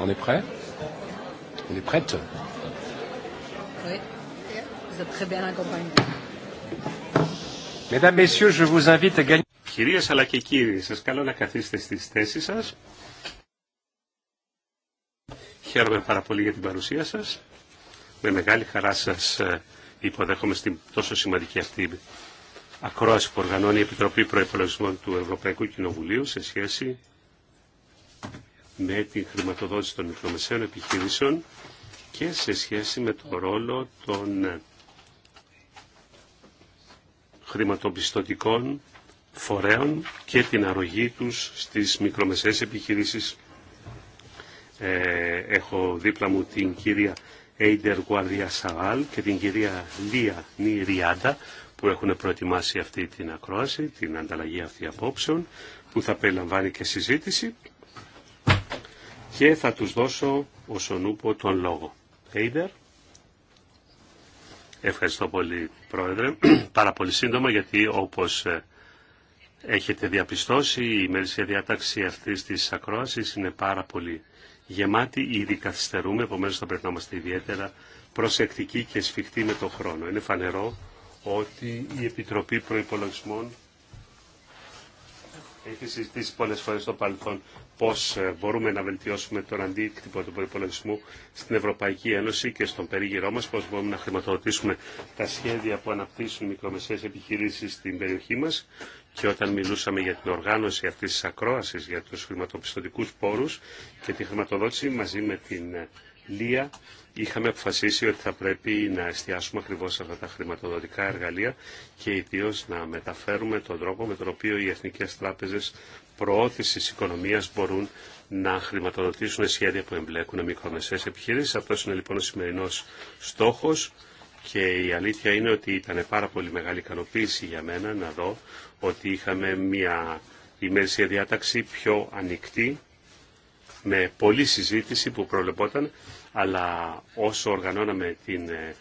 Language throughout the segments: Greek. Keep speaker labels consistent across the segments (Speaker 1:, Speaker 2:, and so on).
Speaker 1: On est prêt On est prête Oui, vous êtes très bien accompagné.
Speaker 2: Mesdames, Messieurs, je vous invite à gagner. Κυρίες αλλά και κύριοι, σας καλώ να καθίσετε στις θέσεις σας. Χαίρομαι πάρα πολύ για την παρουσία σας. Με μεγάλη χαρά σας ε, υποδέχομαι στην τόσο σημαντική αυτή ακρόαση που οργανώνει η Επιτροπή Προϋπολογισμών του Ευρωπαϊκού Κοινοβουλίου σε σχέση με τη χρηματοδότηση των μικρομεσαίων επιχειρήσεων και σε σχέση με το ρόλο των χρηματοπιστωτικών φορέων και την αρρωγή τους στις μικρομεσαίες επιχειρήσεις. Ε, έχω δίπλα μου την κυρία Έιντερ Γουαρδία Σαβάλ και την κυρία Λία Νιριάντα που έχουν προετοιμάσει αυτή την ακρόαση, την ανταλλαγή αυτή απόψεων που θα περιλαμβάνει και συζήτηση και θα τους δώσω όσον ούπο τον λόγο. Έιντερ. Ευχαριστώ πολύ Πρόεδρε. Πάρα πολύ σύντομα γιατί όπως ε, έχετε διαπιστώσει η ημερησία διάταξη αυτής της ακρόασης είναι πάρα πολύ γεμάτη. Ήδη καθυστερούμε, επομένω θα πρέπει να είμαστε ιδιαίτερα προσεκτικοί και σφιχτοί με τον χρόνο. Είναι φανερό ότι η Επιτροπή Προϋπολογισμών έχει συζητήσει πολλές φορές στο παρελθόν Πώ ε, μπορούμε να βελτιώσουμε τον αντίκτυπο του προπολογισμού στην Ευρωπαϊκή Ένωση και στον περίγυρό μα πώ μπορούμε να χρηματοδοτήσουμε τα σχέδια που αναπτύσσουν μικρομεσαίες επιχειρήσει στην περιοχή μα Και όταν μιλούσαμε για την οργάνωση αυτή τη ακρόαση για του χρηματοπιστωτικού πόρου και τη χρηματοδότηση μαζί με την ε, Λία, είχαμε αποφασίσει ότι θα πρέπει να εστιάσουμε ακριβώς σε αυτά τα χρηματοδοτικά εργαλεία και ιδίω να μεταφέρουμε τον τρόπο με τον οποίο οι εθνικές τράπεζες προώθησης οικονομίας μπορούν να χρηματοδοτήσουν σχέδια που εμπλέκουν μικρομεσαίες επιχειρήσεις. Αυτό είναι λοιπόν ο σημερινός στόχος και η αλήθεια είναι ότι ήταν πάρα πολύ μεγάλη ικανοποίηση για μένα να δω ότι είχαμε μια ημερησία διάταξη πιο ανοιχτή με πολλή συζήτηση που προβλεπόταν αλλά όσο οργανώναμε την ε,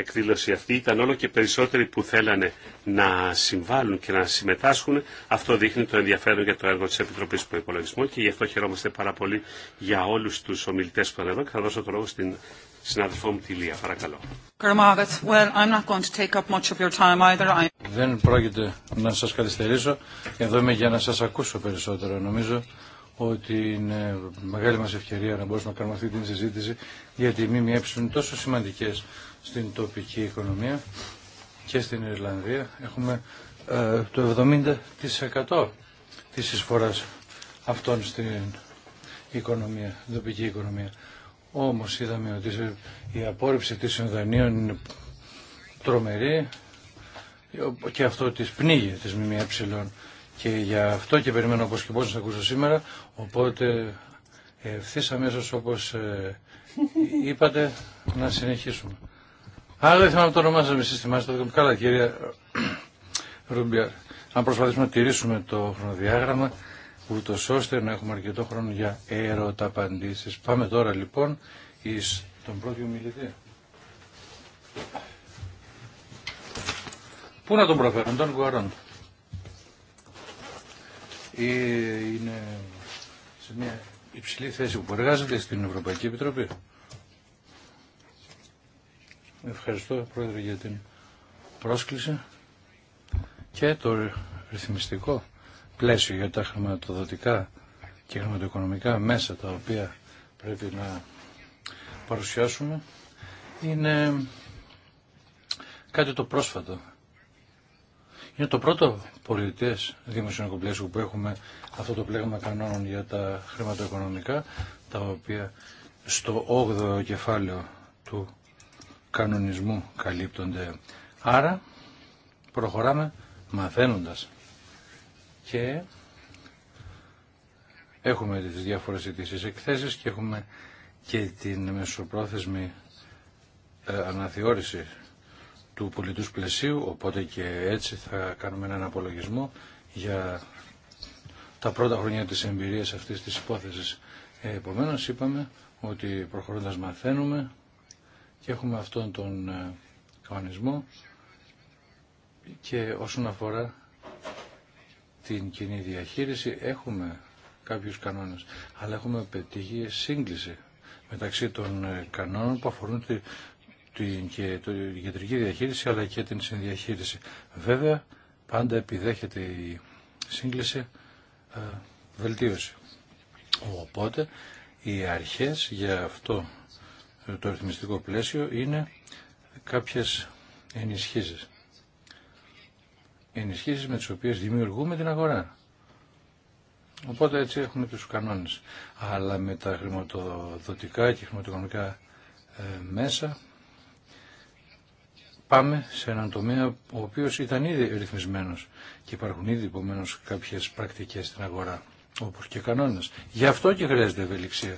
Speaker 2: εκδήλωση αυτή ήταν όλο και περισσότεροι που θέλανε να συμβάλλουν και να συμμετάσχουν. Αυτό δείχνει το ενδιαφέρον για το έργο της Επιτροπής Προϋπολογισμού και γι' αυτό χαιρόμαστε πάρα πολύ για όλους τους ομιλητές που ήταν εδώ και θα δώσω το λόγο στην συναδελφό μου τη Λία. Παρακαλώ.
Speaker 1: Δεν πρόκειται να σας καθυστερήσω. Εδώ είμαι για να σας ακούσω περισσότερο. Νομίζω ότι είναι μεγάλη μας ευκαιρία να μπορούμε να κάνουμε αυτή την συζήτηση γιατί οι ΜΜΕ τόσο σημαντικές στην τοπική οικονομία και στην Ιρλανδία έχουμε ε, το 70% της εισφοράς αυτών στην οικονομία, την τοπική οικονομία. Όμως είδαμε ότι η απόρριψη της συνδανείων είναι τρομερή και αυτό της πνίγει της ΜΜΕ και για αυτό και περιμένω όπως και πώς να ακούσω σήμερα οπότε ευθύς αμέσως όπως ε, είπατε να συνεχίσουμε. Άρα δεν θυμάμαι το όνομά σα, δικό το Καλά, κύριε Ρούμπια, αν προσπαθήσουμε να τηρήσουμε το χρονοδιάγραμμα, ούτω ώστε να έχουμε αρκετό χρόνο για έρωτα απαντήσει. Πάμε τώρα λοιπόν στον τον πρώτο μιλητή. Πού να τον προφέρουν, τον Γουαρόν. Ε, είναι σε μια υψηλή θέση που εργάζεται στην Ευρωπαϊκή Επιτροπή. Ευχαριστώ, Πρόεδρε, για την πρόσκληση και το ρυθμιστικό πλαίσιο για τα χρηματοδοτικά και χρηματοοικονομικά μέσα τα οποία πρέπει να παρουσιάσουμε είναι κάτι το πρόσφατο. Είναι το πρώτο πολιτές δημοσιονομικό πλαίσιο που έχουμε αυτό το πλέγμα κανόνων για τα χρηματοοικονομικά τα οποία στο 8ο κεφάλαιο του κανονισμού καλύπτονται. Άρα προχωράμε μαθαίνοντας και έχουμε τις διάφορες αιτήσεις εκθέσεις και έχουμε και την μεσοπρόθεσμη ε, αναθεώρηση του πολιτούς πλαισίου, οπότε και έτσι θα κάνουμε έναν απολογισμό για τα πρώτα χρόνια της εμπειρίας αυτής της υπόθεσης. Ε, επομένως είπαμε ότι προχωρώντας μαθαίνουμε και έχουμε αυτόν τον ε, κανονισμό και όσον αφορά την κοινή διαχείριση έχουμε κάποιους κανόνες αλλά έχουμε πετύχει σύγκληση μεταξύ των ε, κανόνων που αφορούν την, και, την κεντρική διαχείριση αλλά και την συνδιαχείριση. Βέβαια πάντα επιδέχεται η σύγκληση ε, βελτίωση. Οπότε οι αρχές για αυτό ε, το ρυθμιστικό πλαίσιο είναι κάποιες ενισχύσεις. Ενισχύσεις με τις οποίες δημιουργούμε την αγορά. Οπότε έτσι έχουμε τους κανόνες. Αλλά με τα χρηματοδοτικά και χρηματοοικονομικά ε, μέσα πάμε σε έναν τομέα ο οποίος ήταν ήδη ρυθμισμένος και υπάρχουν ήδη επομένω κάποιες πρακτικές στην αγορά όπως και κανόνες. Γι' αυτό και χρειάζεται ευελιξία.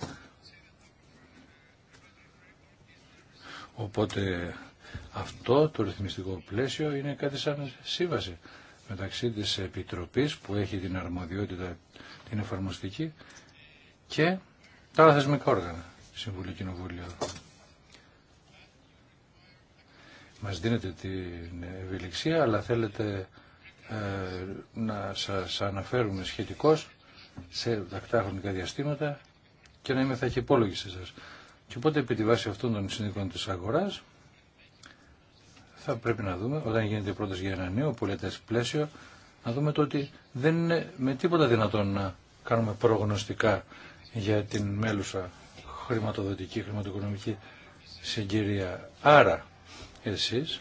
Speaker 1: Οπότε αυτό το ρυθμιστικό πλαίσιο είναι κάτι σαν σύμβαση μεταξύ της Επιτροπής που έχει την αρμοδιότητα την εφαρμοστική και τα άλλα θεσμικά όργανα, Συμβουλή Κοινοβούλια. Μας δίνετε την ευελιξία, αλλά θέλετε ε, να σας αναφέρουμε σχετικώς σε δακτά διαστήματα και να είμαι θα έχει υπόλογη σε σας. Και οπότε επί τη βάση αυτών των συνδικών της αγοράς θα πρέπει να δούμε, όταν γίνεται πρώτος για ένα νέο πολιτές πλαίσιο, να δούμε το ότι δεν είναι με τίποτα δυνατόν να κάνουμε προγνωστικά για την μέλουσα χρηματοδοτική, χρηματοοικονομική συγκυρία. Άρα, εσείς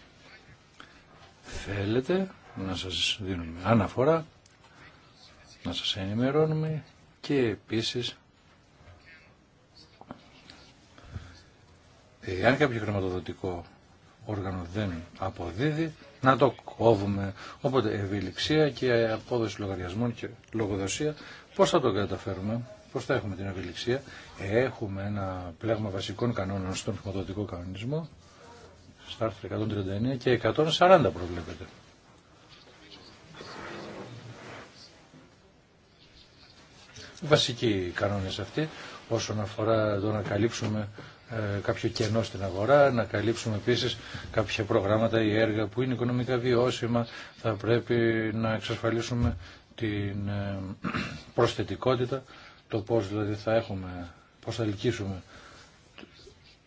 Speaker 1: θέλετε να σας δίνουμε αναφορά, να σας ενημερώνουμε και επίσης Εάν κάποιο χρηματοδοτικό όργανο δεν αποδίδει, να το κόβουμε. Οπότε ευελιξία και απόδοση λογαριασμών και λογοδοσία. Πώς θα το καταφέρουμε, πώς θα έχουμε την ευελιξία. Έχουμε ένα πλέγμα βασικών κανόνων στον χρηματοδοτικό κανονισμό, στα άρθρα 139 και 140 προβλέπεται. Βασικοί κανόνες αυτοί όσον αφορά το να καλύψουμε ε, κάποιο κενό στην αγορά, να καλύψουμε επίσης κάποια προγράμματα ή έργα που είναι οικονομικά βιώσιμα, θα πρέπει να εξασφαλίσουμε την ε, προσθετικότητα, το πώς δηλαδή θα έχουμε, πώς θα λυκίσουμε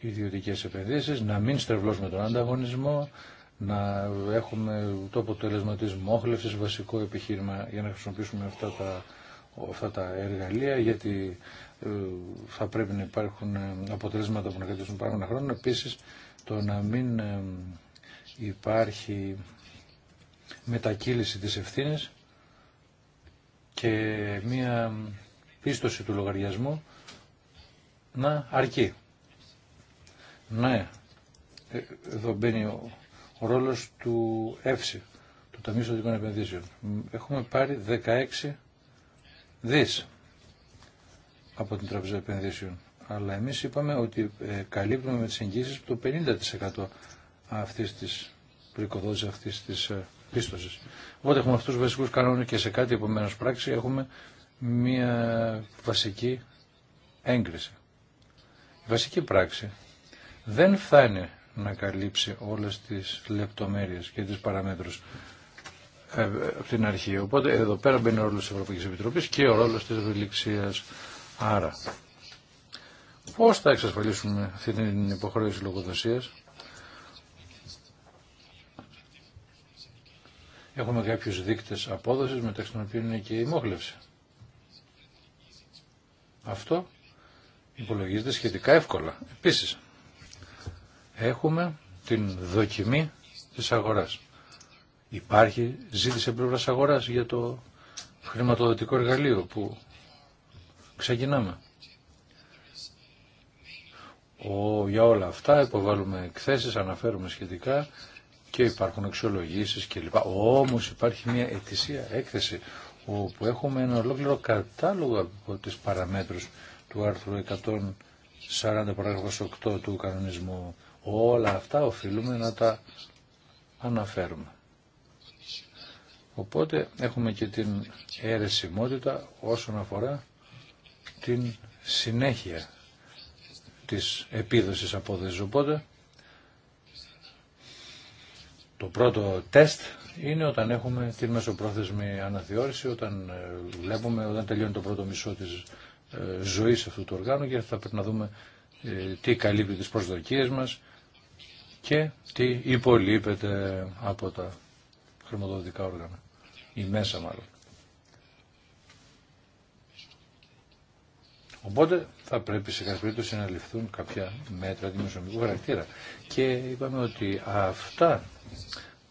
Speaker 1: ιδιωτικές επενδύσεις, να μην στρεβλώσουμε τον ανταγωνισμό, να έχουμε το αποτέλεσμα της βασικό επιχείρημα για να χρησιμοποιήσουμε αυτά τα, αυτά τα εργαλεία, γιατί ε, θα πρέπει να υπάρχουν ε, αποτελέσματα που να κρατήσουν πάρα χρόνια Επίσης, το να μην ε, υπάρχει μετακύληση της ευθύνη και μία πίστοση του λογαριασμού να αρκεί. Ναι, εδώ μπαίνει ο, ο ρόλος του ΕΦΣΙ, του Ταμείου Σωτικών Επενδύσεων. Έχουμε πάρει 16 δις από την Τράπεζα Επενδύσεων. Αλλά εμείς είπαμε ότι ε, καλύπτουμε με τις εγγύσεις το 50% αυτής της πρικοδότησης, αυτής της ε, πίστοσης. Οπότε έχουμε αυτούς τους βασικούς κανόνες και σε κάτι επομένω πράξη έχουμε μία βασική έγκριση. Η βασική πράξη δεν φτάνει να καλύψει όλες τις λεπτομέρειες και τις παραμέτρους ε, από την αρχή. Οπότε εδώ πέρα μπαίνει ο ρόλος της Ευρωπαϊκής Επιτροπής και ο ρόλος της ευελιξίας. Άρα, πώς θα εξασφαλίσουμε αυτή την υποχρέωση λογοδοσίας. Έχουμε κάποιους δείκτες απόδοσης μεταξύ των οποίων είναι και η μόχλευση. Αυτό υπολογίζεται σχετικά εύκολα. Επίσης, έχουμε την δοκιμή της αγοράς. Υπάρχει ζήτηση πλευρά αγοράς για το χρηματοδοτικό εργαλείο που Ξεκινάμε. Ο, για όλα αυτά υποβάλλουμε εκθέσεις, αναφέρουμε σχετικά και υπάρχουν αξιολογήσεις κλπ. Όμως υπάρχει μια ετησία έκθεση όπου έχουμε ένα ολόκληρο κατάλογο από τις παραμέτρους του άρθρου 140 8 του κανονισμού. Όλα αυτά οφείλουμε να τα αναφέρουμε. Οπότε έχουμε και την αίρεσιμότητα όσον αφορά την συνέχεια της επίδοσης απόδοσης. Οπότε το πρώτο τεστ είναι όταν έχουμε την μεσοπρόθεσμη αναθεώρηση, όταν ε, βλέπουμε, όταν τελειώνει το πρώτο μισό της ε, ζωής αυτού του οργάνου και θα πρέπει να δούμε ε, τι καλύπτει τις προσδοκίες μας και τι υπολείπεται από τα χρηματοδοτικά όργανα ή μέσα μάλλον. Οπότε θα πρέπει σε κάθε περίπτωση να ληφθούν κάποια μέτρα δημοσιονομικού χαρακτήρα. Και είπαμε ότι αυτά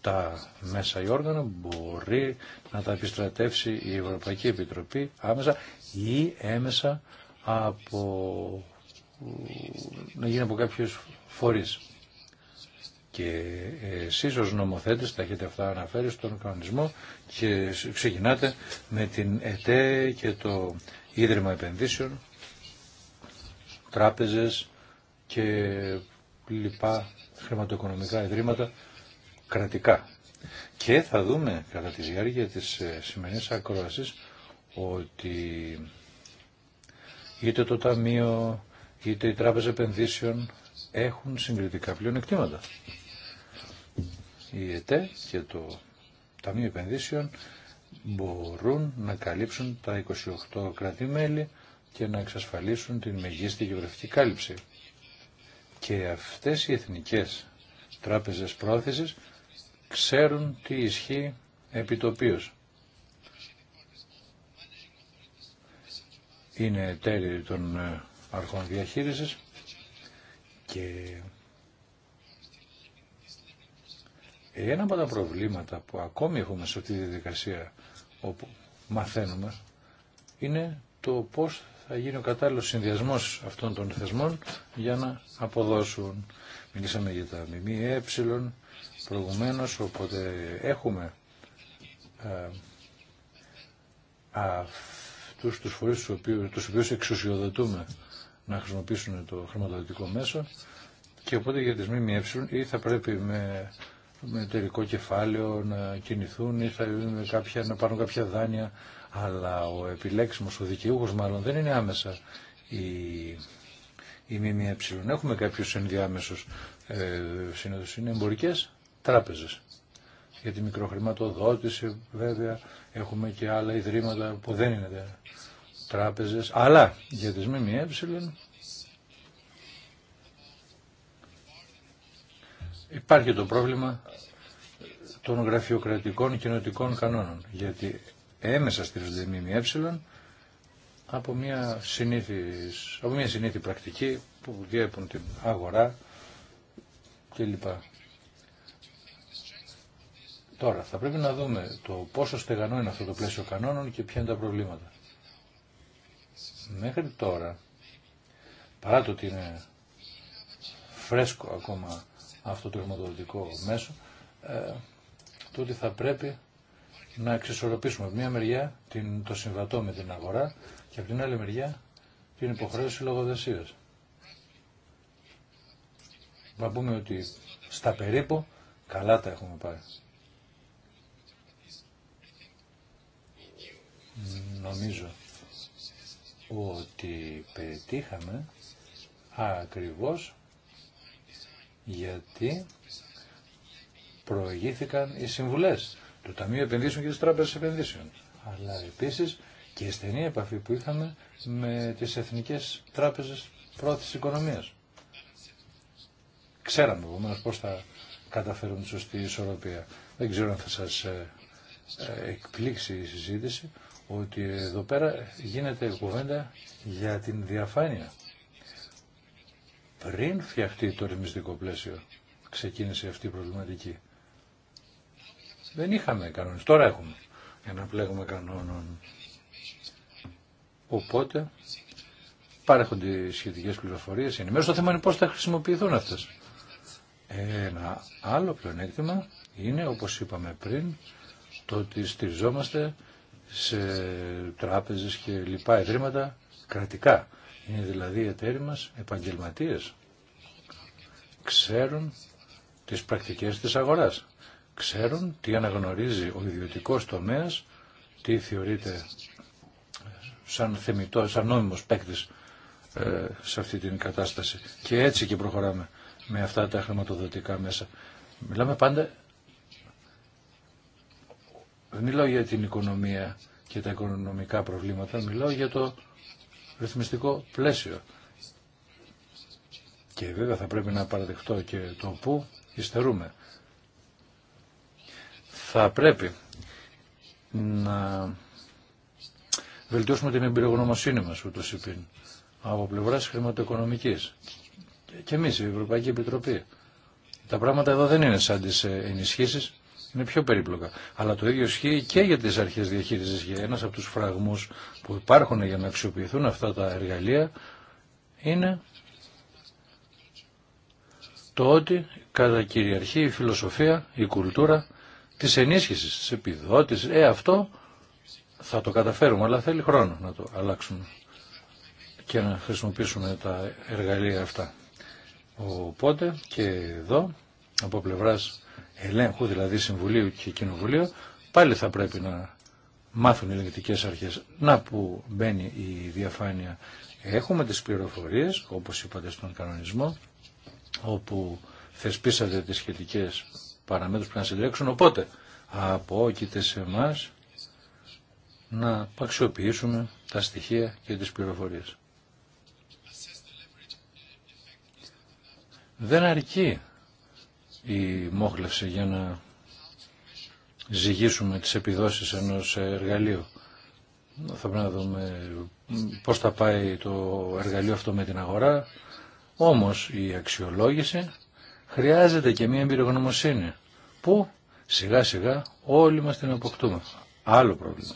Speaker 1: τα μέσα ή όργανα μπορεί να τα επιστρατεύσει η Ευρωπαϊκή Επιτροπή άμεσα ή έμεσα από, να γίνει από κάποιους φορείς. Και εσείς ως νομοθέτες τα έχετε αυτά αναφέρει στον κανονισμό και ξεκινάτε με την ΕΤΕ και το Ίδρυμα Επενδύσεων τράπεζες και λοιπά χρηματοοικονομικά ιδρύματα κρατικά. Και θα δούμε κατά τη διάρκεια της ε, σημερινής ακρόασης ότι είτε το Ταμείο είτε οι Τράπεζα Επενδύσεων έχουν συγκριτικά πλειονεκτήματα. Η ΕΤΕ και το Ταμείο Επενδύσεων μπορούν να καλύψουν τα 28 κρατημέλη και να εξασφαλίσουν την μεγίστη γεωγραφική κάλυψη. Και αυτές οι εθνικές τράπεζες πρόθεσης ξέρουν τι ισχύει επιτοπίως. Είναι εταίροι των ε, αρχών διαχείρισης και ένα από τα προβλήματα που ακόμη έχουμε σε αυτή τη διαδικασία όπου μαθαίνουμε είναι το πώς θα γίνει ο κατάλληλος συνδυασμός αυτών των θεσμών για να αποδώσουν. Μιλήσαμε για τα ΜΜΕ προηγουμένως, οπότε έχουμε α, ε, αυτούς τους φορείς τους οποίους, τους οποίους εξουσιοδοτούμε να χρησιμοποιήσουν το χρηματοδοτικό μέσο και οπότε για τις ΜΜΕ ή θα πρέπει με, με εταιρικό κεφάλαιο να κινηθούν ή θα να πάρουν κάποια δάνεια αλλά ο επιλέξιμος, ο δικαιούχος μάλλον δεν είναι άμεσα η, η ΜΜΕ. Έχουμε κάποιους ενδιάμεσους ε, συνέδους, είναι εμπορικές τράπεζες. Για τη μικροχρηματοδότηση βέβαια έχουμε και άλλα ιδρύματα που δεν είναι τράπεζες, αλλά για τις ΜΜΕ υπάρχει το πρόβλημα των γραφειοκρατικών κοινοτικών κανόνων, γιατί έμεσα στη ΜΜΕ από μια, συνήθις, από μια συνήθη πρακτική που διέπουν την αγορά κλπ. Τώρα, θα πρέπει να δούμε το πόσο στεγανό είναι αυτό το πλαίσιο κανόνων και ποια είναι τα προβλήματα. Μέχρι τώρα, παρά το ότι είναι φρέσκο ακόμα αυτό το χρηματοδοτικό μέσο, ε, το ότι θα πρέπει να εξισορροπήσουμε από μία μεριά την, το συμβατό με την αγορά και από την άλλη μεριά την υποχρέωση λογοδεσίας. Να πούμε ότι στα περίπου καλά τα έχουμε πάει. Νομίζω ότι πετύχαμε ακριβώς γιατί προηγήθηκαν οι συμβουλές το ταμείο Επενδύσεων και της Τράπεζας Επενδύσεων. Αλλά επίσης και η στενή επαφή που είχαμε με τις Εθνικές Τράπεζες Πρώτης Οικονομίας. Ξέραμε επομένως πώς θα καταφέρουν τη σωστή ισορροπία. Δεν ξέρω αν θα σας ε, ε, εκπλήξει η συζήτηση ότι εδώ πέρα γίνεται κουβέντα για την διαφάνεια. Πριν φτιαχτεί το ρυθμιστικό πλαίσιο ξεκίνησε αυτή η προβληματική. Δεν είχαμε κανόνε. τώρα έχουμε να πλέγουμε κανόνων. Οπότε παρέχονται τις σχετικές πληροφορίες, ενημέρωση. Το θέμα είναι πώς θα χρησιμοποιηθούν αυτές. Ένα άλλο πλεονέκτημα είναι, όπως είπαμε πριν, το ότι στηριζόμαστε σε τράπεζες και λοιπά ιδρύματα κρατικά. Είναι δηλαδή οι εταίροι μα επαγγελματίες. Ξέρουν τις πρακτικές της αγοράς ξέρουν τι αναγνωρίζει ο ιδιωτικός τομέας, τι θεωρείται σαν θεμητό, σαν νόμιμος παίκτη ε, σε αυτή την κατάσταση. Και έτσι και προχωράμε με αυτά τα χρηματοδοτικά μέσα. Μιλάμε πάντα, δεν μιλάω για την οικονομία και τα οικονομικά προβλήματα, μιλάω για το ρυθμιστικό πλαίσιο. Και βέβαια θα πρέπει να παραδεχτώ και το που υστερούμε. Θα πρέπει να βελτιώσουμε την εμπειρογνωμοσύνη μας το υπήν από πλευράς χρηματοοικονομικής και εμείς η Ευρωπαϊκή Επιτροπή. Τα πράγματα εδώ δεν είναι σαν τις ε, ενισχύσεις, είναι πιο περίπλοκα. Αλλά το ίδιο ισχύει και για τις αρχές διαχείρισης. Για ένας από τους φραγμούς που υπάρχουν για να αξιοποιηθούν αυτά τα εργαλεία είναι το ότι κατά κυριαρχεί η φιλοσοφία, η κουλτούρα της ενίσχυσης, της επιδότησης. Ε, αυτό θα το καταφέρουμε, αλλά θέλει χρόνο να το αλλάξουμε και να χρησιμοποιήσουμε τα εργαλεία αυτά. Οπότε και εδώ, από πλευράς ελέγχου, δηλαδή Συμβουλίου και Κοινοβουλίου, πάλι θα πρέπει να μάθουν οι ελεγκτικές αρχές. Να που μπαίνει η διαφάνεια. Έχουμε τις πληροφορίες, όπως είπατε στον κανονισμό, όπου θεσπίσατε τις σχετικές παραμέτρους που να συλλέξουν. Οπότε απόκειται σε εμά να αξιοποιήσουμε τα στοιχεία και τις πληροφορίες. Δεν αρκεί η μόχλευση για να ζυγίσουμε τις επιδόσεις ενός εργαλείου. Θα πρέπει να δούμε πώς θα πάει το εργαλείο αυτό με την αγορά. Όμως η αξιολόγηση χρειάζεται και μια εμπειρογνωμοσύνη που σιγά σιγά όλοι μας την αποκτούμε. Άλλο πρόβλημα.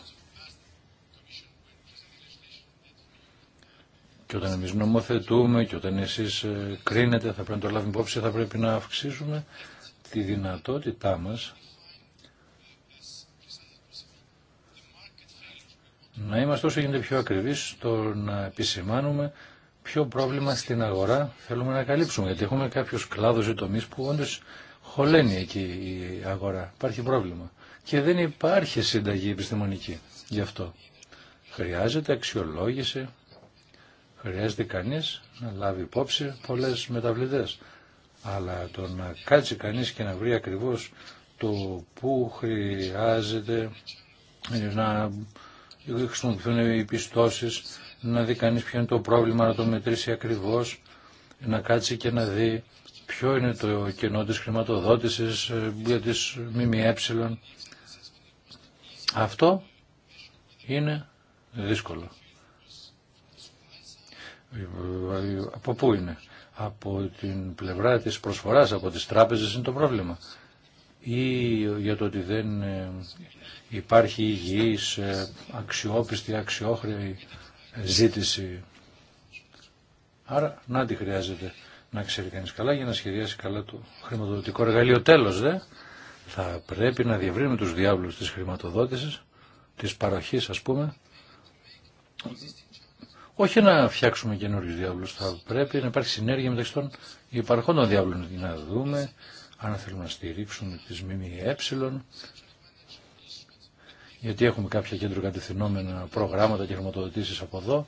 Speaker 1: Και όταν εμείς νομοθετούμε και όταν εσείς ε, κρίνετε θα πρέπει να το λάβουμε υπόψη, θα πρέπει να αυξήσουμε τη δυνατότητά μας να είμαστε όσο γίνεται πιο ακριβείς στο να επισημάνουμε ποιο πρόβλημα στην αγορά θέλουμε να καλύψουμε. Γιατί έχουμε κάποιους κλάδους ή τομεί που όντω χωλαίνει εκεί η τομει που όντω Υπάρχει πρόβλημα. Και δεν υπάρχει συνταγή επιστημονική γι' αυτό. Χρειάζεται αξιολόγηση. Χρειάζεται κανείς να λάβει υπόψη πολλές μεταβλητές. Αλλά το να κάτσει κανείς και να βρει ακριβώ το που χρειάζεται να χρησιμοποιηθούν οι πιστώσεις να δει κανείς ποιο είναι το πρόβλημα, να το μετρήσει ακριβώς, να κάτσει και να δει ποιο είναι το κενό της χρηματοδότησης ε, για τις ΜΜΕ. Αυτό είναι δύσκολο. Από πού είναι. Από την πλευρά της προσφοράς, από τις τράπεζες είναι το πρόβλημα. Ή για το ότι δεν ε, υπάρχει υγιής, ε, αξιόπιστη, αξιόχρεη ζήτηση. Άρα να τη χρειάζεται να ξέρει κανείς καλά για να σχεδιάσει καλά το χρηματοδοτικό εργαλείο. Τέλος δε, θα πρέπει να διευρύνουμε τους διάβλους της χρηματοδότησης, της παροχής ας πούμε, όχι να φτιάξουμε καινούριου διάβλους, θα πρέπει να υπάρχει συνέργεια μεταξύ των υπαρχών των διάβλων, να δούμε αν θέλουμε να στηρίξουμε τις ΜΜΕ, γιατί έχουμε κάποια κέντρο κατευθυνόμενα προγράμματα και χρηματοδοτήσεις από εδώ,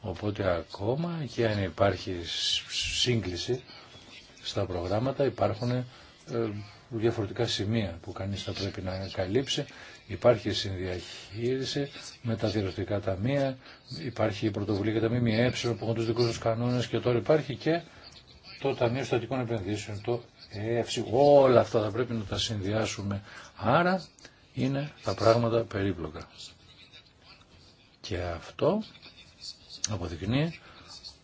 Speaker 1: οπότε ακόμα και αν υπάρχει σύγκληση στα προγράμματα υπάρχουν ε, διαφορετικά σημεία που κανείς θα πρέπει να καλύψει. Υπάρχει συνδιαχείριση με τα διευθυντικά ταμεία, υπάρχει η πρωτοβουλία για τα ΜΜΕ που έχουν τους δικούς τους κανόνες και τώρα υπάρχει και το Ταμείο Στατικών Επενδύσεων, το ΕΕΦΣΙ. Όλα αυτά θα πρέπει να τα συνδυάσουμε. Άρα είναι τα πράγματα περίπλοκα. Και αυτό αποδεικνύει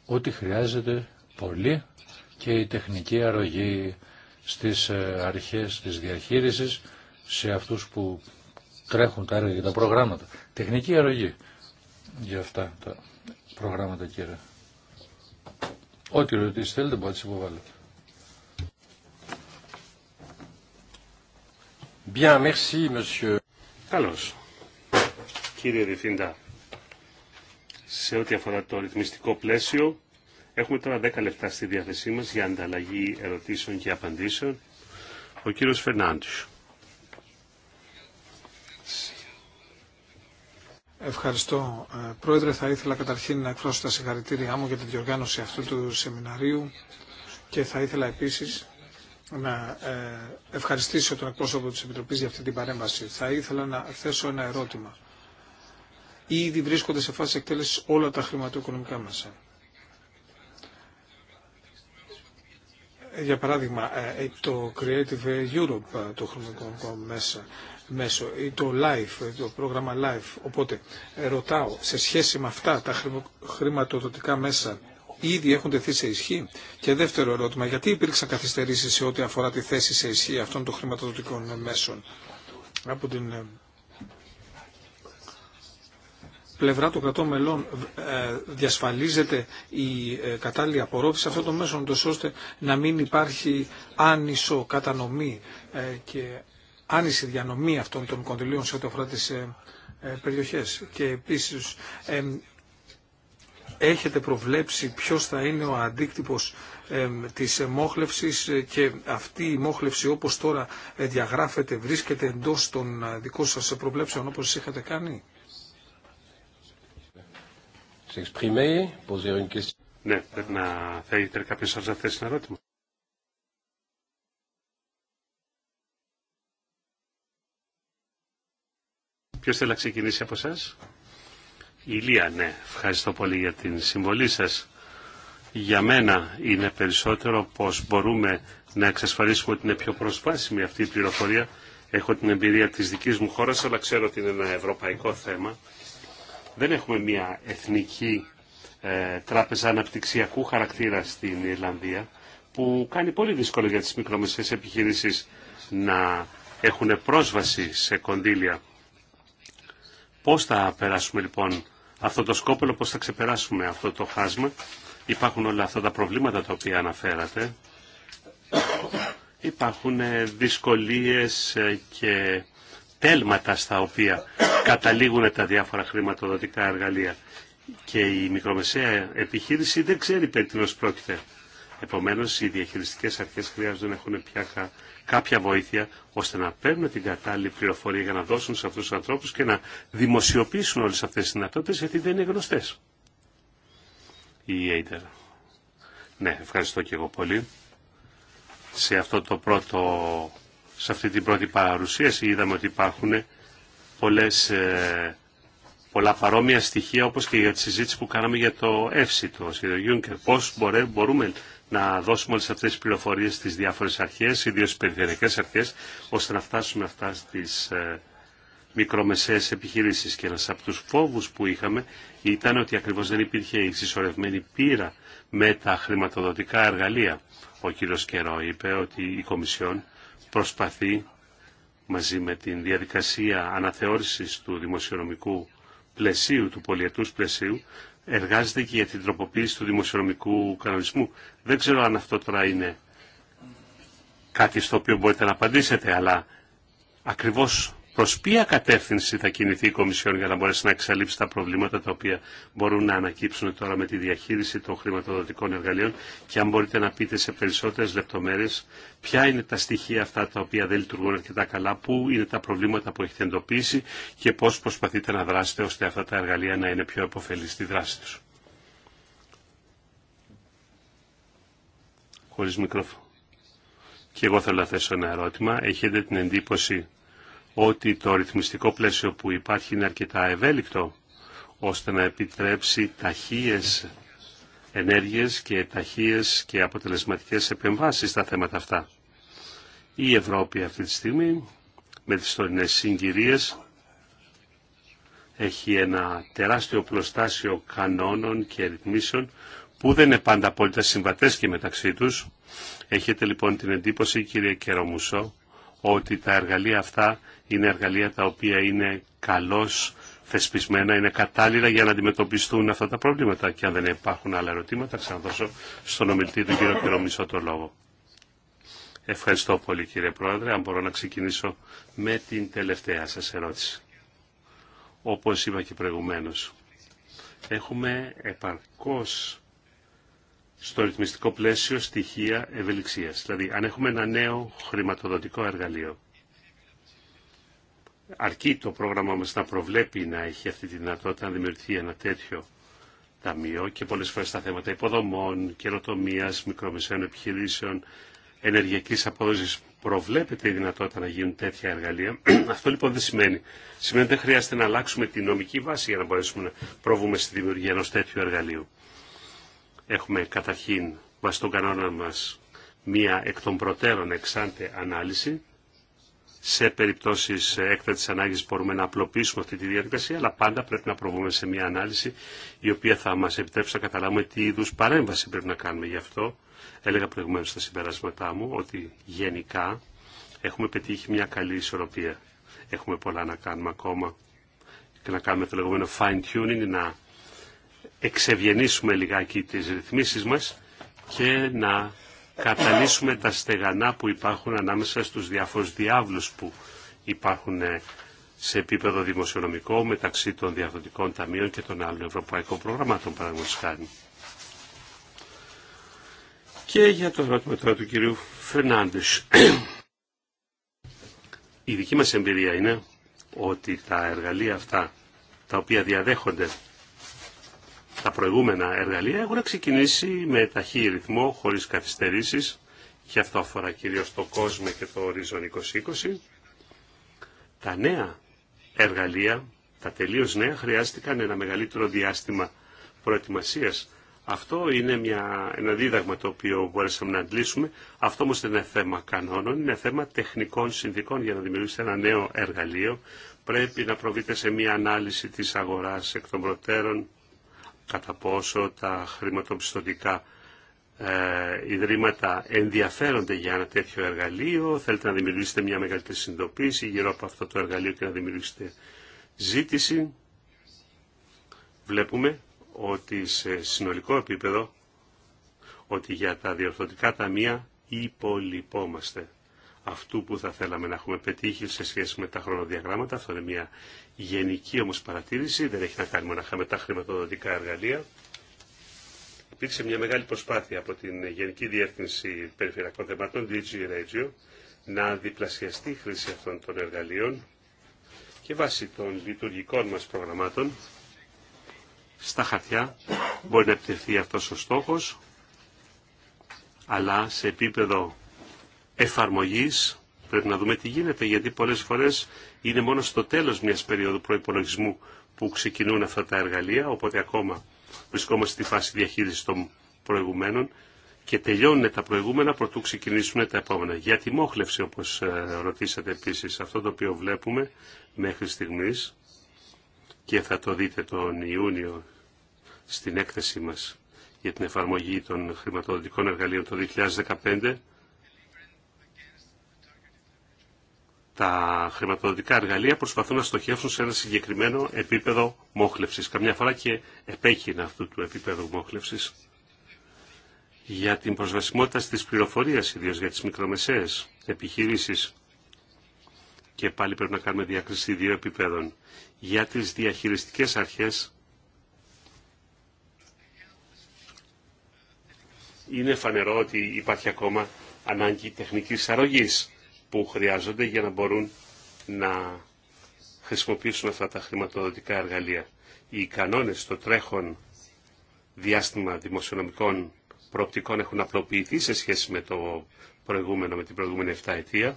Speaker 1: ότι χρειάζεται πολύ και η τεχνική αρρωγή στις ε, αρχές της διαχείρισης σε αυτούς που τρέχουν τα έργα και τα προγράμματα. Τεχνική αρρωγή για αυτά τα προγράμματα κύριε. Ό,τι ρωτήσετε θέλετε μπορείτε να υποβάλλετε.
Speaker 2: Bien, merci, monsieur. Καλώς. Κύριε Διευθυντά, σε ό,τι αφορά το ρυθμιστικό πλαίσιο, έχουμε τώρα 10 λεπτά στη διάθεσή μας για ανταλλαγή ερωτήσεων και απαντήσεων. Ο κύριος Φερνάντης.
Speaker 3: Ευχαριστώ. Ε, πρόεδρε, θα ήθελα καταρχήν να εκφράσω τα συγχαρητήριά μου για την διοργάνωση αυτού του σεμιναρίου και θα ήθελα επίσης να ε, ευχαριστήσω τον εκπρόσωπο της Επιτροπής για αυτή την παρέμβαση. Θα ήθελα να θέσω ένα ερώτημα. Ήδη βρίσκονται σε φάση εκτέλεσης όλα τα χρηματοοικονομικά μέσα. Για παράδειγμα, ε, ε, το Creative Europe, το χρηματοοικονομικό μέσα, μέσο ή το LIFE, το πρόγραμμα LIFE. Οπότε ρωτάω, σε σχέση με αυτά τα χρηματοδοτικά μέσα, ήδη έχουν τεθεί σε ισχύ. Και δεύτερο ερώτημα, γιατί υπήρξαν καθυστερήσει σε ό,τι αφορά τη θέση σε ισχύ αυτών των χρηματοδοτικών μέσων από την ε, πλευρά των κρατών μελών ε, διασφαλίζεται η ε, κατάλληλη απορρόφηση αυτών των μέσων, ώστε να μην υπάρχει άνισο κατανομή και άνιση διανομή αυτών των κονδυλίων σε ό,τι αφορά τις περιοχές. Και επίσης, έχετε προβλέψει ποιος θα είναι ο αντίκτυπος της μόχλευσης και αυτή η μόχλευση όπως τώρα ε, διαγράφεται βρίσκεται εντός των ε, δικών σας προβλέψεων όπως είχατε κάνει.
Speaker 2: Ναι, πρέπει να θέλετε κάποιος σας να θέσει ένα ερώτημα. Ποιος θέλει να ξεκινήσει από εσάς. Ηλία, ναι, ευχαριστώ πολύ για την συμβολή σας. Για μένα είναι περισσότερο πως μπορούμε να εξασφαλίσουμε ότι είναι πιο προσβάσιμη αυτή η πληροφορία. Έχω την εμπειρία της δικής μου χώρας, αλλά ξέρω ότι είναι ένα ευρωπαϊκό θέμα. Δεν έχουμε μια εθνική ε, τράπεζα αναπτυξιακού χαρακτήρα στην Ιρλανδία, που κάνει πολύ δύσκολο για τις μικρομεσαίες επιχειρήσεις να έχουν πρόσβαση σε κονδύλια Πώς θα περάσουμε λοιπόν αυτό το σκόπελο, πώς θα ξεπεράσουμε αυτό το χάσμα. Υπάρχουν όλα αυτά τα προβλήματα τα οποία αναφέρατε. Υπάρχουν ε, δυσκολίες ε, και τέλματα στα οποία καταλήγουν τα διάφορα χρηματοδοτικά εργαλεία. Και η μικρομεσαία επιχείρηση δεν ξέρει περί πρόκειται. Επομένω, οι διαχειριστικέ αρχέ χρειάζονται να έχουν πια κάποια βοήθεια ώστε να παίρνουν την κατάλληλη πληροφορία για να δώσουν σε αυτού του ανθρώπου και να δημοσιοποιήσουν όλε αυτέ τις δυνατότητε γιατί δεν είναι γνωστέ. Η Έιτερ. Ναι, ευχαριστώ και εγώ πολύ. Σε, αυτό το πρώτο, σε αυτή την πρώτη παρουσίαση είδαμε ότι υπάρχουν ε, πολλές, ε, πολλά παρόμοια στοιχεία όπως και για τη συζήτηση που κάναμε για το ΕΦΣΙ, το σχέδιο Juncker. Πώς μπορούμε να δώσουμε όλες αυτές τις πληροφορίες στις διάφορες αρχές, ιδίως τις περιφερειακές αρχές, ώστε να φτάσουμε αυτά στις ε, μικρομεσαίες επιχειρήσεις. Και ένας από τους φόβους που είχαμε ήταν ότι ακριβώς δεν υπήρχε η συσσωρευμένη πείρα με τα χρηματοδοτικά εργαλεία. Ο κύριος Κερό είπε ότι η Κομισιόν προσπαθεί μαζί με την διαδικασία αναθεώρησης του δημοσιονομικού πλαισίου, του πολιετούς πλαισίου, εργάζεται και για την τροποποίηση του δημοσιονομικού κανονισμού. Δεν ξέρω αν αυτό τώρα είναι κάτι στο οποίο μπορείτε να απαντήσετε, αλλά ακριβώς προ ποια κατεύθυνση θα κινηθεί η Κομισιόν για να μπορέσει να εξαλείψει τα προβλήματα τα οποία μπορούν να ανακύψουν τώρα με τη διαχείριση των χρηματοδοτικών εργαλείων και αν μπορείτε να πείτε σε περισσότερε λεπτομέρειε ποια είναι τα στοιχεία αυτά τα οποία δεν λειτουργούν αρκετά καλά, πού είναι τα προβλήματα που έχετε εντοπίσει και πώ προσπαθείτε να δράσετε ώστε αυτά τα εργαλεία να είναι πιο επωφελή στη δράση του. Χωρίς μικρόφωνο. Και εγώ θέλω να θέσω ένα του χωρι μικροφωνο και εγω θελω Έχετε την εντύπωση ότι το ρυθμιστικό πλαίσιο που υπάρχει είναι αρκετά ευέλικτο ώστε να επιτρέψει ταχείες ενέργειες και ταχείες και αποτελεσματικές επεμβάσεις στα θέματα αυτά. Η Ευρώπη αυτή τη στιγμή με τις τωρινές συγκυρίες έχει ένα τεράστιο πλωστάσιο κανόνων και ρυθμίσεων που δεν είναι πάντα απόλυτα συμβατές και μεταξύ τους. Έχετε λοιπόν την εντύπωση κύριε Κερομουσό ότι τα εργαλεία αυτά είναι εργαλεία τα οποία είναι καλώς θεσπισμένα, είναι κατάλληλα για να αντιμετωπιστούν αυτά τα προβλήματα. Και αν δεν υπάρχουν άλλα ερωτήματα, ξαναδώσω στον ομιλητή του κύριο Κερομισό το λόγο. Ευχαριστώ πολύ κύριε Πρόεδρε. Αν μπορώ να ξεκινήσω με την τελευταία σας ερώτηση. Όπως είπα και προηγουμένως, έχουμε επαρκώς στο ρυθμιστικό πλαίσιο στοιχεία ευελιξίας. Δηλαδή, αν έχουμε ένα νέο χρηματοδοτικό εργαλείο, αρκεί το πρόγραμμα μας να προβλέπει να έχει αυτή τη δυνατότητα να δημιουργηθεί ένα τέτοιο ταμείο και πολλές φορές τα θέματα υποδομών, καινοτομία, μικρομεσαίων επιχειρήσεων, ενεργειακής απόδοσης προβλέπεται η δυνατότητα να γίνουν τέτοια εργαλεία. Αυτό λοιπόν δεν σημαίνει. Σημαίνει ότι δεν χρειάζεται να αλλάξουμε τη νομική βάση για να μπορέσουμε να προβούμε στη δημιουργία ενός τέτοιου εργαλείου. Έχουμε καταρχήν βάσει τον κανόνα μας μία εκ των προτέρων εξάντε ανάλυση. Σε περιπτώσεις έκτατης ανάγκης μπορούμε να απλοποιήσουμε αυτή τη διαδικασία, αλλά πάντα πρέπει να προβούμε σε μία ανάλυση η οποία θα μας επιτρέψει να καταλάβουμε τι είδους παρέμβαση πρέπει να κάνουμε γι' αυτό. Έλεγα προηγουμένως στα συμπεράσματά μου ότι γενικά έχουμε πετύχει μια καλή ισορροπία. Έχουμε πολλά να κάνουμε ακόμα και να κάνουμε το λεγόμενο fine tuning, να εξευγενήσουμε λιγάκι τις ρυθμίσεις μας και να καταλύσουμε τα στεγανά που υπάρχουν ανάμεσα στους διάφορους διάβλους που υπάρχουν ε, σε επίπεδο δημοσιονομικό μεταξύ των διαδοτικών ταμείων και των άλλων ευρωπαϊκών προγραμμάτων παραγωγής χάρη. Και για το ερώτημα τώρα του κυρίου Φερνάντες. Η δική μας εμπειρία είναι ότι τα εργαλεία αυτά τα οποία διαδέχονται τα προηγούμενα εργαλεία έχουν ξεκινήσει με ταχύ ρυθμό, χωρίς καθυστερήσεις, και αυτό αφορά κυρίως το κόσμο και το ορίζον 2020. Τα νέα εργαλεία, τα τελείως νέα, χρειάστηκαν ένα μεγαλύτερο διάστημα προετοιμασίας. Αυτό είναι μια, ένα δίδαγμα το οποίο μπορέσαμε να αντλήσουμε. Αυτό όμως δεν είναι θέμα κανόνων, είναι θέμα τεχνικών συνδικών για να δημιουργήσετε ένα νέο εργαλείο. Πρέπει να προβείτε σε μια ανάλυση της αγοράς εκ των προτέρων, κατά πόσο τα χρηματοπιστωτικά ε, ιδρύματα ενδιαφέρονται για ένα τέτοιο εργαλείο, θέλετε να δημιουργήσετε μια μεγαλύτερη συνειδητοποίηση γύρω από αυτό το εργαλείο και να δημιουργήσετε ζήτηση. Βλέπουμε ότι σε συνολικό επίπεδο, ότι για τα διορθωτικά ταμεία υπολοιπόμαστε αυτού που θα θέλαμε να έχουμε πετύχει σε σχέση με τα χρονοδιαγράμματα. Αυτό είναι μια γενική όμως παρατήρηση, δεν έχει να κάνει μόνο με τα χρηματοδοτικά εργαλεία. Υπήρξε μια μεγάλη προσπάθεια από την Γενική Διεύθυνση Περιφερειακών Θεμάτων, DG Radio να διπλασιαστεί η χρήση αυτών των εργαλείων και βάσει των λειτουργικών μας προγραμμάτων στα χαρτιά μπορεί να επιτευχθεί αυτός ο στόχος αλλά σε επίπεδο εφαρμογής Πρέπει να δούμε τι γίνεται, γιατί πολλές φορές είναι μόνο στο τέλος μιας περίοδου προϋπολογισμού που ξεκινούν αυτά τα εργαλεία, οπότε ακόμα βρισκόμαστε στη φάση διαχείρισης των προηγουμένων και τελειώνουν τα προηγούμενα προτού ξεκινήσουν τα επόμενα. Για τη μόχλευση, όπως ε, ρωτήσατε επίσης, αυτό το οποίο βλέπουμε μέχρι στιγμής και θα το δείτε τον Ιούνιο στην έκθεσή μας για την εφαρμογή των χρηματοδοτικών εργαλείων το 2015 τα χρηματοδοτικά εργαλεία προσπαθούν να στοχεύσουν σε ένα συγκεκριμένο επίπεδο μόχλευσης. Καμιά φορά και επέκεινα αυτού του επίπεδου μόχλευσης. Για την προσβασιμότητα στις πληροφορίες, ιδίως για τις μικρομεσαίες επιχειρήσεις, και πάλι πρέπει να κάνουμε διακρίση δύο επίπεδων. Για τις διαχειριστικές αρχές, είναι φανερό ότι υπάρχει ακόμα ανάγκη τεχνικής αρρωγής που χρειάζονται για να μπορούν να χρησιμοποιήσουν αυτά τα χρηματοδοτικά εργαλεία. Οι κανόνες στο τρέχον διάστημα δημοσιονομικών προοπτικών έχουν απλοποιηθεί σε σχέση με, το προηγούμενο, με την προηγούμενη 7 ετία.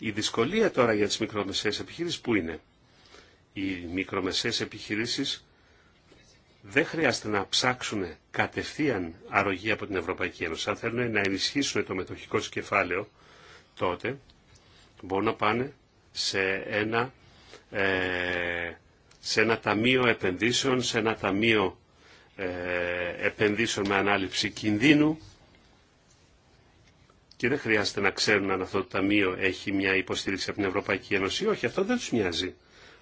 Speaker 2: Η δυσκολία τώρα για τις μικρομεσαίες επιχειρήσεις που είναι. Οι μικρομεσαίες επιχειρήσεις δεν χρειάζεται να ψάξουν κατευθείαν αρρωγή από την Ευρωπαϊκή Ένωση. Αν θέλουν να ενισχύσουν το μετοχικό κεφάλαιο, τότε μπορούν να πάνε σε ένα, ε, σε ένα ταμείο επενδύσεων, σε ένα ταμείο ε, επενδύσεων με ανάληψη κινδύνου και δεν χρειάζεται να ξέρουν αν αυτό το ταμείο έχει μια υποστήριξη από την Ευρωπαϊκή Ένωση. Όχι, αυτό δεν τους μοιάζει.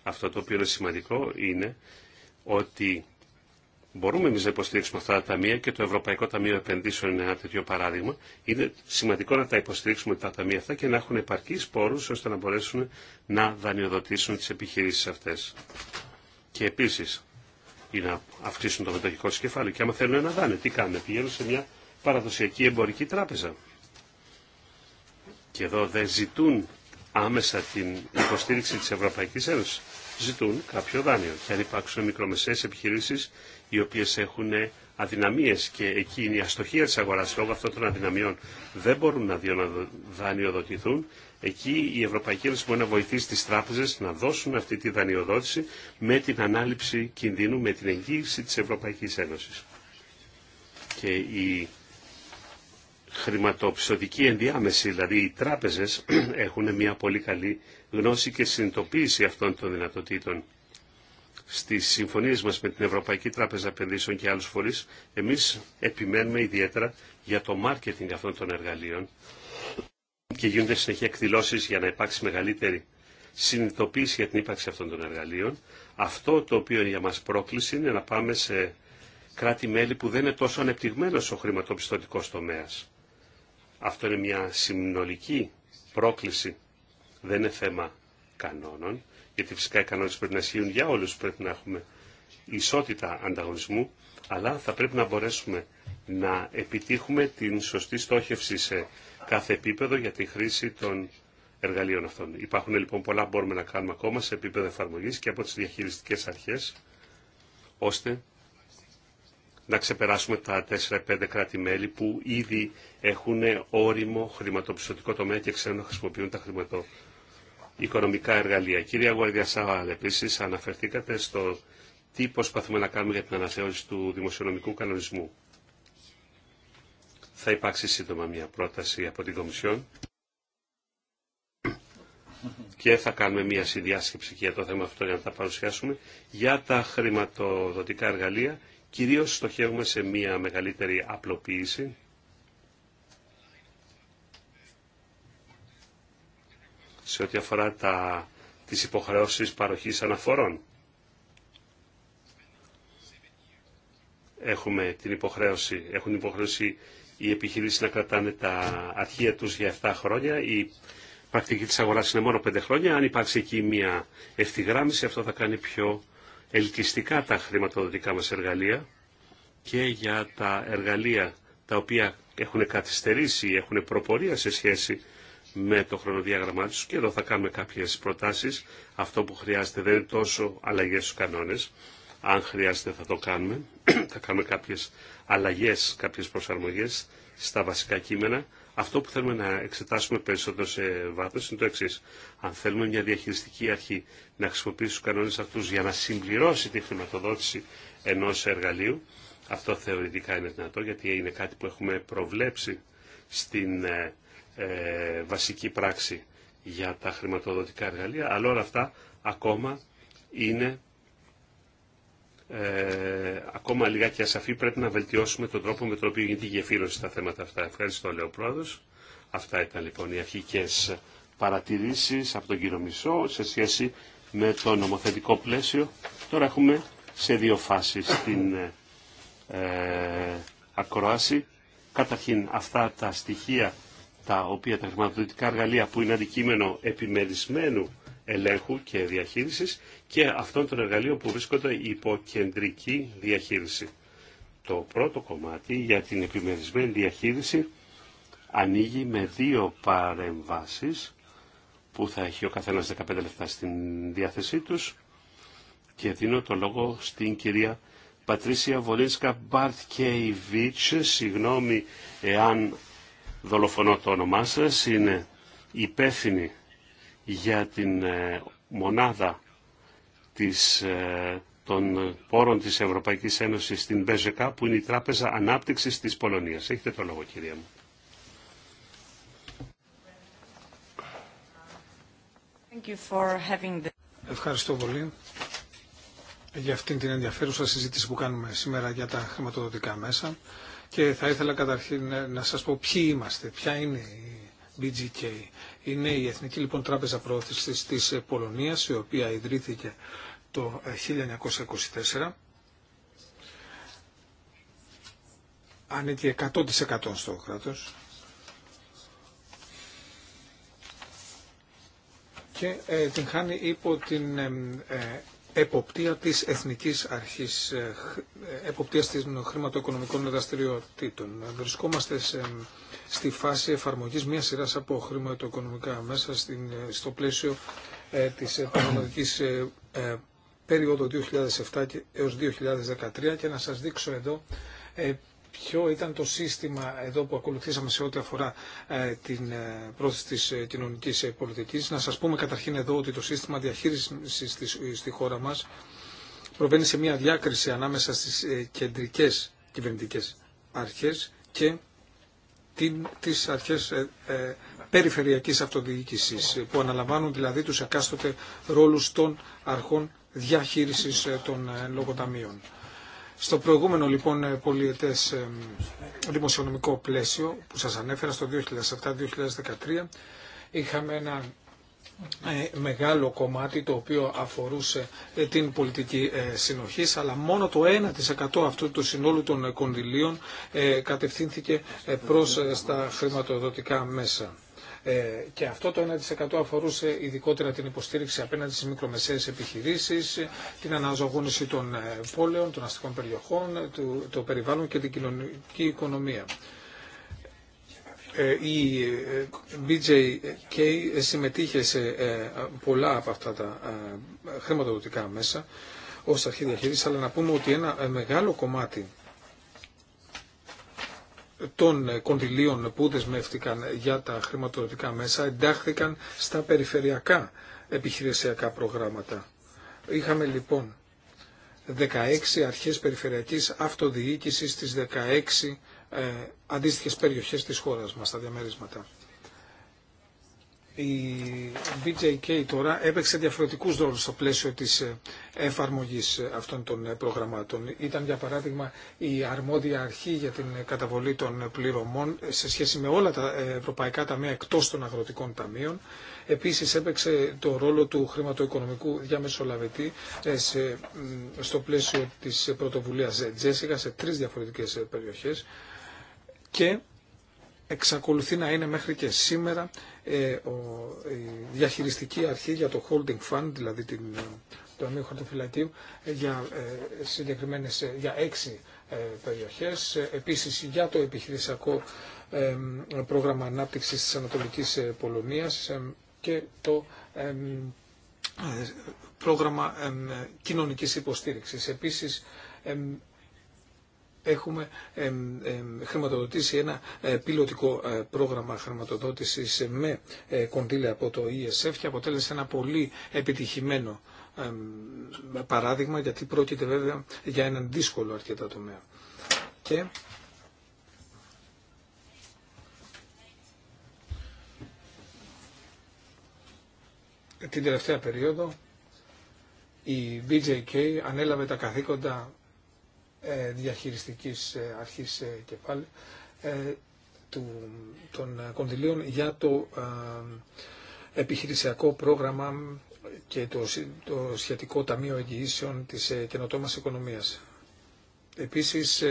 Speaker 2: Αυτό το οποίο είναι σημαντικό είναι ότι Μπορούμε εμεί να υποστηρίξουμε αυτά τα ταμεία και το Ευρωπαϊκό Ταμείο Επενδύσεων είναι ένα τέτοιο παράδειγμα. Είναι σημαντικό να τα υποστηρίξουμε τα ταμεία αυτά και να έχουν επαρκεί πόρου ώστε να μπορέσουν να δανειοδοτήσουν τι επιχειρήσει αυτέ. Και επίση ή να αυξήσουν το μετοχικό του κεφάλαιο. Και άμα θέλουν ένα δάνειο, τι κάνουν, πηγαίνουν σε μια παραδοσιακή εμπορική τράπεζα. Και εδώ δεν ζητούν άμεσα την υποστήριξη τη Ευρωπαϊκή Ένωση. Ζητούν κάποιο δάνειο. Και αν υπάρξουν μικρομεσαίε επιχειρήσει οι οποίες έχουν αδυναμίες και εκεί είναι η αστοχία της αγοράς λόγω αυτών των αδυναμιών δεν μπορούν να δανειοδοτηθούν. Εκεί η Ευρωπαϊκή Ένωση μπορεί να βοηθήσει τις τράπεζες να δώσουν αυτή τη δανειοδότηση με την ανάληψη κινδύνου, με την εγγύηση της Ευρωπαϊκής Ένωσης. Και η χρηματοπιστωτική ενδιάμεση, δηλαδή οι τράπεζες έχουν μια πολύ καλή γνώση και συνειδητοποίηση αυτών των δυνατοτήτων. Στι συμφωνίε μα με την Ευρωπαϊκή Τράπεζα Επενδύσεων και άλλου φορεί, εμεί επιμένουμε ιδιαίτερα για το μάρκετινγκ αυτών των εργαλείων και γίνονται συνεχεία εκδηλώσει για να υπάρξει μεγαλύτερη συνειδητοποίηση για την ύπαρξη αυτών των εργαλείων. Αυτό το οποίο είναι για μας πρόκληση είναι να πάμε σε κράτη-μέλη που δεν είναι τόσο ανεπτυγμένο ο χρηματοπιστωτικός τομέας. Αυτό είναι μια συνολική πρόκληση, δεν είναι θέμα κανόνων γιατί φυσικά οι κανόνε πρέπει να ισχύουν για όλου πρέπει να έχουμε ισότητα ανταγωνισμού, αλλά θα πρέπει να μπορέσουμε να επιτύχουμε την σωστή στόχευση σε κάθε επίπεδο για τη χρήση των εργαλείων αυτών. Υπάρχουν λοιπόν πολλά που μπορούμε να κάνουμε ακόμα σε επίπεδο εφαρμογής και από τις διαχειριστικές αρχές, ώστε να ξεπεράσουμε τα 4-5 κράτη-μέλη που ήδη έχουν όριμο χρηματοπιστωτικό τομέα και ξέρουν να χρησιμοποιούν τα χρηματοπιστωτικά οικονομικά εργαλεία. Κύριε Γουαρδιά Σαβάλ, επίση αναφερθήκατε στο τι προσπαθούμε να κάνουμε για την αναθεώρηση του δημοσιονομικού κανονισμού. Θα υπάρξει σύντομα μια πρόταση από την Κομισιόν και θα κάνουμε μια συνδιάσκεψη και για το θέμα αυτό για να τα παρουσιάσουμε. Για τα χρηματοδοτικά εργαλεία κυρίως στοχεύουμε σε μια μεγαλύτερη απλοποίηση σε ό,τι αφορά τα, τις υποχρεώσεις παροχής αναφορών. Έχουμε την υποχρέωση, έχουν υποχρέωση οι επιχειρήσεις να κρατάνε τα αρχεία τους για 7 χρόνια. Η πρακτική της αγοράς είναι μόνο 5 χρόνια. Αν υπάρξει εκεί μια ευθυγράμμιση, αυτό θα κάνει πιο ελκυστικά τα χρηματοδοτικά μας εργαλεία και για τα εργαλεία τα οποία έχουν καθυστερήσει ή έχουν προπορία σε σχέση με το χρονοδιάγραμμά του και εδώ θα κάνουμε κάποιε προτάσει. Αυτό που χρειάζεται δεν είναι τόσο αλλαγέ στου κανόνε. Αν χρειάζεται θα το κάνουμε. θα κάνουμε κάποιε αλλαγέ, κάποιε προσαρμογέ στα βασικά κείμενα. Αυτό που θέλουμε να εξετάσουμε περισσότερο σε βάθο είναι το εξή. Αν θέλουμε μια διαχειριστική αρχή να χρησιμοποιήσει του κανόνε αυτού για να συμπληρώσει τη χρηματοδότηση ενό εργαλείου, αυτό θεωρητικά είναι δυνατό γιατί είναι κάτι που έχουμε προβλέψει στην ε, ε, βασική πράξη για τα χρηματοδοτικά εργαλεία, αλλά όλα αυτά ακόμα είναι ε, ακόμα λιγάκι ασαφή. Πρέπει να βελτιώσουμε τον τρόπο με τον οποίο γίνεται η γεφύρωση στα θέματα αυτά. Ευχαριστώ, λέω Αυτά ήταν λοιπόν οι αρχικές παρατηρήσεις από τον κύριο Μισό σε σχέση με το νομοθετικό πλαίσιο. Τώρα έχουμε σε δύο φάσεις την ε, ε ακροάση. Καταρχήν αυτά τα στοιχεία τα οποία τα χρηματοδοτικά εργαλεία που είναι αντικείμενο επιμερισμένου ελέγχου και διαχείρισης και αυτών των εργαλείων που βρίσκονται υπό κεντρική διαχείριση. Το πρώτο κομμάτι για την επιμερισμένη διαχείριση ανοίγει με δύο παρεμβάσεις που θα έχει ο καθένας 15 λεπτά στην διάθεσή τους και δίνω το λόγο στην κυρία Πατρίσια Βολίνσκα Κέιβιτς. συγγνώμη εάν δολοφονώ το όνομά σας, είναι υπεύθυνη για την ε, μονάδα της, ε, των πόρων της Ευρωπαϊκής Ένωσης στην Μπεζεκά, που είναι η Τράπεζα Ανάπτυξης της Πολωνίας. Έχετε το λόγο, κυρία μου.
Speaker 3: Ευχαριστώ πολύ για αυτήν την ενδιαφέρουσα συζήτηση που κάνουμε σήμερα για τα χρηματοδοτικά μέσα και θα ήθελα καταρχήν να σας πω ποιοι είμαστε, ποια είναι η BGK. Είναι η Εθνική λοιπόν Τράπεζα Προώθησης της Πολωνίας, η οποία ιδρύθηκε το 1924. Ανήκει 100% στο κράτος. Και ε, την χάνει υπό την ε, ε, εποπτεία της Εθνικής Αρχής ε, ε, Εποπτείας των Χρηματοοικονομικών Δραστηριοτήτων. Βρισκόμαστε στη φάση εφαρμογής μιας σειράς από χρηματοοικονομικά μέσα στην, ε, στο πλαίσιο ε, της ε, ε, περίοδο 2007 έως 2013 και να σας δείξω εδώ ποιο ήταν το σύστημα εδώ που ακολουθήσαμε σε ό,τι αφορά ε, την ε, πρόθεση της ε, κοινωνικής πολιτικής. Να σας πούμε καταρχήν εδώ ότι το σύστημα διαχείρισης στη χώρα μας προβαίνει σε μια διάκριση ανάμεσα στις κεντρικές κυβερνητικές αρχές και τις αρχές περιφερειακής αυτοδιοίκησης που αναλαμβάνουν δηλαδή τους εκάστοτε ρόλους των αρχών διαχείρισης των λογοταμείων. Στο προηγούμενο λοιπόν ε, πολιετές ε, δημοσιονομικό πλαίσιο που σας ανέφερα στο 2007-2013 είχαμε ένα ε, μεγάλο κομμάτι το οποίο αφορούσε την πολιτική συνοχή, αλλά μόνο το 1% αυτού του συνόλου των κονδυλίων κατευθύνθηκε προς τα χρηματοδοτικά μέσα. Ε, και αυτό το 1% αφορούσε ειδικότερα την υποστήριξη απέναντι στι μικρομεσαίες επιχειρήσεις, την αναζωογόνηση των ε, πόλεων, των αστικών περιοχών, το περιβάλλον και την κοινωνική οικονομία. Ε, η BJK συμμετείχε σε πολλά από αυτά τα χρηματοδοτικά μέσα ως αρχή διαχείρισης, αλλά να πούμε ότι ένα μεγάλο κομμάτι των κονδυλίων που δεσμεύτηκαν για τα χρηματοδοτικά μέσα εντάχθηκαν στα περιφερειακά επιχειρησιακά προγράμματα. Είχαμε λοιπόν 16 αρχές περιφερειακής αυτοδιοίκησης στις 16 ε, αντίστοιχες περιοχές της χώρας μας, στα διαμέρισματα η BJK τώρα έπαιξε διαφορετικούς ρόλους στο πλαίσιο της ε, εφαρμογής ε, αυτών των ε, προγραμμάτων. Ήταν για παράδειγμα η αρμόδια αρχή για την καταβολή των πληρωμών σε σχέση με όλα τα ευρωπαϊκά ταμεία εκτός των αγροτικών ταμείων. Επίσης έπαιξε το ρόλο του χρηματοοικονομικού διαμεσολαβητή στο πλαίσιο της πρωτοβουλίας Τζέσικα σε τρεις διαφορετικές περιοχές και εξακολουθεί να είναι μέχρι και σήμερα ε, η διαχειριστική αρχή για το holding fund, δηλαδή την, ε, το Αμείο Χαρτοφυλακίου, ε, για, συγκεκριμένες, για έξι περιοχές. Επίσης για το επιχειρησιακό πρόγραμμα ανάπτυξης της Ανατολικής Πολωνίας και το πρόγραμμα κοινωνικής υποστήριξης. Επίσης έχουμε χρηματοδοτήσει ένα ε, πιλωτικό ε, πρόγραμμα χρηματοδότησης με ε, κονδύλια από το ESF και αποτέλεσε ένα πολύ επιτυχημένο παράδειγμα γιατί πρόκειται βέβαια για έναν δύσκολο αρκετά τομέα. Και την τελευταία περίοδο η BJK ανέλαβε τα καθήκοντα ε, διαχειριστικής ε, αρχής ε, και πάλι του των κονδυλίων για το επιχειρησιακό πρόγραμμα και το σχετικό Ταμείο Εγγυήσεων της Καινοτόμας Οικονομίας. Επίσης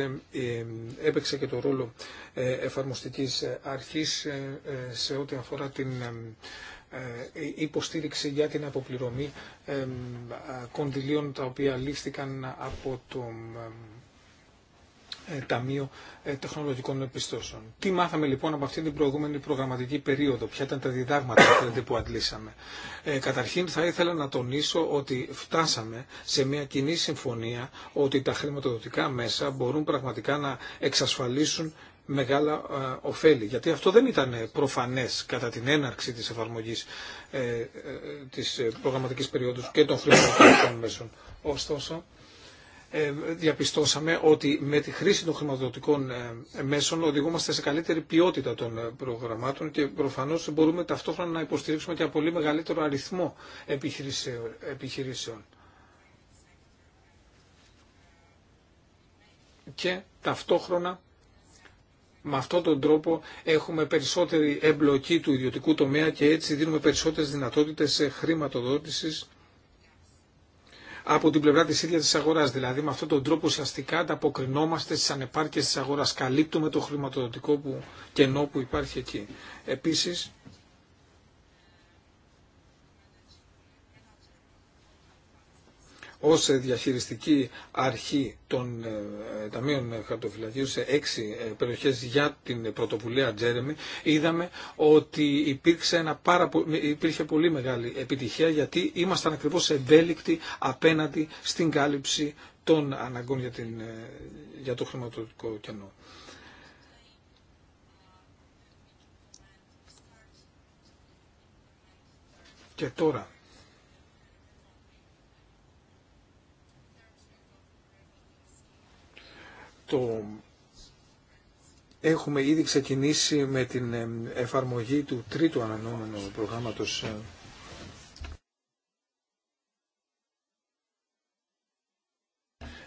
Speaker 3: έπαιξε και το ρόλο εφαρμοστικής αρχής σε ό,τι αφορά την υποστήριξη για την αποπληρωμή κονδυλίων τα οποία λήφθηκαν από το ε, ταμείο ε, Τεχνολογικών Επιστώσεων. Τι μάθαμε λοιπόν από αυτή την προηγούμενη προγραμματική περίοδο, ποια ήταν τα διδάγματα που αντλήσαμε. Ε, καταρχήν θα ήθελα να τονίσω ότι φτάσαμε σε μια κοινή συμφωνία ότι τα χρηματοδοτικά μέσα μπορούν πραγματικά να εξασφαλίσουν μεγάλα ωφέλη. Γιατί αυτό δεν ήταν προφανές κατά την έναρξη της εφαρμογής ε, ε, της προγραμματικής περίοδου και των χρηματοδοτικών μέσων. Ωστόσο, ε, διαπιστώσαμε ότι με τη χρήση των χρηματοδοτικών ε, μέσων οδηγούμαστε σε καλύτερη ποιότητα των ε, προγραμμάτων και προφανώς μπορούμε ταυτόχρονα να υποστηρίξουμε και πολύ μεγαλύτερο αριθμό επιχειρήσεων. Και ταυτόχρονα με αυτόν τον τρόπο έχουμε περισσότερη εμπλοκή του ιδιωτικού τομέα και έτσι δίνουμε περισσότερες δυνατότητες χρηματοδότησης από την πλευρά της ίδιας της αγοράς. Δηλαδή με αυτόν τον τρόπο ουσιαστικά ανταποκρινόμαστε στις ανεπάρκειες της αγοράς. Καλύπτουμε το χρηματοδοτικό που, κενό που υπάρχει εκεί. Επίσης, ως διαχειριστική αρχή των ε, ταμείων χαρτοφυλακίου σε έξι ε, περιοχές για την πρωτοβουλία Τζέρεμι, είδαμε ότι υπήρξε, ένα πάρα, υπήρχε πολύ μεγάλη επιτυχία γιατί ήμασταν ακριβώς ευέλικτοι απέναντι στην κάλυψη των αναγκών για, την, ε, για το χρηματοδοτικό κενό. Και τώρα, το έχουμε ήδη ξεκινήσει με την ε, εφαρμογή του τρίτου ανανόμενου προγράμματος ε,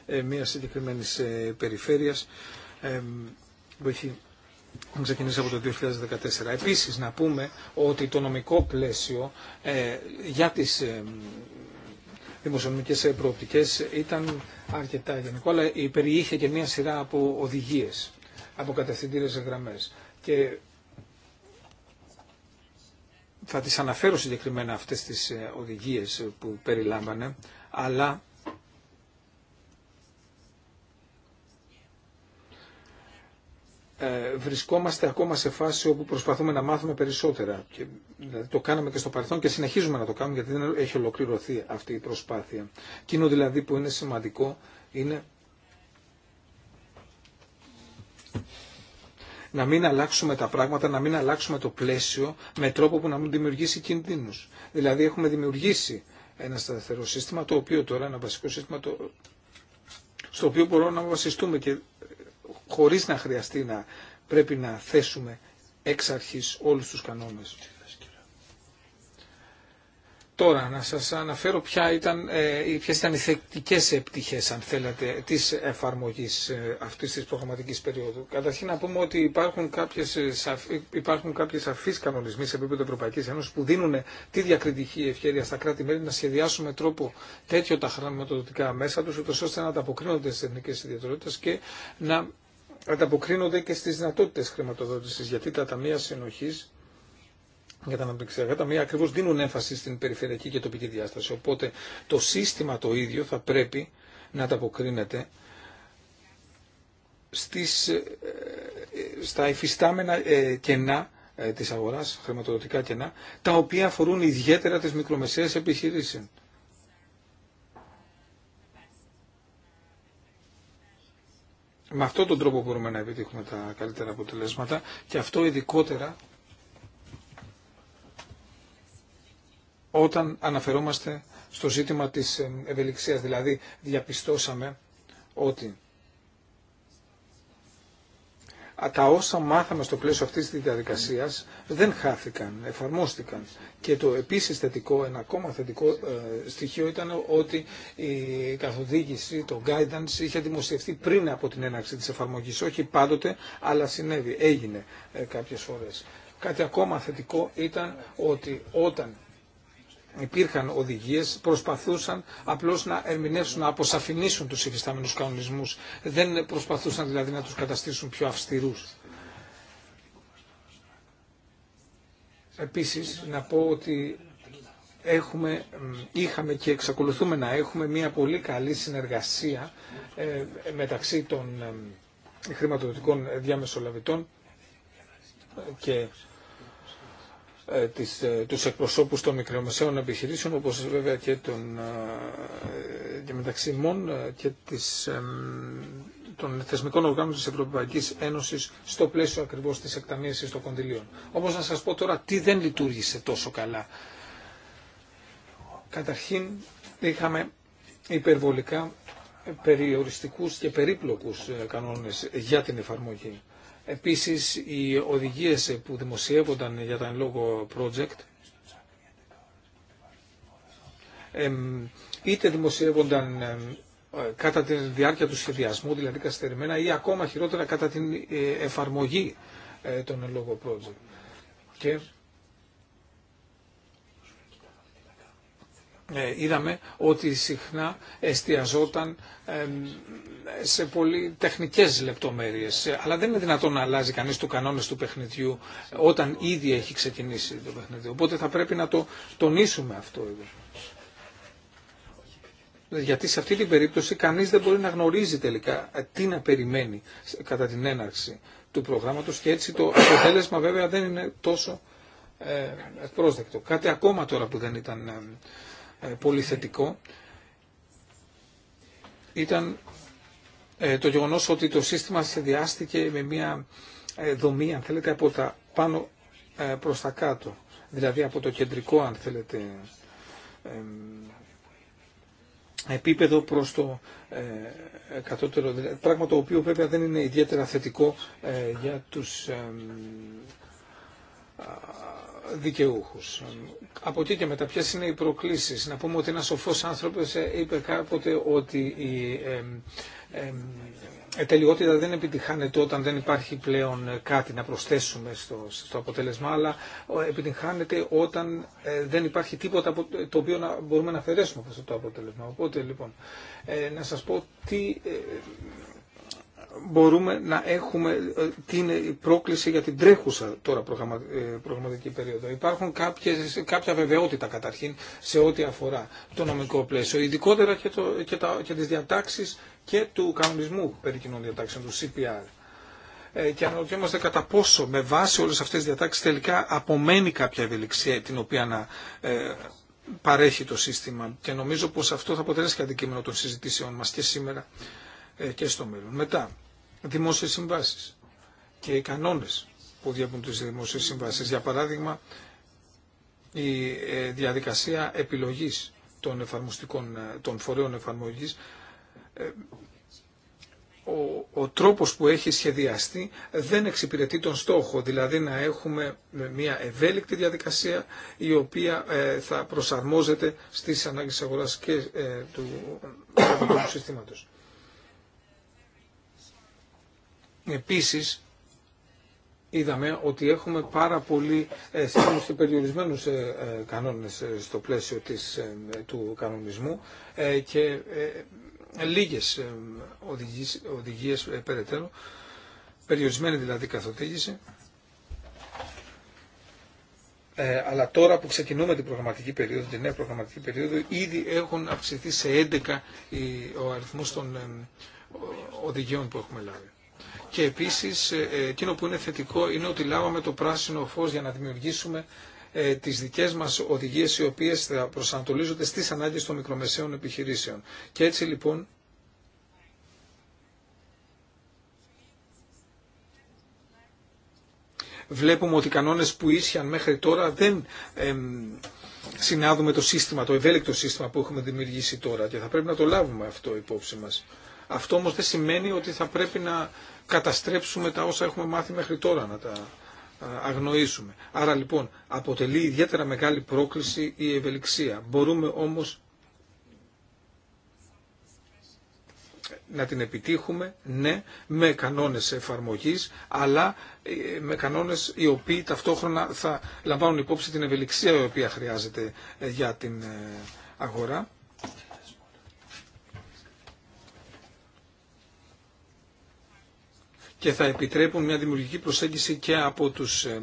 Speaker 3: ε, μια συγκεκριμένη περιφέρεια που έχει ξεκινήσει από το 2014. Επίσης να πούμε ότι το νομικό πλαίσιο για τις Δημοσιονομικέ ε, προοπτικέ ήταν αρκετά γενικό, αλλά περιείχε και μια σειρά από οδηγίε, από κατευθυντήρε γραμμέ. Και θα τις αναφέρω συγκεκριμένα αυτές τις ε, οδηγίες που περιλάμβανε, αλλά Ε, βρισκόμαστε ακόμα σε φάση όπου προσπαθούμε να μάθουμε περισσότερα. Και, δηλαδή, το κάναμε και στο παρελθόν και συνεχίζουμε να το κάνουμε γιατί δεν έχει ολοκληρωθεί αυτή η προσπάθεια. Εκείνο δηλαδή που είναι σημαντικό είναι να μην αλλάξουμε τα πράγματα, να μην αλλάξουμε το πλαίσιο με τρόπο που να μην δημιουργήσει κινδύνους. Δηλαδή έχουμε δημιουργήσει ένα σταθερό σύστημα, το οποίο τώρα είναι ένα βασικό σύστημα, το, στο οποίο μπορούμε να βασιστούμε και χωρίς να χρειαστεί να πρέπει να θέσουμε εξ αρχής όλους τους κανόνες. Τώρα να σας αναφέρω ποια ήταν, ε, ποιες ήταν οι θετικές επιτυχές, αν θέλετε της εφαρμογής ε, αυτής της προγραμματικής περίοδου. Καταρχήν να πούμε ότι υπάρχουν κάποιες, ε, υπάρχουν κάποιες σαφείς κανονισμοί σε επίπεδο Ευρωπαϊκής Ένωσης που δίνουν τη διακριτική ευκαιρία στα κράτη-μέλη να σχεδιάσουν με τρόπο τέτοιο τα χρηματοδοτικά μέσα τους ώστε να ανταποκρίνονται στις εθνικές ιδιαιτερότητες και να ανταποκρίνονται και στις δυνατότητες χρηματοδότησης γιατί τα ταμεία συνοχής για τα αναπτυξιακά ταμεία ακριβώς δίνουν έμφαση στην περιφερειακή και τοπική διάσταση. Οπότε το σύστημα το ίδιο θα πρέπει να ανταποκρίνεται στις, ε, στα υφιστάμενα ε, κενά ε, της αγοράς, χρηματοδοτικά κενά, τα οποία αφορούν ιδιαίτερα τις μικρομεσαίες επιχειρήσεις. Με αυτόν τον τρόπο μπορούμε να επιτύχουμε τα καλύτερα αποτελέσματα και αυτό ειδικότερα όταν αναφερόμαστε στο ζήτημα της ε, ευελιξίας. Δηλαδή διαπιστώσαμε ότι τα όσα μάθαμε στο πλαίσιο αυτής της διαδικασίας δεν χάθηκαν, εφαρμόστηκαν. Και το επίσης θετικό, ένα ακόμα θετικό ε, στοιχείο ήταν ότι η καθοδήγηση, το guidance είχε δημοσιευθεί πριν από την έναρξη της εφαρμογής. Όχι πάντοτε, αλλά συνέβη, έγινε ε, κάποιες φορές. Κάτι ακόμα θετικό ήταν ότι όταν υπήρχαν οδηγίες, προσπαθούσαν απλώς να ερμηνεύσουν, να αποσαφηνίσουν τους υφιστάμενους κανονισμούς. Δεν προσπαθούσαν δηλαδή να τους καταστήσουν πιο αυστηρούς. Επίσης, να πω ότι έχουμε, είχαμε και εξακολουθούμε να έχουμε μια πολύ καλή συνεργασία ε, μεταξύ των ε, χρηματοδοτικών διαμεσολαβητών και ε, τις, ε, τους εκπροσώπους των μικρομεσαίων επιχειρήσεων όπως βέβαια και, των, ε, και μεταξύ μόν και των θεσμικών οργάνων της Ευρωπαϊκής Ένωσης στο πλαίσιο ακριβώς της εκταμίευσης των κονδυλίων. Όμως να σας πω τώρα τι δεν λειτουργήσε τόσο καλά. Καταρχήν είχαμε υπερβολικά περιοριστικούς και περίπλοκους κανόνες για την εφαρμογή Επίσης, οι οδηγίες που δημοσιεύονταν για τα εν λόγω project είτε δημοσιεύονταν κατά τη διάρκεια του σχεδιασμού, δηλαδή καστερημένα, ή ακόμα χειρότερα κατά την ε, εφαρμογή ε, των εν project. Ε, είδαμε ότι συχνά εστιαζόταν σε πολύ τεχνικές λεπτομέρειες. Ε, αλλά δεν είναι δυνατόν να αλλάζει κανείς του κανόνες του παιχνιδιού όταν ήδη έχει ξεκινήσει το παιχνίδι. Οπότε θα πρέπει να το τονίσουμε αυτό εδώ. Γιατί σε αυτή την περίπτωση κανείς δεν μπορεί να γνωρίζει τελικά ε, τι να περιμένει κατά την έναρξη του προγράμματος και έτσι το αποτέλεσμα βέβαια δεν είναι τόσο ε, πρόσδεκτο. Κάτι ακόμα τώρα που δεν ήταν ε, πολύ θετικό ήταν ε, το γεγονός ότι το σύστημα σχεδιάστηκε με μια ε, δομή, αν θέλετε, από τα πάνω προς τα κάτω. Δηλαδή από το κεντρικό, αν θέλετε, επίπεδο προς το κατώτερο. Πράγμα το οποίο βέβαια δεν είναι ιδιαίτερα θετικό για τους δικαιούχους. Από εκεί και μετά ποιε είναι οι προκλήσεις. Να πούμε ότι ένας σοφός άνθρωπος ε, είπε κάποτε ότι η ε, τελειότητα δεν επιτυχάνεται όταν δεν υπάρχει πλέον ε, κάτι να προσθέσουμε στο, στο αποτέλεσμα, αλλά επιτυχάνεται όταν δεν υπάρχει τίποτα το οποίο να μπορούμε να αφαιρέσουμε αυτό το αποτέλεσμα. Οπότε λοιπόν, να σας πω τι μπορούμε να έχουμε ε, την πρόκληση για την τρέχουσα τώρα ε, προγραμματική περίοδο. Υπάρχουν κάποιες, κάποια βεβαιότητα καταρχήν σε ό,τι αφορά το νομικό πλαίσιο, ειδικότερα και, το, και, τα, και τις διατάξεις και του κανονισμού περί κοινών διατάξεων, του CPR. Ε, και αναρωτιόμαστε κατά πόσο με βάση όλες αυτές τις διατάξεις τελικά απομένει κάποια ευελιξία την οποία να παρέχει το σύστημα. Και νομίζω πως αυτό θα αποτελέσει και αντικείμενο των συζητήσεων μας και σήμερα και στο μέλλον. Μετά, δημόσιες συμβάσεις και οι κανόνες που διαπούν τις δημόσιες συμβάσεις. Για παράδειγμα, η διαδικασία επιλογής των, εφαρμοστικών, των φορέων εφαρμογής ο, ο τρόπος που έχει σχεδιαστεί δεν εξυπηρετεί τον στόχο, δηλαδή να έχουμε μια ευέλικτη διαδικασία η οποία θα προσαρμόζεται στις ανάγκες αγοράς και του συστήματος. Επίσης, είδαμε ότι έχουμε πάρα πολύ σύγχρονους ε, περιορισμένους ε, ε, κανόνες στο πλαίσιο της, του κανονισμού και λίγες οδηγίες, οδηγίες περαιτέρω, περιορισμένη δηλαδή καθοδήγηση. Ε, αλλά τώρα που ξεκινούμε την προγραμματική περίοδο, την νέα προγραμματική περίοδο, ήδη έχουν αυξηθεί σε 11 ο αριθμός των οδηγιών που έχουμε λάβει. Και επίσης ε, ε, εκείνο που είναι θετικό είναι ότι λάβαμε το πράσινο φως για να δημιουργήσουμε ε, τις δικές μας οδηγίες οι οποίες θα προσανατολίζονται στις ανάγκες των μικρομεσαίων επιχειρήσεων. Και έτσι λοιπόν βλέπουμε ότι οι κανόνες που ίσχυαν μέχρι τώρα δεν εμ, το σύστημα, το ευέλικτο σύστημα που έχουμε δημιουργήσει τώρα και θα πρέπει να το λάβουμε αυτό υπόψη μας. Αυτό όμως δεν σημαίνει ότι θα πρέπει να καταστρέψουμε τα όσα έχουμε μάθει μέχρι τώρα, να τα αγνοήσουμε. Άρα λοιπόν αποτελεί ιδιαίτερα μεγάλη πρόκληση η ευελιξία. Μπορούμε όμως να την επιτύχουμε, ναι, με κανόνες εφαρμογής, αλλά ε, με κανόνες οι οποίοι ταυτόχρονα θα λαμβάνουν υπόψη την ευελιξία η οποία χρειάζεται ε, για την ε, αγορά. και θα επιτρέπουν μια δημιουργική προσέγγιση και από τους ε,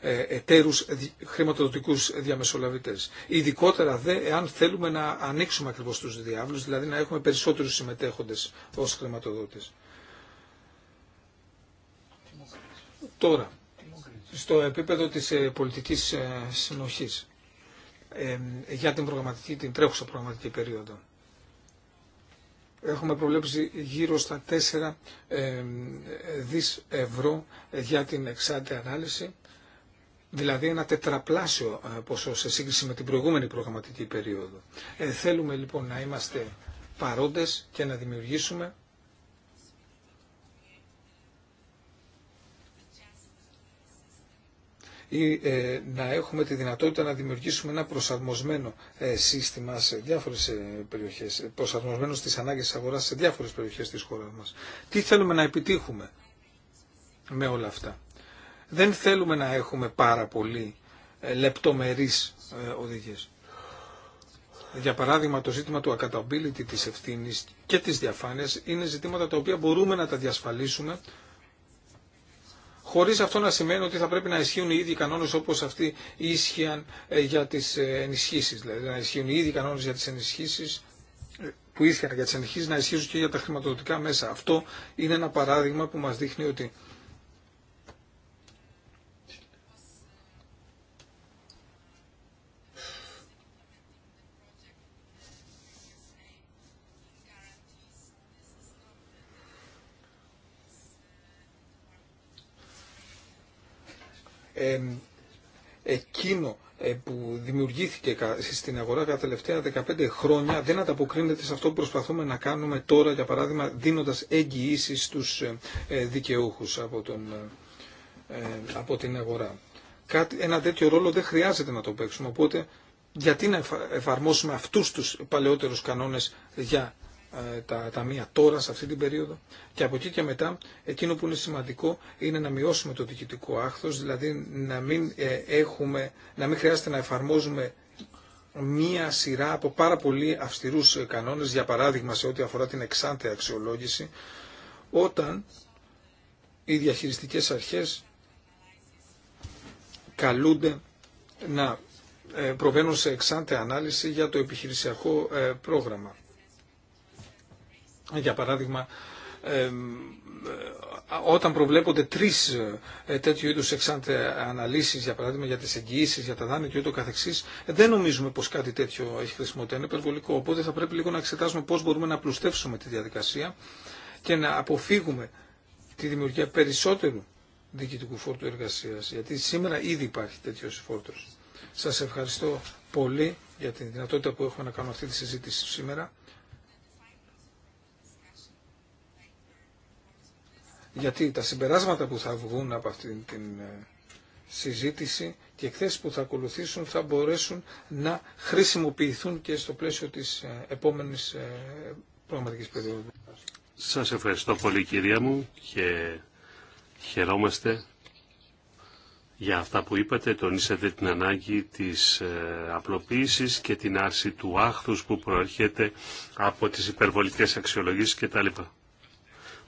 Speaker 3: ε, εταίρους χρηματοδοτικούς διαμεσολαβητές. Ειδικότερα δε εάν θέλουμε να ανοίξουμε ακριβώς τους διάβλους, δηλαδή να έχουμε περισσότερους συμμετέχοντες ως χρηματοδότες. Τώρα, στο επίπεδο της ε, πολιτικής συνοχής για την, προγραμματική, την τρέχουσα προγραμματική περίοδο έχουμε προβλέψει γύρω στα 4 ε, δις ευρώ για την εξάντια ανάλυση, δηλαδή ένα τετραπλάσιο ε, ποσό σε σύγκριση με την προηγούμενη προγραμματική περίοδο. Ε, θέλουμε λοιπόν να είμαστε παρόντες και να δημιουργήσουμε ή ε, να έχουμε τη δυνατότητα να δημιουργήσουμε ένα προσαρμοσμένο ε, σύστημα σε διάφορες ε, περιοχές, προσαρμοσμένο στις ανάγκες της αγοράς σε διάφορες περιοχές της χώρας μας. Τι θέλουμε να επιτύχουμε με όλα αυτά. Δεν θέλουμε να έχουμε πάρα πολύ λεπτομερείς οδηγίες. Για παράδειγμα, το ζήτημα του accountability, της ευθύνης και της διαφάνειας είναι ζητήματα τα οποία μπορούμε να τα διασφαλίσουμε χωρίς αυτό να σημαίνει ότι θα πρέπει να ισχύουν οι ίδιοι κανόνες όπως αυτοί ίσχυαν ε, για τις ε, ενισχύσει. Δηλαδή να ισχύουν οι ίδιοι κανόνες για τις ενισχύσει, ε, που ίσχυαν για τις ενισχύσεις να ισχύουν και για τα χρηματοδοτικά μέσα. Αυτό είναι ένα παράδειγμα που μας δείχνει ότι εκείνο ε, που δημιουργήθηκε στην αγορά κατά τα τελευταία 15 χρόνια δεν ανταποκρίνεται σε αυτό που προσπαθούμε να κάνουμε τώρα, για παράδειγμα, δίνοντας εγγυήσει στους ε, ε, δικαιούχους από, τον, από την αγορά. Κάτι, ένα τέτοιο ρόλο δεν χρειάζεται να το παίξουμε, οπότε γιατί να εφαρμόσουμε αυτούς τους παλαιότερους κανόνες για ε, τα μία τώρα σε αυτή την περίοδο και από εκεί και μετά εκείνο που είναι σημαντικό είναι να μειώσουμε το διοικητικό άχθος, δηλαδή να μην, ε, έχουμε, να μην χρειάζεται να εφαρμόζουμε μία σειρά από πάρα πολύ αυστηρούς κανόνες, για παράδειγμα σε ό,τι αφορά την εξάντια αξιολόγηση, όταν οι διαχειριστικές αρχές καλούνται να ε, προβαίνουν σε εξάντια ανάλυση για το επιχειρησιακό πρόγραμμα. Για παράδειγμα, όταν προβλέπονται τρει ε, τέτοιου είδου εξάντε αναλύσει, για παράδειγμα για τι εγγυήσει, για τα δάνεια και ούτω καθεξή, ε, δεν νομίζουμε πω κάτι τέτοιο έχει χρησιμότητα. Είναι υπερβολικό. Οπότε θα πρέπει λίγο να εξετάσουμε πώ μπορούμε να πλουστεύσουμε τη διαδικασία και να αποφύγουμε τη δημιουργία περισσότερου διοικητικού φόρτου εργασία. Γιατί σήμερα ήδη υπάρχει τέτοιο φόρτο. Σα ευχαριστώ πολύ για τη δυνατότητα που έχουμε να κάνουμε αυτή τη συζήτηση σήμερα γιατί τα συμπεράσματα που θα βγουν από αυτήν την ε, συζήτηση και εκθέσεις που θα ακολουθήσουν θα μπορέσουν να χρησιμοποιηθούν και στο πλαίσιο της ε, επόμενης ε, προγραμματικής περίοδου.
Speaker 2: Σας ευχαριστώ πολύ κυρία μου και χαιρόμαστε για αυτά που είπατε. Τονίσατε την ανάγκη της απλοποίησης και την άρση του άχθους που προέρχεται από τις υπερβολικές αξιολογήσεις κτλ.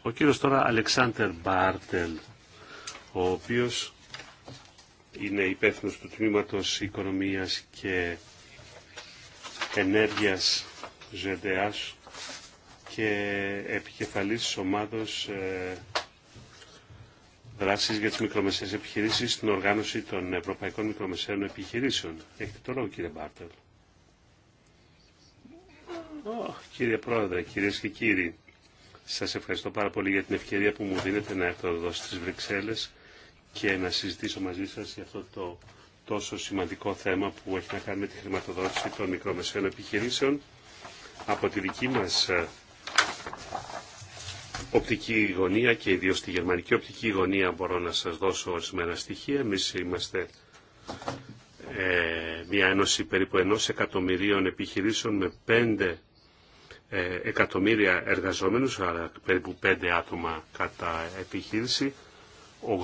Speaker 2: Ο κύριος τώρα Αλεξάντερ Μπάρτελ, ο οποίος είναι υπεύθυνος του Τμήματος Οικονομίας και Ενέργειας Ζεδεάς και επικεφαλής της ομάδος ε, δράσης για τις μικρομεσαίες επιχειρήσεις στην οργάνωση των Ευρωπαϊκών Μικρομεσαίων Επιχειρήσεων. Έχετε το λόγο κύριε Μπάρτελ. Oh, κύριε Πρόεδρε, κυρίες και κύριοι, σας ευχαριστώ πάρα πολύ για την ευκαιρία που μου δίνετε να έρθω εδώ στις Βρυξέλλες και να συζητήσω μαζί σας για αυτό το τόσο σημαντικό θέμα που έχει να κάνει με τη χρηματοδότηση των μικρομεσαίων επιχειρήσεων. Από τη δική μας ε, οπτική γωνία και ιδίως τη γερμανική οπτική γωνία μπορώ να σας δώσω ορισμένα στοιχεία. Εμείς είμαστε ε, μια ένωση περίπου ενός εκατομμυρίων επιχειρήσεων με πέντε ε, εκατομμύρια εργαζόμενους, άρα περίπου 5 άτομα κατά επιχείρηση.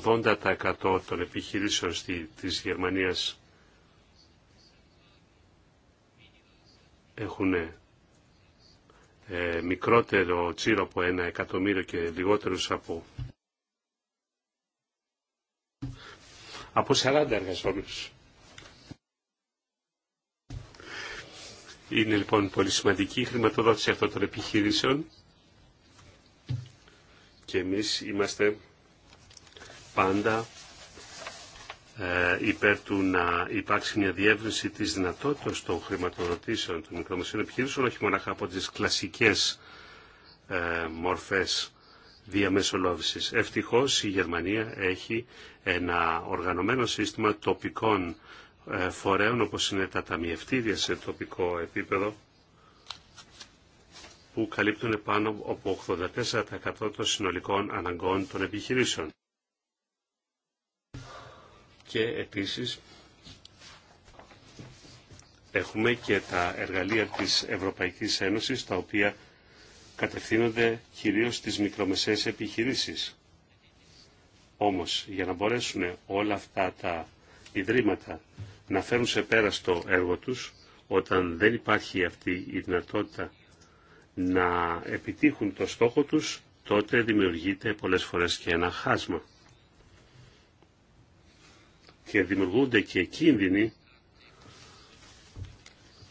Speaker 2: 80% των επιχειρήσεων της Γερμανίας έχουν ε, μικρότερο τσίρο από ένα εκατομμύριο και λιγότερους από, από 40 εργαζόμενους. Είναι λοιπόν πολύ σημαντική η χρηματοδότηση αυτών των επιχειρήσεων και εμείς είμαστε πάντα ε, υπέρ του να υπάρξει μια διεύρυνση της δυνατότητας των χρηματοδοτήσεων των μικρομεσαίων επιχειρήσεων, όχι μόνο από τις κλασικές ε, μορφές διαμεσολόβησης. Ευτυχώς η Γερμανία έχει ένα οργανωμένο σύστημα τοπικών ε, φορέων όπως είναι τα ταμιευτήρια σε τοπικό επίπεδο που καλύπτουν πάνω από 84% των συνολικών αναγκών των επιχειρήσεων. Και επίσης έχουμε και τα εργαλεία της Ευρωπαϊκής Ένωσης τα οποία κατευθύνονται κυρίως στις μικρομεσαίες επιχειρήσεις. Όμως για να μπορέσουν όλα αυτά τα ιδρύματα να φέρουν σε πέρα στο έργο τους όταν δεν υπάρχει αυτή η δυνατότητα να επιτύχουν το στόχο τους, τότε δημιουργείται πολλές φορές και ένα χάσμα. Και δημιουργούνται και κίνδυνοι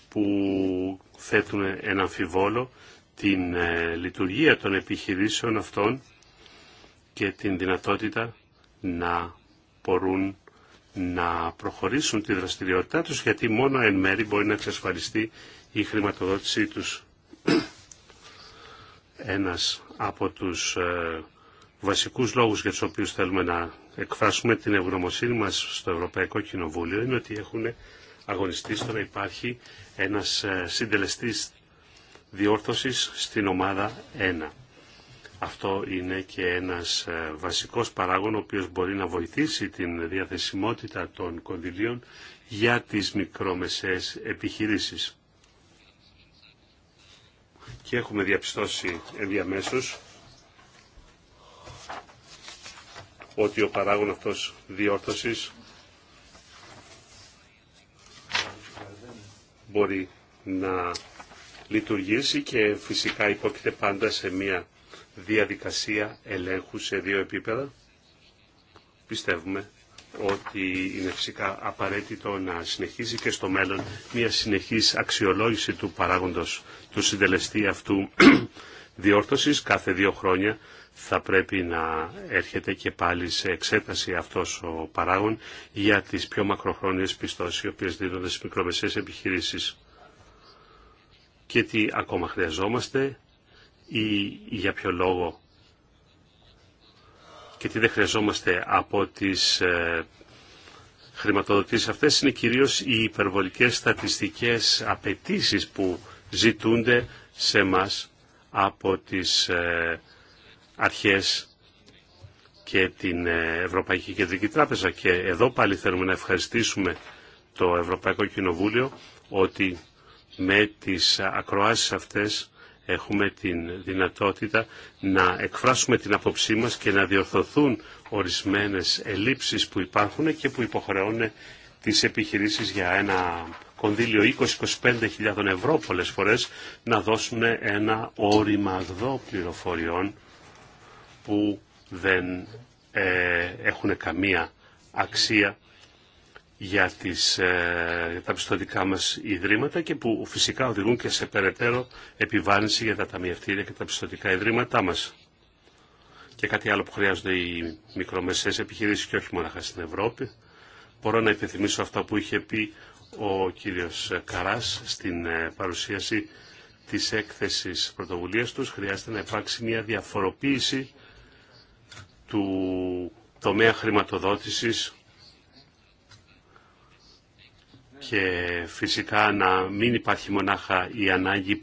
Speaker 2: που θέτουν ένα αμφιβόλο την ε, λειτουργία των επιχειρήσεων αυτών και την δυνατότητα να μπορούν να προχωρήσουν τη δραστηριότητά τους γιατί μόνο εν μέρη μπορεί να εξασφαλιστεί η χρηματοδότησή τους. Ένας από τους ε, βασικούς λόγους για τους οποίους θέλουμε να εκφράσουμε την ευγνωμοσύνη μας στο Ευρωπαϊκό Κοινοβούλιο είναι ότι έχουν αγωνιστεί στο να υπάρχει ένας ε, συντελεστής διόρθωσης στην ομάδα 1 αυτό είναι και ένας ε, βασικός παράγων ο οποίος μπορεί να βοηθήσει την διαθεσιμότητα των κονδυλίων για τις μικρομεσαίες επιχειρήσεις. Και έχουμε διαπιστώσει ενδιαμέσως ότι ο παράγων αυτός διόρθωσης μπορεί να λειτουργήσει και φυσικά υπόκειται πάντα σε μια διαδικασία ελέγχου σε δύο επίπεδα. Πιστεύουμε ότι είναι φυσικά απαραίτητο να συνεχίσει και στο μέλλον μια συνεχής αξιολόγηση του παράγοντος του συντελεστή αυτού διόρθωσης. Κάθε δύο χρόνια θα πρέπει να έρχεται και πάλι σε εξέταση αυτός ο παράγον για τις πιο μακροχρόνιες πιστώσεις οι οποίες δίνονται στις μικρομεσαίες επιχειρήσεις. Και τι ακόμα χρειαζόμαστε, ή για ποιο λόγο και τι δεν χρειαζόμαστε από τις ε, χρηματοδοτήσεις αυτές είναι κυρίως οι υπερβολικές στατιστικές απαιτήσει που ζητούνται σε μας από τις ε, αρχές και την ε, Ευρωπαϊκή Κεντρική Τράπεζα. Και εδώ πάλι θέλουμε να ευχαριστήσουμε το Ευρωπαϊκό Κοινοβούλιο ότι με τις ακροάσεις αυτές έχουμε την δυνατότητα να εκφράσουμε την απόψή μας και να διορθωθούν ορισμένες ελλείψεις που υπάρχουν και που υποχρεώνουν τις επιχειρήσεις για ένα κονδύλιο 20-25 ευρώ πολλές φορές να δώσουν ένα όριμαγδό πληροφοριών που δεν ε, έχουν καμία αξία για, τις, ε, τα πιστοτικά μας ιδρύματα και που φυσικά οδηγούν και σε περαιτέρω επιβάρυνση για τα ταμιευτήρια και τα πιστοτικά ιδρύματά μας. Και κάτι άλλο που χρειάζονται οι μικρομεσαίες επιχειρήσεις και όχι μόνο στην Ευρώπη. Μπορώ να επιθυμήσω αυτό που είχε πει ο κύριος Καράς στην ε, παρουσίαση της έκθεσης πρωτοβουλίας τους. Χρειάζεται να υπάρξει μια διαφοροποίηση του τομέα χρηματοδότησης και φυσικά να μην υπάρχει μονάχα η ανάγκη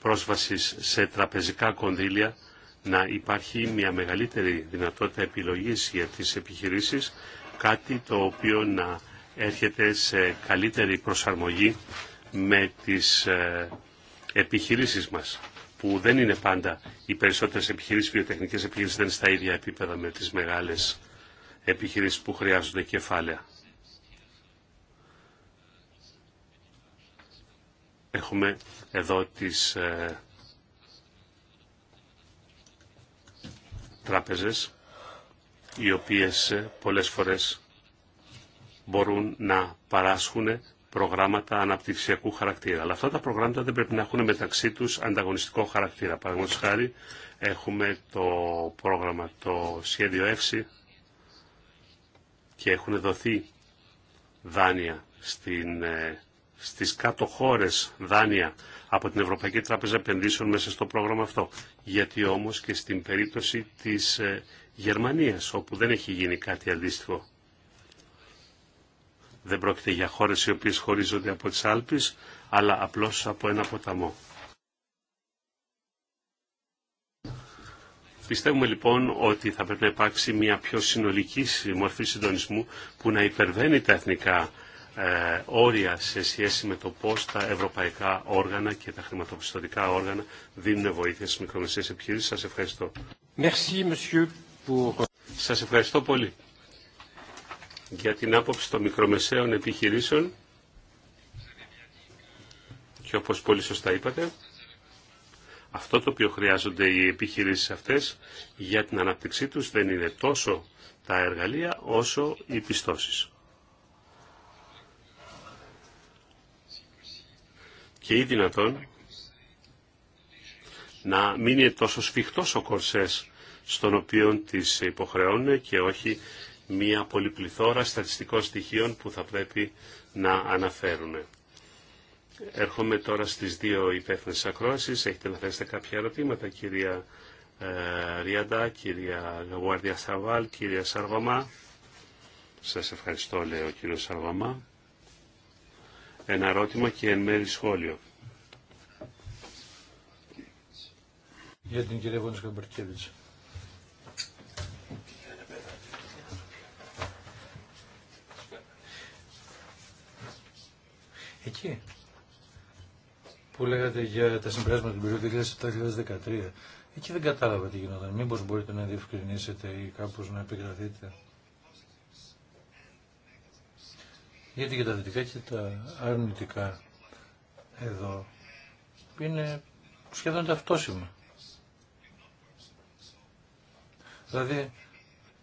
Speaker 2: πρόσβασης σε τραπεζικά κονδύλια, να υπάρχει μια μεγαλύτερη δυνατότητα επιλογής για τις επιχειρήσεις, κάτι το οποίο να έρχεται σε καλύτερη προσαρμογή με τις ε, επιχειρήσεις μας που δεν είναι πάντα οι περισσότερες επιχειρήσεις, βιοτεχνικές επιχειρήσεις δεν είναι στα ίδια επίπεδα με τις μεγάλες επιχειρήσεις που χρειάζονται κεφάλαια. Έχουμε εδώ τις ε, τράπεζες οι οποίες ε, πολλές φορές μπορούν να παράσχουν προγράμματα αναπτυξιακού χαρακτήρα. Αλλά αυτά τα προγράμματα δεν πρέπει να έχουν μεταξύ τους ανταγωνιστικό χαρακτήρα. Παραδείγματο χάρη έχουμε το πρόγραμμα, το σχέδιο ΕΦΣΥ και έχουν δοθεί δάνεια στην ε, στις κάτω χώρες δάνεια από την Ευρωπαϊκή Τράπεζα Επενδύσεων μέσα στο πρόγραμμα αυτό. Γιατί όμως και στην περίπτωση της ε, Γερμανίας, όπου δεν έχει γίνει κάτι αντίστοιχο. Δεν πρόκειται για χώρες οι οποίες χωρίζονται από τις Άλπεις, αλλά απλώς από ένα ποταμό. Πιστεύουμε λοιπόν ότι θα πρέπει να υπάρξει μια πιο συνολική μορφή συντονισμού που να υπερβαίνει τα εθνικά ε, όρια σε σχέση με το πώς τα ευρωπαϊκά όργανα και τα χρηματοπιστωτικά όργανα δίνουν βοήθεια στις μικρομεσαίες επιχειρήσεις. Σας ευχαριστώ. Merci, monsieur, pour... Σας ευχαριστώ πολύ για την άποψη των μικρομεσαίων επιχειρήσεων και όπως πολύ σωστά είπατε, αυτό το οποίο χρειάζονται οι επιχειρήσεις αυτές για την αναπτυξή τους δεν είναι τόσο τα εργαλεία όσο οι πιστώσεις. και ή δυνατόν να μην είναι τόσο σφιχτός ο κορσές στον οποίο τις υποχρεώνουν και όχι μια πολυπληθώρα στατιστικών στοιχείων που θα πρέπει να αναφέρουν. Έρχομαι τώρα στις δύο υπεύθυνες ακρόασεις. Έχετε να θέσετε κάποια ερωτήματα, κυρία ε, Ριάντα, κυρία Γουάρδια Σαβάλ, κυρία Σαρβαμά. Σας ευχαριστώ, λέει ο κύριος Σαρβαμά ένα ερώτημα και εν μέρη σχόλιο.
Speaker 1: Για την κυρία Βόνης Καμπαρκέβιτς. Εκεί που λέγατε για τα συμπεράσματα του περιοδου 2007-2013, εκεί δεν κατάλαβα τι γινόταν. Μήπως μπορείτε να διευκρινίσετε ή κάπως να επικρατείτε. γιατί και τα δυτικά και τα αρνητικά εδώ είναι σχεδόν ταυτόσιμα. Δηλαδή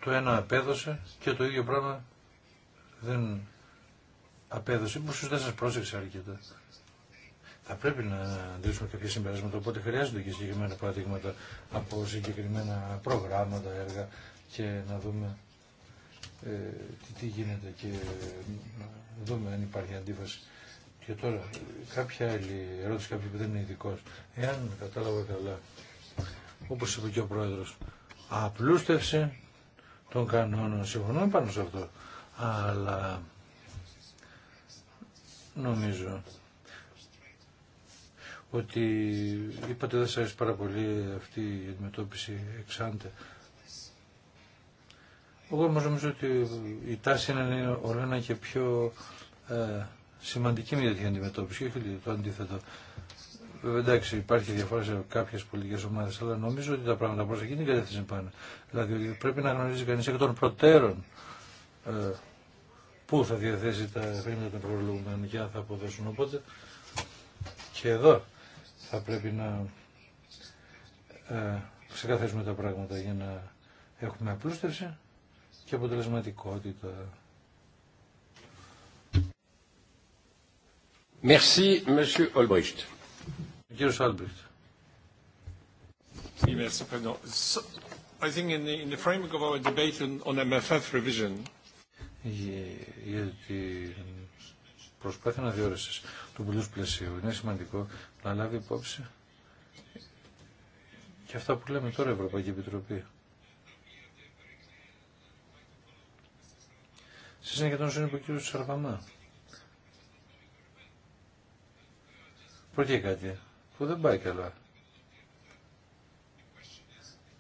Speaker 1: το ένα απέδωσε και το ίδιο πράγμα δεν απέδωσε, που δεν σας πρόσεξε αρκετά. Θα πρέπει να αντλήσουμε κάποια συμπεράσματα, οπότε χρειάζονται και συγκεκριμένα παραδείγματα από συγκεκριμένα προγράμματα, έργα και να δούμε ε, τι, τι γίνεται και να δούμε αν υπάρχει αντίφαση. Και τώρα, κάποια άλλη ερώτηση, κάποιο που δεν είναι ειδικό. Εάν κατάλαβα καλά, όπω είπε και ο πρόεδρο. απλούστευση των κανόνων. Συμφωνώ πάνω σε αυτό. Αλλά νομίζω ότι είπατε δεν σας πάρα πολύ αυτή η αντιμετώπιση εξάντε εγώ όμως νομίζω ότι η τάση είναι όλο ένα και πιο ε, σημαντική μια τέτοια αντιμετώπιση και όχι το αντίθετο. εντάξει, υπάρχει διαφορά σε κάποιε πολιτικέ ομάδε, αλλά νομίζω ότι τα πράγματα προ εκείνη την κατεύθυνση πάνε. Δηλαδή, πρέπει να γνωρίζει κανεί εκ των προτέρων ε, πού θα διαθέσει τα χρήματα των προλογουμένων και αν θα αποδώσουν. Οπότε και εδώ θα πρέπει να ε, ξεκαθαρίσουμε τα πράγματα για να έχουμε απλούστευση και αποτελεσματικότητα. Merci, Monsieur Olbricht. Κύριος Olbricht. I think in the, in the framework of our debate on MFF revision, για την προσπάθεια διόρεσες του πλούς πλαισίου. Είναι σημαντικό να λάβει υπόψη και αυτά που λέμε τώρα Ευρωπαϊκή Επιτροπή. σε είναι και τον Σαρβαμά. Προκεί κάτι που δεν πάει καλά.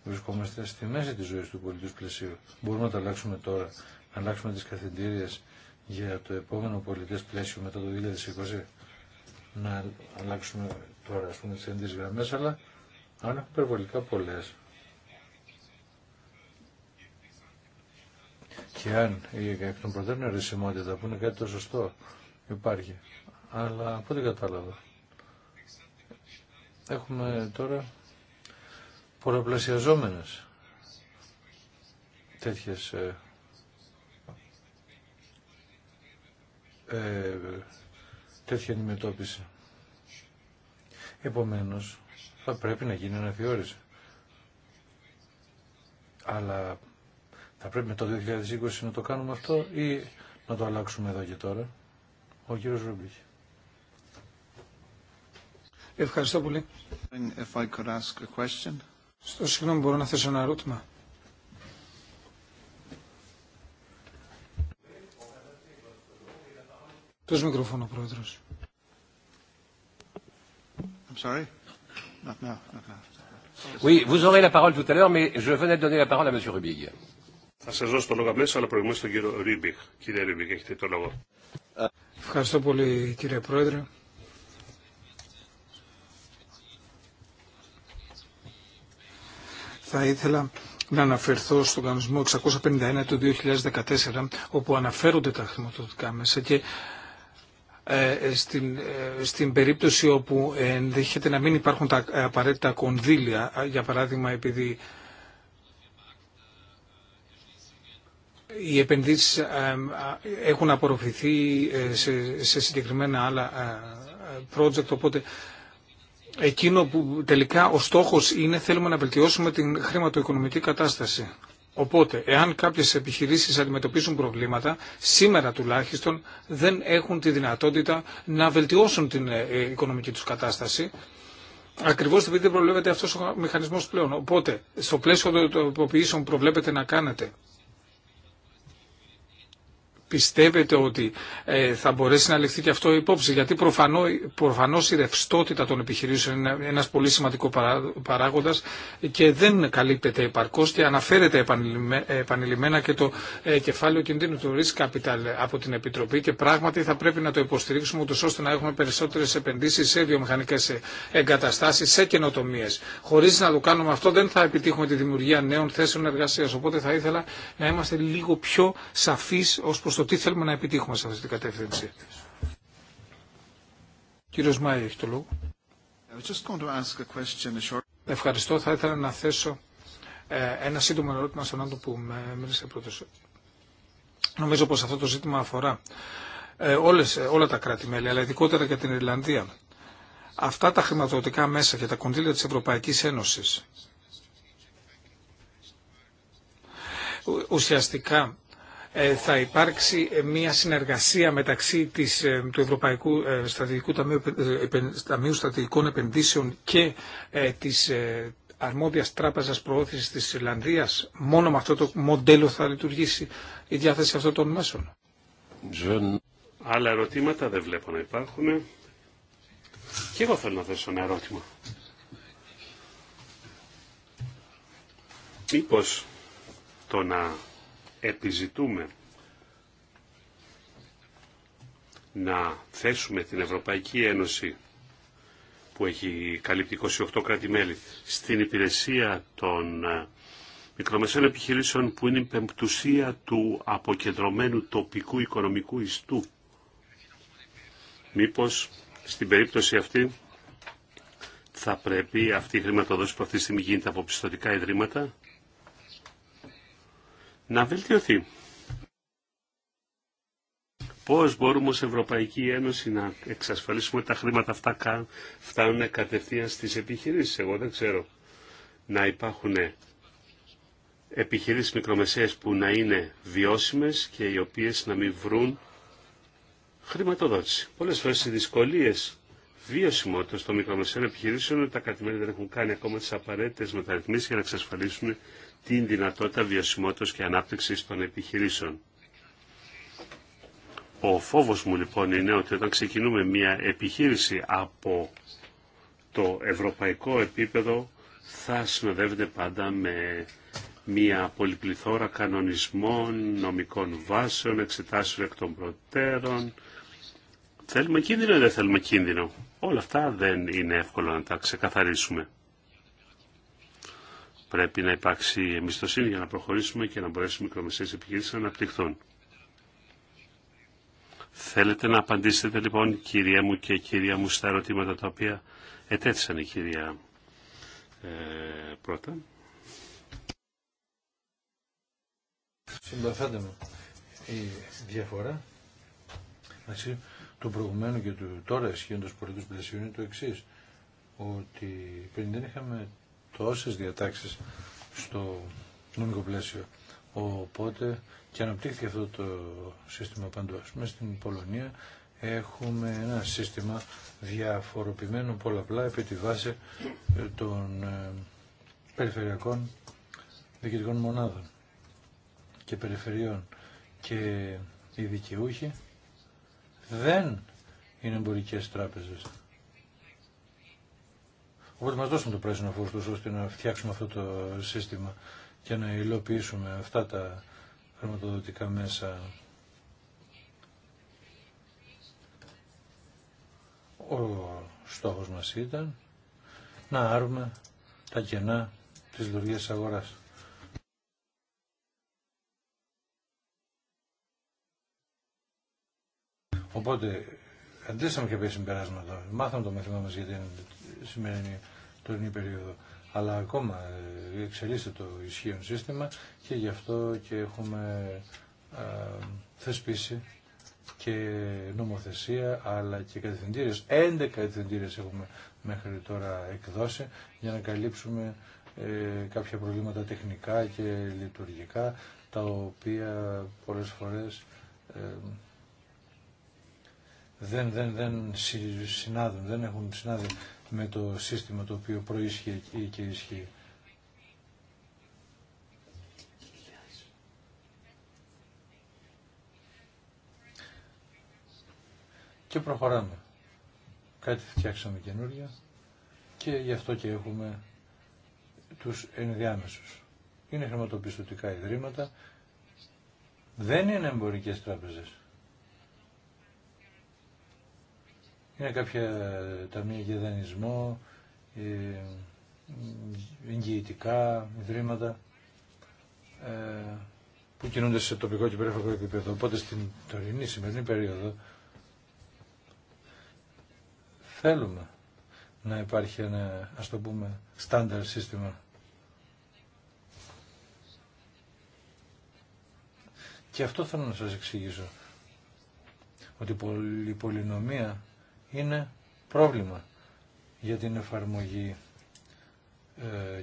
Speaker 1: Βρισκόμαστε στη μέση της ζωής του πολιτού πλαισίου. Μπορούμε να τα αλλάξουμε τώρα. Να αλλάξουμε τις καθεντήριες για το επόμενο πολιτές πλαίσιο μετά το 2020. Να αλλάξουμε τώρα, ας πούμε, τις έντες γραμμές, αλλά αν υπερβολικά πολλές. και αν η εκ των προτέρων που είναι κάτι το σωστό υπάρχει. Αλλά από ό,τι κατάλαβα. Έχουμε τώρα πολλαπλασιαζόμενες τέτοιες ε, ε, τέτοια αντιμετώπιση. Επομένως, θα πρέπει να γίνει αναθεώρηση. Αλλά θα πρέπει με το 2020 να το κάνουμε αυτό ή να το αλλάξουμε εδώ και τώρα. Ο κύριος Ρούμπικ. Ευχαριστώ πολύ.
Speaker 3: If I could ask a question. Στο συγγνώμη μπορώ να θέσω ένα ερώτημα. Ποιος μικρόφωνο, Πρόεδρος.
Speaker 1: I'm sorry. Not now, not now. Oui, vous aurez la parole tout à l'heure, mais je venais de donner la parole à M. Rubig.
Speaker 2: Θα σα δώσω το λόγο αμέσως, αλλά προηγουμένω τον κύριο Ρίμπιχ. Κύριε Ρίμπιχ, έχετε το λόγο.
Speaker 3: Ευχαριστώ πολύ κύριε Πρόεδρε. Θα ήθελα να αναφερθώ στον κανονισμό 651 του 2014, όπου αναφέρονται τα χρηματοδοτικά μέσα και ε, στην, ε, στην περίπτωση όπου ενδέχεται να μην υπάρχουν τα ε, απαραίτητα κονδύλια, για παράδειγμα επειδή οι επενδύσεις ε, έχουν απορροφηθεί ε, σε συγκεκριμένα άλλα ε, project, οπότε εκείνο που τελικά ο στόχος είναι θέλουμε να βελτιώσουμε την χρηματοοικονομική κατάσταση. Οπότε, εάν κάποιες επιχειρήσεις αντιμετωπίσουν προβλήματα, σήμερα τουλάχιστον δεν έχουν τη δυνατότητα να βελτιώσουν την οικονομική τους κατάσταση, Ακριβώ επειδή δεν προβλέπεται αυτό ο μηχανισμό πλέον. Οπότε, στο πλαίσιο των τοποποιήσεων προβλέπεται να κάνετε, πιστεύετε ότι ε, θα μπορέσει να ληφθεί και αυτό υπόψη. Γιατί προφανώ, προφανώς η ρευστότητα των επιχειρήσεων είναι ένας πολύ σημαντικό παράγοντας και δεν καλύπτεται επαρκώς και αναφέρεται επανειλημμένα και το ε, κεφάλαιο κινδύνου του Risk Capital από την Επιτροπή και πράγματι θα πρέπει να το υποστηρίξουμε ούτως ώστε να έχουμε περισσότερες επενδύσεις σε βιομηχανικές εγκαταστάσεις, σε καινοτομίε. Χωρίς να το κάνουμε αυτό δεν θα επιτύχουμε τη δημιουργία νέων θέσεων εργασίας. Οπότε θα ήθελα να είμαστε λίγο πιο σαφείς ως προς το στο τι θέλουμε να επιτύχουμε σε αυτή την κατεύθυνση. Κύριος Μάη έχει το λόγο. Ευχαριστώ. Θα ήθελα να θέσω ε, ένα σύντομο ερώτημα στον άνθρωπο που με μίλησε πρώτος. Νομίζω πως αυτό το ζήτημα αφορά ε, όλες, ε, όλα τα κράτη-μέλη, αλλά ειδικότερα και την Ιρλανδία. Αυτά τα χρηματοδοτικά μέσα και τα κονδύλια της Ευρωπαϊκής Ένωσης ουσιαστικά ε, θα υπάρξει ε, μια συνεργασία μεταξύ της, ε, του Ευρωπαϊκού Στρατηγικού Ταμείου, Ταμείου Στρατηγικών Επενδύσεων και της αρμόδιας τράπεζας προώθησης της Ιρλανδίας. Μόνο με αυτό το μοντέλο θα λειτουργήσει η διάθεση αυτών των μέσων.
Speaker 2: Άλλα ερωτήματα δεν βλέπω να υπάρχουν. Και εγώ θέλω να θέσω ένα ερώτημα. Μήπως το να επιζητούμε να θέσουμε την Ευρωπαϊκή Ένωση που έχει καλύπτει 28 κράτη-μέλη στην υπηρεσία των ε, μικρομεσαίων επιχειρήσεων που είναι η πεμπτουσία του αποκεντρωμένου τοπικού οικονομικού ιστού. Μήπως στην περίπτωση αυτή θα πρέπει αυτή η χρηματοδότηση που αυτή τη στιγμή γίνεται από πιστοτικά ιδρύματα να βελτιωθεί. Πώς μπορούμε ως Ευρωπαϊκή Ένωση να εξασφαλίσουμε ότι τα χρήματα αυτά φτάνουν κατευθείαν στις επιχειρήσεις. Εγώ δεν ξέρω να υπάρχουν επιχειρήσεις μικρομεσαίες που να είναι βιώσιμες και οι οποίες να μην βρουν χρηματοδότηση. Πολλές φορές οι δυσκολίες βιωσιμότητας των μικρομεσαίων επιχειρήσεων είναι ότι τα κατημέρια δεν έχουν κάνει ακόμα τις απαραίτητες μεταρρυθμίσεις για να εξασφαλίσουν την δυνατότητα βιωσιμότητας και ανάπτυξης των επιχειρήσεων. Ο φόβος μου λοιπόν είναι ότι όταν ξεκινούμε μια επιχείρηση από το ευρωπαϊκό επίπεδο θα συνοδεύεται πάντα με μια πολυπληθώρα κανονισμών, νομικών βάσεων, εξετάσεων εκ των προτέρων. Θέλουμε κίνδυνο ή δεν θέλουμε κίνδυνο. Όλα αυτά δεν είναι εύκολο να τα ξεκαθαρίσουμε. Πρέπει να υπάρξει εμπιστοσύνη για να προχωρήσουμε και να μπορέσουν οι μικρομεσαίες επιχειρήσεις να αναπτυχθούν. Θέλετε να απαντήσετε λοιπόν κυρία μου και κυρία μου στα ερωτήματα τα οποία ετέθησαν η κυρία ε, πρώτα.
Speaker 1: Συμπαθάτε μου η διαφορά μεταξύ του προηγουμένου και του τώρα ισχύοντος πολιτικού πλαισίου είναι το εξή ότι πριν δεν είχαμε τόσες διατάξεις στο νομικό πλαίσιο. Οπότε και αναπτύχθηκε αυτό το σύστημα παντού. Ας πούμε στην Πολωνία έχουμε ένα σύστημα διαφοροποιημένο πολλαπλά επί τη βάση των ε, περιφερειακών διοικητικών μονάδων και περιφερειών και οι δικαιούχοι δεν είναι εμπορικές τράπεζες. Οπότε μας δώσουν το πράσινο φως του ώστε να φτιάξουμε αυτό το σύστημα και να υλοποιήσουμε αυτά τα χρηματοδοτικά μέσα. Ο στόχος μας ήταν να άρουμε τα κενά της λειτουργίας τη αγοράς. Οπότε, αντίσαμε και πέσει συμπεράσματα. Μάθαμε το μαθήμα μας γιατί είναι σημερινή τωρινή περίοδο. Αλλά ακόμα ε, εξελίσσεται το ισχύον σύστημα και γι' αυτό και έχουμε ε, θεσπίσει και νομοθεσία αλλά και κατευθυντήρες. 11 κατευθυντήρες έχουμε μέχρι τώρα εκδώσει για να καλύψουμε ε, κάποια προβλήματα τεχνικά και λειτουργικά τα οποία πολλές φορές ε, δεν, δεν, δεν συνάδουν, δεν έχουν συνάδει με το σύστημα το οποίο προίσχυε και ισχύει. Και προχωράμε. Κάτι φτιάξαμε καινούργια και γι' αυτό και έχουμε τους ενδιάμεσους. Είναι χρηματοπιστωτικά ιδρύματα, δεν είναι εμπορικές τράπεζες. Είναι κάποια ταμεία για δανεισμό, ε, εγγυητικά, ιδρύματα ε, που κινούνται σε τοπικό και περιφερειακό επίπεδο. Οπότε στην τωρινή σημερινή περίοδο θέλουμε να υπάρχει ένα, ας το πούμε, στάνταρ σύστημα. Και αυτό θέλω να σας εξηγήσω. Ότι η πολυνομία είναι πρόβλημα για την εφαρμογή ε,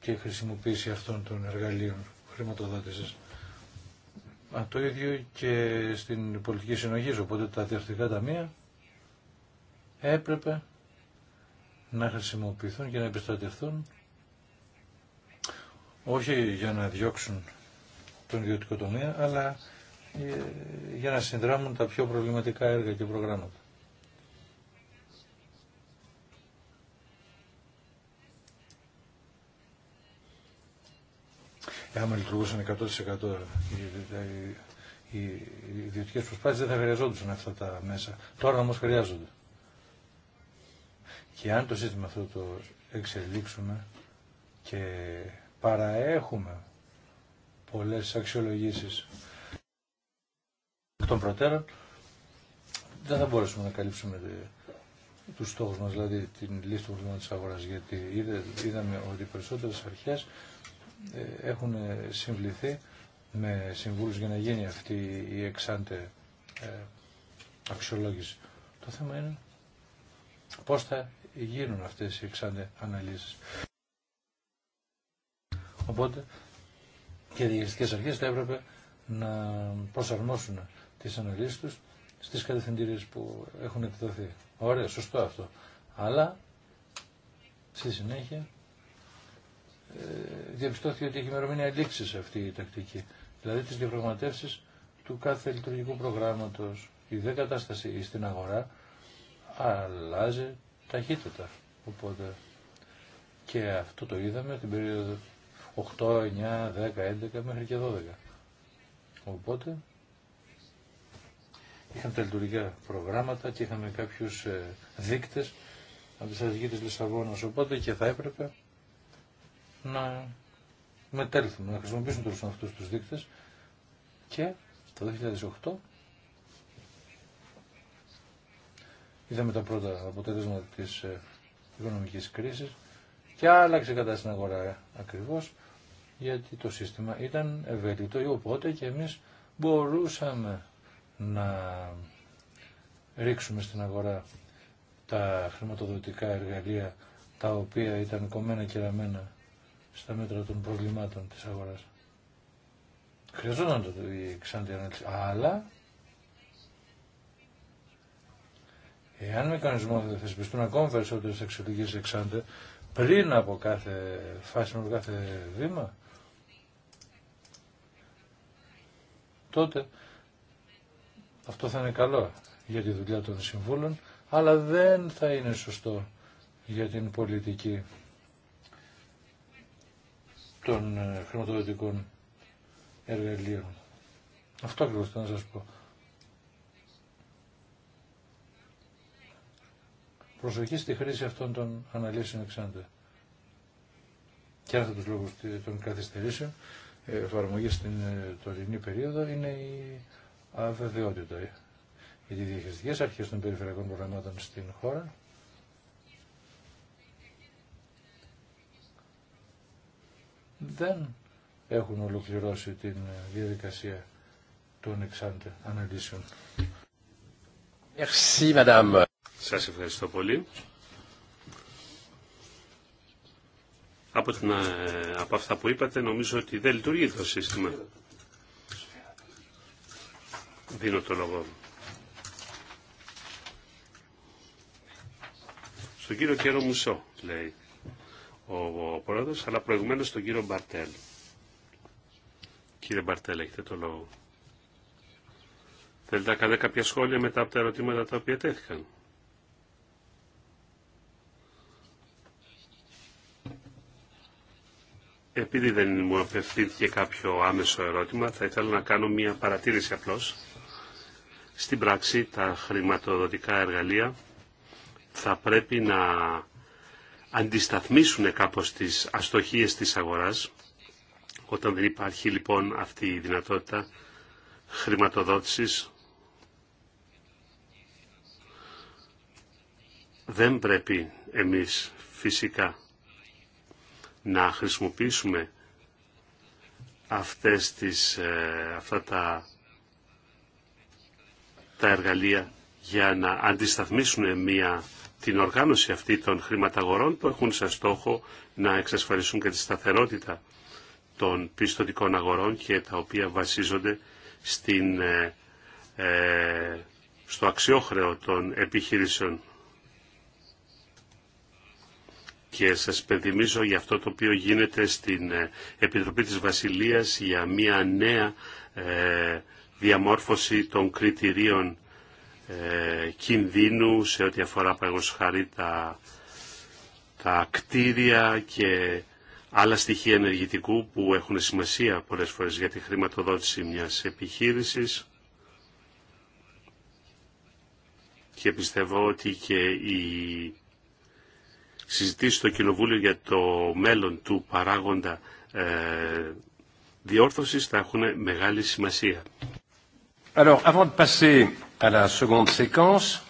Speaker 1: και χρησιμοποίηση αυτών των εργαλείων χρηματοδότησης. Α, το ίδιο και στην πολιτική συνοχή, οπότε τα διευθυντικά ταμεία έπρεπε να χρησιμοποιηθούν και να επιστρατευτούν όχι για να διώξουν τον ιδιωτικό τομέα, αλλά ε, για να συνδράμουν τα πιο προβληματικά έργα και προγράμματα. άμα λειτουργούσαν 100% οι ιδιωτικέ προσπάθειε δεν θα χρειαζόντουσαν αυτά τα μέσα. Τώρα όμω χρειάζονται. Και αν το σύστημα αυτό το εξελίξουμε και παραέχουμε πολλές αξιολογήσεις των προτέρων, δεν θα μπορέσουμε να καλύψουμε ε, του στόχου, μας, δηλαδή την λύση των τη αγορά. γιατί είδαμε ότι οι περισσότερε αρχέ. Ε, έχουν συμβληθεί με συμβούλους για να γίνει αυτή η εξάντε ε, αξιολόγηση. Το θέμα είναι πώς θα γίνουν αυτές οι εξάντε αναλύσεις. Οπότε και οι διοικητικές αρχές θα έπρεπε να προσαρμόσουν τις αναλύσεις τους στις κατευθυντήριες που έχουν εκδοθεί. Ωραία, σωστό αυτό. Αλλά στη συνέχεια ε, διαπιστώθηκε ότι έχει ημερομηνία σε αυτή η τακτική. Δηλαδή τι διαπραγματεύσει του κάθε λειτουργικού προγράμματος, η δε κατάσταση στην αγορά αλλάζει ταχύτητα. Οπότε και αυτό το είδαμε την περίοδο 8, 9, 10, 11 μέχρι και 12. Οπότε είχαμε τα λειτουργικά προγράμματα και είχαμε κάποιους ε, δείκτες από τη στρατηγική της Λισαβόνας. Οπότε και θα έπρεπε να μετέλθουν, να χρησιμοποιήσουν τους αυτούς τους δείκτες και το 2008 είδαμε τα πρώτα αποτέλεσματα της ε, οικονομικής κρίσης και άλλαξε κατά στην αγορά ε, ακριβώς γιατί το σύστημα ήταν ευέλικτο οπότε και εμείς μπορούσαμε να ρίξουμε στην αγορά τα χρηματοδοτικά εργαλεία τα οποία ήταν κομμένα και ραμμένα στα μέτρα των προβλημάτων της αγοράς. Χρειαζόταν το η εξάντια ανάλυση. Αλλά, εάν μηχανισμό θα θεσπιστούν ακόμα περισσότερες αξιολογίες εξάντε, πριν από κάθε φάση, από κάθε βήμα, τότε αυτό θα είναι καλό για τη δουλειά των συμβούλων, αλλά δεν θα είναι σωστό για την πολιτική των ε, χρηματοδοτικών εργαλείων. Αυτό ακριβώς θέλω να σας πω. Προσοχή στη χρήση αυτών των αναλύσεων εξάντα. Και ένα από τους λόγους των καθυστερήσεων ε, εφαρμογή στην ε, τωρινή περίοδο είναι η αβεβαιότητα. Γιατί οι διαχειριστικές αρχές των περιφερειακών προγραμμάτων στην χώρα δεν έχουν ολοκληρώσει την ε, διαδικασία των εξάντε αναλύσεων.
Speaker 2: Merci, Σας ευχαριστώ πολύ. Από, την, ε, από αυτά που είπατε νομίζω ότι δεν λειτουργεί το σύστημα. Δίνω το λόγο. Στον κύριο Κέρο Μουσό, λέει ο πρόεδρος, αλλά προηγουμένως τον κύριο Μπαρτέλ. Κύριε Μπαρτέλ, έχετε το λόγο. Θέλετε να κάνετε κάποια σχόλια μετά από τα ερωτήματα τα οποία τέθηκαν. Επειδή δεν μου απευθύνθηκε κάποιο άμεσο ερώτημα, θα ήθελα να κάνω μία παρατήρηση απλώς. Στην πράξη, τα χρηματοδοτικά εργαλεία θα πρέπει να αντισταθμίσουν κάπως τις αστοχίες της αγοράς. Όταν δεν υπάρχει λοιπόν αυτή η δυνατότητα χρηματοδότησης, δεν πρέπει εμείς φυσικά να χρησιμοποιήσουμε αυτές τις, ε, αυτά τα, τα εργαλεία για να αντισταθμίσουν μια την οργάνωση αυτή των χρηματαγορών που έχουν σαν στόχο να εξασφαλίσουν και τη σταθερότητα των πιστοτικών αγορών και τα οποία βασίζονται στην, ε, ε, στο αξιόχρεο των επιχειρήσεων. Και σας πενθυμίζω για αυτό το οποίο γίνεται στην ε, Επιτροπή της Βασιλείας για μια νέα διαμόρφωση των κριτηρίων ε, κινδύνου σε ό,τι αφορά χάρη τα, τα κτίρια και άλλα στοιχεία ενεργητικού που έχουν σημασία πολλές φορές για τη χρηματοδότηση μιας επιχείρησης. Και πιστεύω ότι και η συζητήσει στο Κοινοβούλιο για το μέλλον του παράγοντα ε, διόρθωσης θα έχουν μεγάλη σημασία. Alors, avant de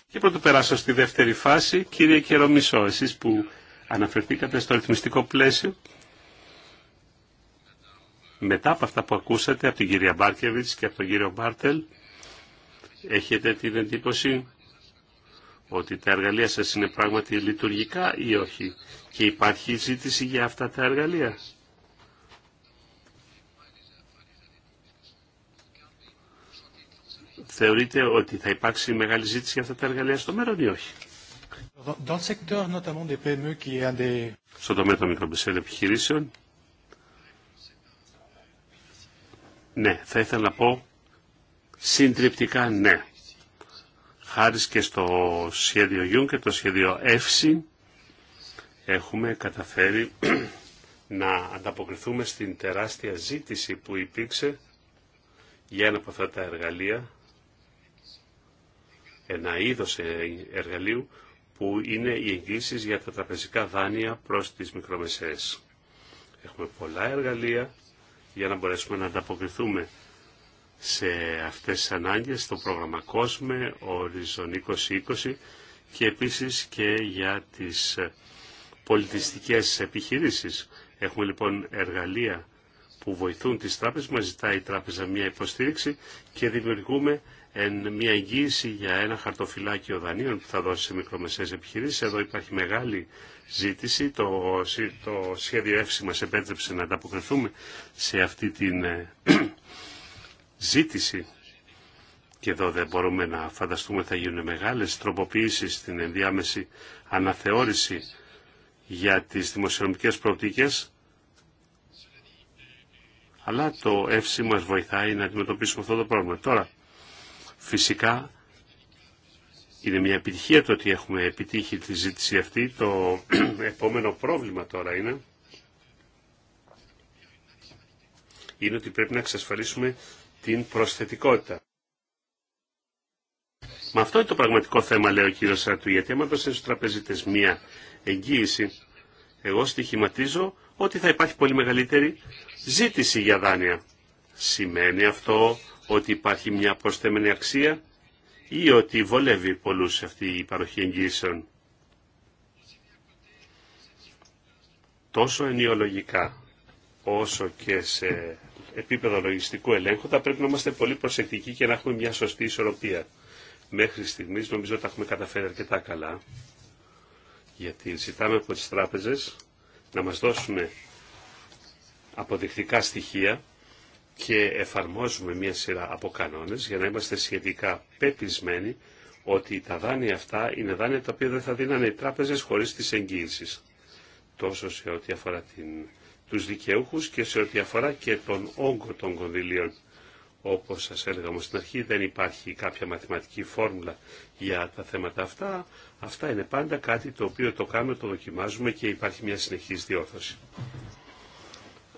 Speaker 2: και πρώτο περάσω στη δεύτερη φάση, κύριε Κερομισό, εσείς που αναφερθήκατε στο ρυθμιστικό πλαίσιο, μετά από αυτά που ακούσατε από την κυρία Μπάρκεβιτς και από τον κύριο Μπάρτελ, έχετε την εντύπωση ότι τα εργαλεία σας είναι πράγματι λειτουργικά ή όχι και υπάρχει ζήτηση για αυτά τα εργαλεία. Θεωρείτε ότι θα υπάρξει μεγάλη ζήτηση για αυτά τα εργαλεία στο μέλλον ή όχι. Στο τομέα των μικρομεσαίων επιχειρήσεων, ναι, θα ήθελα να πω συντριπτικά ναι. Χάρη και στο σχέδιο Γιούν και το σχέδιο Εύση έχουμε καταφέρει να ανταποκριθούμε στην τεράστια ζήτηση που υπήρξε για ένα από αυτά τα εργαλεία ένα είδος εργαλείου που είναι οι εγγύσει για τα τραπεζικά δάνεια προς τις μικρομεσαίες. Έχουμε πολλά εργαλεία για να μπορέσουμε να ανταποκριθούμε σε αυτές τις ανάγκες στο πρόγραμμα COSME, Horizon 2020 και επίσης και για τις πολιτιστικές επιχειρήσεις. Έχουμε λοιπόν εργαλεία που βοηθούν τις τράπεζες, μας ζητάει η τράπεζα μια υποστήριξη και δημιουργούμε εν μια εγγύηση για ένα χαρτοφυλάκιο δανείων που θα δώσει σε μικρομεσαίες επιχειρήσεις. Εδώ υπάρχει μεγάλη ζήτηση. Το, το σχέδιο Εύση μας επέτρεψε να ανταποκριθούμε σε αυτή την ε, ζήτηση. Και εδώ δεν μπορούμε να φανταστούμε ότι θα γίνουν μεγάλες τροποποιήσεις στην ενδιάμεση αναθεώρηση για τις δημοσιονομικές προοπτικές. Αλλά το Εύση μας βοηθάει να αντιμετωπίσουμε αυτό το πρόβλημα. Τώρα, Φυσικά είναι μια επιτυχία το ότι έχουμε επιτύχει τη ζήτηση αυτή. Το επόμενο πρόβλημα τώρα είναι, ότι πρέπει να εξασφαλίσουμε την προσθετικότητα. Μα αυτό είναι το πραγματικό θέμα, λέει ο κύριος Σάτου, γιατί άμα δώσετε στους τραπεζίτες μία εγγύηση, εγώ στοιχηματίζω ότι θα υπάρχει πολύ μεγαλύτερη ζήτηση για δάνεια. Σημαίνει αυτό ότι υπάρχει μια προσθέμενη αξία ή ότι βολεύει πολλούς αυτή η παροχή εγγύσεων. Τόσο ενιολογικά όσο και σε επίπεδο λογιστικού ελέγχου θα πρέπει να είμαστε πολύ προσεκτικοί και να έχουμε μια σωστή ισορροπία. Μέχρι στιγμής νομίζω ότι τα έχουμε καταφέρει αρκετά καλά γιατί ζητάμε από τις τράπεζες να μας δώσουν αποδεικτικά στοιχεία και εφαρμόζουμε μία σειρά από κανόνες για να είμαστε σχετικά πεπισμένοι ότι τα δάνεια αυτά είναι δάνεια τα οποία δεν θα δίνανε οι τράπεζες χωρίς τις εγγύησεις. Τόσο σε ό,τι αφορά την, τους δικαιούχους και σε ό,τι αφορά και τον όγκο των κονδυλίων. Όπως σας έλεγα όμως στην αρχή δεν υπάρχει κάποια μαθηματική φόρμουλα για τα θέματα αυτά. Αυτά είναι πάντα κάτι το οποίο το κάνουμε, το δοκιμάζουμε και υπάρχει μια συνεχής διόρθωση.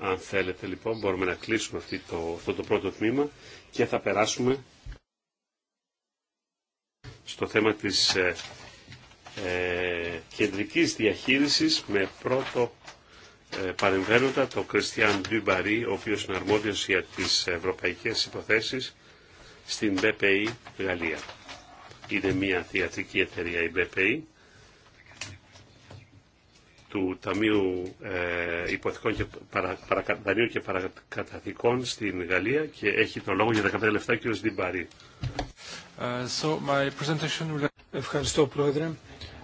Speaker 2: Αν θέλετε λοιπόν μπορούμε να κλείσουμε αυτή το, αυτό το πρώτο τμήμα και θα περάσουμε στο θέμα της ε, ε κεντρικής διαχείρισης με πρώτο ε, παρεμβαίνοντα το Κριστιαν Ντουμπαρί, ο οποίος είναι αρμόδιος για τις ευρωπαϊκές υποθέσεις στην BPI Γαλλία. Είναι μια θεατρική εταιρεία η BPI του Ταμείου ε, Υποθηκών και παρα, και Παρακαταθηκών στην Γαλλία και έχει τον λόγο για 15 λεπτά κ. Διμπάρη.
Speaker 3: so my presentation... Ευχαριστώ Πρόεδρε.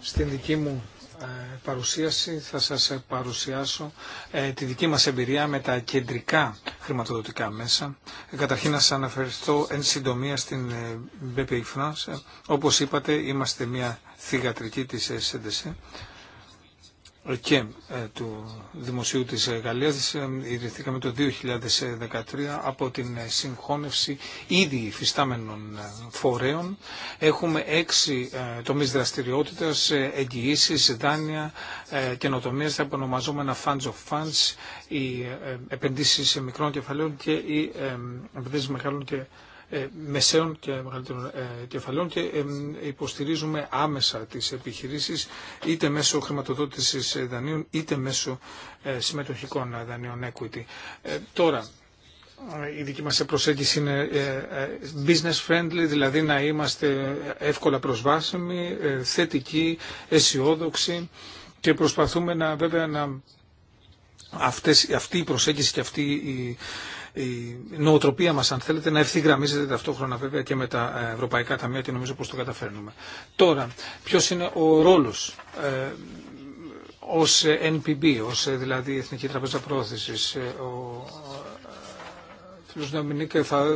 Speaker 3: Στην δική μου ε, παρουσίαση θα σας ε, παρουσιάσω ε, τη δική μας εμπειρία με τα κεντρικά χρηματοδοτικά μέσα. Καταρχήν να σας αναφερθώ εν συντομία στην BPI France. Όπως είπατε είμαστε μια θηγατρική της SDC και ε, του Δημοσίου της ε, Γαλλίας ε, ιδρυθήκαμε το 2013 από την συγχώνευση ήδη υφιστάμενων φορέων. Έχουμε έξι τομείς δραστηριότητας, εγγυήσεις, δάνεια, καινοτομία, τα επωνομαζόμενα funds of funds, οι επενδύσεις μικρών κεφαλαίων και οι επενδύσεις μεγάλων και ε, μεσαίων και μεγαλύτερων ε, κεφαλών και υποστηρίζουμε άμεσα τις επιχειρήσεις είτε μέσω χρηματοδότησης ε, δανείων είτε μέσω συμμετοχικών δανείων equity. Τώρα, η δική μας προσέγγιση είναι business friendly, δηλαδή να είμαστε εύκολα προσβάσιμοι, θετικοί, αισιόδοξοι και προσπαθούμε να βέβαια να αυτές, αυτή η προσέγγιση και αυτή η η νοοτροπία μας αν θέλετε να ευθυγραμμίζεται ταυτόχρονα βέβαια και με τα ε, ευρωπαϊκά ταμεία και νομίζω πως το καταφέρνουμε. Τώρα, ποιος είναι ο ρόλος ε, ως NPB, ως ε, δηλαδή Εθνική Τραπέζα Πρόθεσης, ε, ο, φίλος Νεομινίκ θα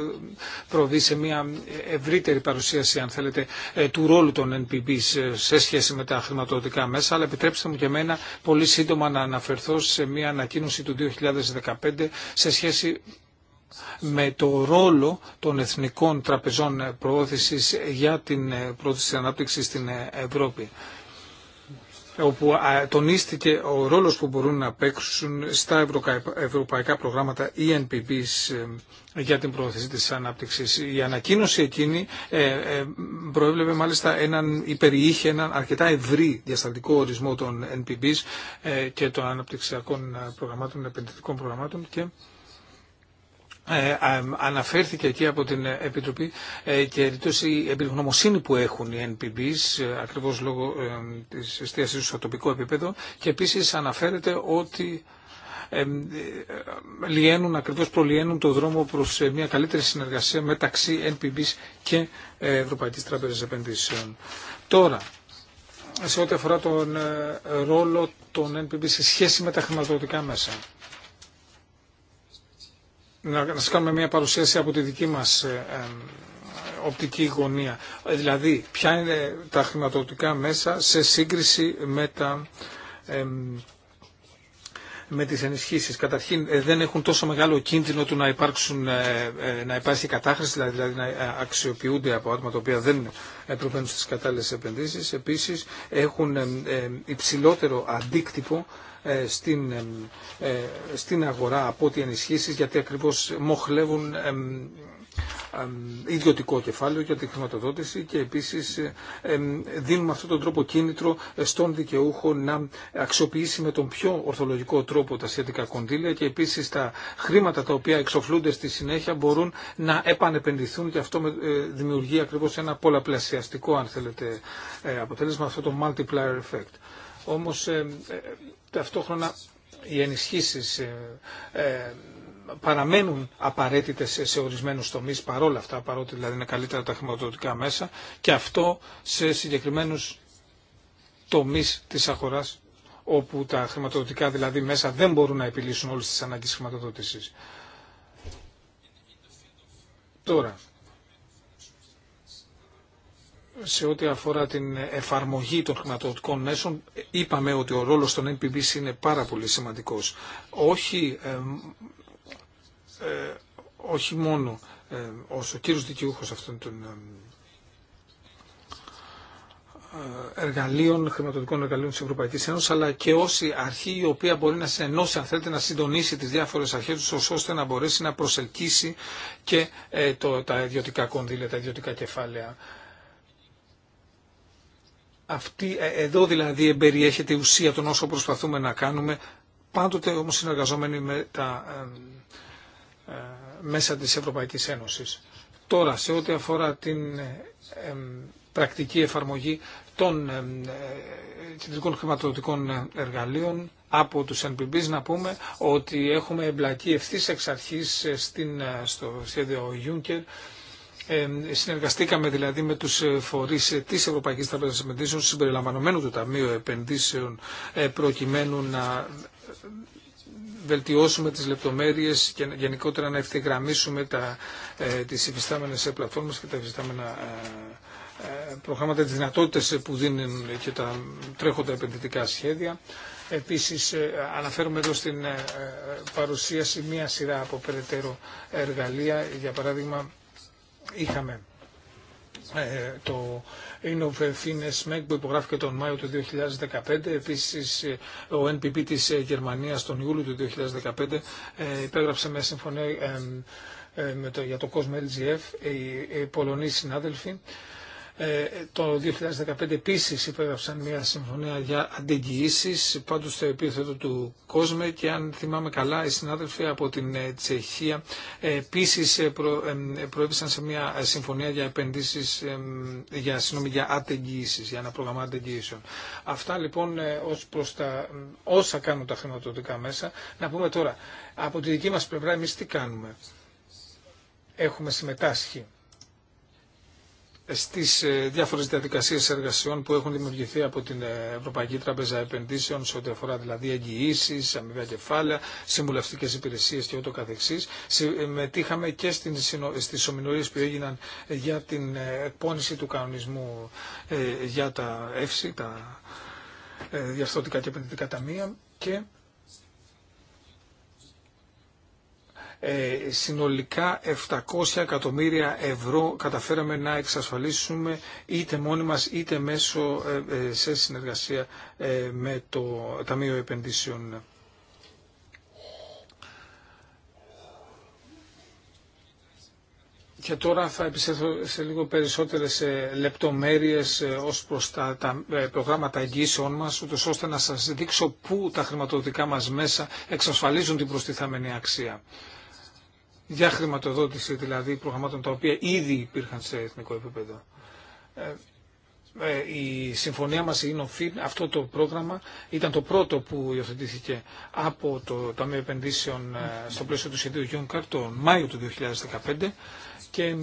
Speaker 3: προβεί σε μια ευρύτερη παρουσίαση, αν θέλετε, του ρόλου των NPB σε σχέση με τα χρηματοδοτικά μέσα, αλλά επιτρέψτε μου και εμένα πολύ σύντομα να αναφερθώ σε μια ανακοίνωση του 2015 σε σχέση με το ρόλο των εθνικών τραπεζών προώθησης για την ε, πρόθεση της ανάπτυξης στην ε, Ευρώπη όπου τονίστηκε ο ρόλος που μπορούν να παίξουν στα ευρωπαϊκά προγράμματα ENPPs ε, για την πρόθεση της ανάπτυξης. Η ανακοίνωση εκείνη προέβλεπε μάλιστα έναν, υπεριείχε έναν αρκετά ευρύ διαστατικό ορισμό των NPPs και των αναπτυξιακών προγραμμάτων, επενδυτικών προγραμμάτων και ε, αναφέρθηκε εκεί από την ε, Επιτροπή ε, και η εμπειρογνωμοσύνη που έχουν οι NPBs ακριβώς λόγω της εστίασης στο τοπικό επίπεδο και επίσης αναφέρεται ότι λιένουν, ακριβώς προλιένουν το δρόμο προς μια καλύτερη συνεργασία μεταξύ NPBs και Ευρωπαϊκής Τράπεζας Επενδύσεων. Τώρα, σε ό,τι αφορά τον ρόλο των NPB σε σχέση με τα χρηματοδοτικά μέσα να σας κάνουμε μια παρουσίαση από τη δική μας ε, ε, οπτική γωνία. Ε, δηλαδή, ποια είναι τα χρηματοδοτικά μέσα σε σύγκριση με τα με τις ενισχύσεις. Καταρχήν δεν έχουν τόσο μεγάλο κίνδυνο του να, υπάρξουν, να υπάρχει κατάχρηση, δηλαδή, δηλαδή να αξιοποιούνται από άτομα τα οποία δεν προβαίνουν στις κατάλληλες επενδύσεις. Επίσης έχουν υψηλότερο αντίκτυπο ε, στην, ε, ε, στην αγορά από ό,τι ενισχύσει γιατί ακριβώς μοχλεύουν ιδιωτικό κεφάλαιο για τη χρηματοδότηση και επίσης δίνουμε αυτόν τον τρόπο κίνητρο στον δικαιούχο να αξιοποιήσει με τον πιο ορθολογικό τρόπο τα σχετικά κονδύλια και επίσης τα χρήματα τα οποία εξοφλούνται στη συνέχεια μπορούν να επανεπενδυθούν και αυτό δημιουργεί ακριβώς ένα πολλαπλασιαστικό αν θέλετε αποτέλεσμα αυτό το multiplier effect. Όμως ταυτόχρονα οι ενισχύσεις ε, ε, παραμένουν απαραίτητες σε ορισμένους τομείς παρόλα αυτά, παρότι δηλαδή είναι καλύτερα τα χρηματοδοτικά μέσα και αυτό σε συγκεκριμένους τομείς της αγοράς όπου τα χρηματοδοτικά δηλαδή μέσα δεν μπορούν να επιλύσουν όλες τις ανάγκες χρηματοδότησης. Τώρα, σε ό,τι αφορά την εφαρμογή των χρηματοδοτικών μέσων, είπαμε ότι ο ρόλος των NPBs είναι πάρα πολύ σημαντικός. Όχι, ε, όχι μόνο ε, ως ο κύριος δικαιούχος αυτών των ε, εργαλείων, χρηματοδοτικών εργαλείων της Ευρωπαϊκής Ένωσης, αλλά και η αρχή η οποία μπορεί να συνενώσει, αν θέλετε, να συντονίσει τις διάφορες αρχές του, ώστε να μπορέσει να προσελκύσει και ε, το, τα ιδιωτικά κονδύλια, τα ιδιωτικά κεφάλαια αυτή, ε, εδώ δηλαδή εμπεριέχεται η ουσία των όσων προσπαθούμε να κάνουμε, πάντοτε όμως συνεργαζόμενοι με τα ε, μέσα της Ευρωπαϊκής Ένωσης. Τώρα, σε ό,τι αφορά την ε, πρακτική εφαρμογή των κεντρικών χρηματοδοτικών εργαλείων από τους NPBs να πούμε ότι έχουμε εμπλακεί ευθύ εξ αρχής στην, στο σχέδιο Juncker συνεργαστήκαμε δηλαδή με τους ε, φορείς ε, της Ευρωπαϊκής Τράπεζας Επενδύσεων συμπεριλαμβανομένου του Ταμείου Επενδύσεων ε, προκειμένου να βελτιώσουμε τις λεπτομέρειες και γενικότερα να ευθυγραμμίσουμε τα, τις υφιστάμενες πλατφόρμες και τα υφιστάμενα προγράμματα, τις δυνατότητες που δίνουν και τα τρέχοντα επενδυτικά σχέδια. Επίσης αναφέρουμε εδώ στην παρουσίαση μία σειρά από περαιτέρω εργαλεία, για παράδειγμα είχαμε ε, το Innov Fines που υπογράφηκε τον Μάιο του 2015. Επίσης ο NPP της Γερμανίας τον Ιούλιο του 2015 ε, υπέγραψε με συμφωνία ε, με το, για το κόσμο LGF οι, Πολωνίοι Πολωνοί συνάδελφοι ε, το 2015 επίση υπέγραψαν μια συμφωνία για αντεγγυήσει, πάντω στο επίθετο του κόσμου και αν θυμάμαι καλά, οι συνάδελφοι από την ε, Τσεχία ε, επίση προέβησαν σε μια συμφωνία για επενδύσει, για, για για ένα πρόγραμμα αντεγγυήσεων. Αυτά λοιπόν ω προ τα όσα κάνουν τα χρηματοδοτικά μέσα. Να πούμε τώρα, από τη δική μα πλευρά, εμεί τι κάνουμε. Έχουμε συμμετάσχει στι ε, διάφορες διαδικασίε εργασιών που έχουν δημιουργηθεί από την ε, Ευρωπαϊκή Τράπεζα Επενδύσεων σε ό,τι αφορά δηλαδή εγγυήσει, αμοιβαία κεφάλαια, συμβουλευτικέ υπηρεσίε και ούτω καθεξής. Συμμετείχαμε και στις ομιλίε που έγιναν για την εκπόνηση του κανονισμού ε, για τα ΕΦΣΙ, τα Διαφθορτικά και επενδυτικά ταμεία και Ε, συνολικά 700 εκατομμύρια ευρώ καταφέραμε να εξασφαλίσουμε είτε μόνοι μας είτε μέσω ε, ε, σε συνεργασία με το Ταμείο Επενδύσεων. Και τώρα θα επισέλθω σε λίγο περισσότερες λεπτομέρειες ως προς τα, τα προγράμματα εγγύσεων μας, ούτως ώστε να σας δείξω πού τα χρηματοδοτικά μας μέσα εξασφαλίζουν την προστιθάμενη αξία για χρηματοδότηση δηλαδή προγραμμάτων τα οποία ήδη υπήρχαν σε εθνικό επίπεδο. Ε, ε, η συμφωνία μας, η αυτό το πρόγραμμα ήταν το πρώτο που υιοθετήθηκε από το Ταμείο Επενδύσεων ε, στο πλαίσιο του σχεδίου Juncker τον Μάιο του 2015 και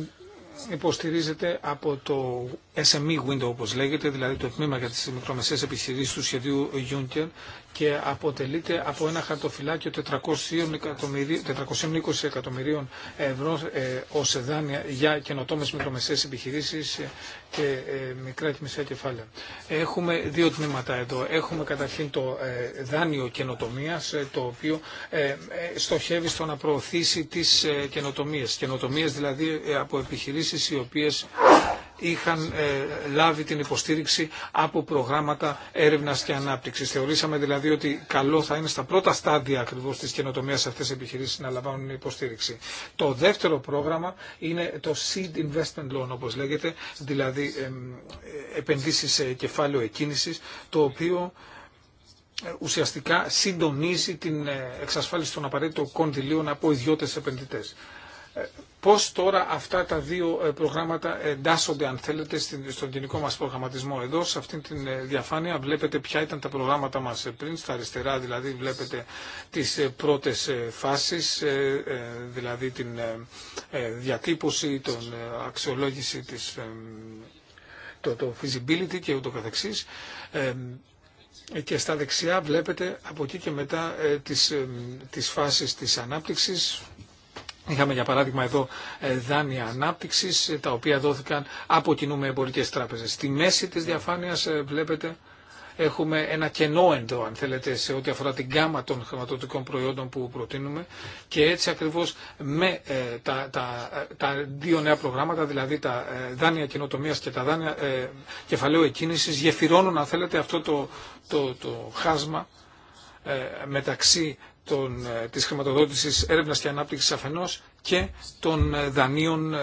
Speaker 3: υποστηρίζεται από το SME Window όπως λέγεται, δηλαδή το τμήμα για τις μικρομεσαίες επιχειρήσεις του σχεδίου Juncker και αποτελείται από ένα χαρτοφυλάκιο 420 εκατομμυρίων ευρώ ε, ως δάνεια για καινοτόμες μικρομεσαίες επιχειρήσεις και ε, μικρά και μισά κεφάλαια. Έχουμε δύο τμήματα εδώ. Έχουμε καταρχήν το ε, δάνειο καινοτομία, το οποίο στοχεύει στο να προωθήσει τις καινοτομίες. Καινοτομίες δηλαδή από επιχειρήσεις οι οποίες είχαν ε, λάβει την υποστήριξη από προγράμματα έρευνας και ανάπτυξης. Θεωρήσαμε δηλαδή ότι καλό θα είναι στα πρώτα στάδια ακριβώς της καινοτομία αυτές οι επιχειρήσεις να λαμβάνουν υποστήριξη. Το δεύτερο πρόγραμμα είναι το Seed Investment Loan όπως λέγεται, δηλαδή επενδύσεις σε κεφάλαιο εκκίνησης, το οποίο ε, ουσιαστικά συντονίζει την ε, εξασφάλιση των απαραίτητων κονδυλίων από ιδιώτες επενδυτές. Πώς τώρα αυτά τα δύο ε, προγράμματα εντάσσονται, αν θέλετε, στον γενικό μας προγραμματισμό. Εδώ, σε αυτήν τη ε, διαφάνεια, βλέπετε ποια ήταν τα προγράμματα μας πριν. Στα αριστερά, δηλαδή, βλέπετε τις ε, πρώτες φάσεις, δηλαδή την διατύπωση, την αξιολόγηση της το, το feasibility και ούτω καθεξής και στα δεξιά βλέπετε από εκεί και μετά τις, τις φάσεις της ανάπτυξης Είχαμε για παράδειγμα εδώ ε, δάνεια ανάπτυξης ε, τα οποία δόθηκαν από κοινού με εμπορικές τράπεζες. Στη μέση της διαφάνειας ε, βλέπετε έχουμε ένα κενό εδώ, αν θέλετε, σε ό,τι αφορά την γκάμα των χρηματοδοτικών προϊόντων που προτείνουμε και έτσι ακριβώς με τα, τα, τα, δύο νέα προγράμματα, δηλαδή τα ε, δάνεια καινοτομία και τα δάνεια κεφαλαίου εκκίνησης, γεφυρώνουν, αν θέλετε, αυτό το, το, το χάσμα μεταξύ των, ε, της χρηματοδότησης έρευνας και ανάπτυξης αφενός και των ε, δανείων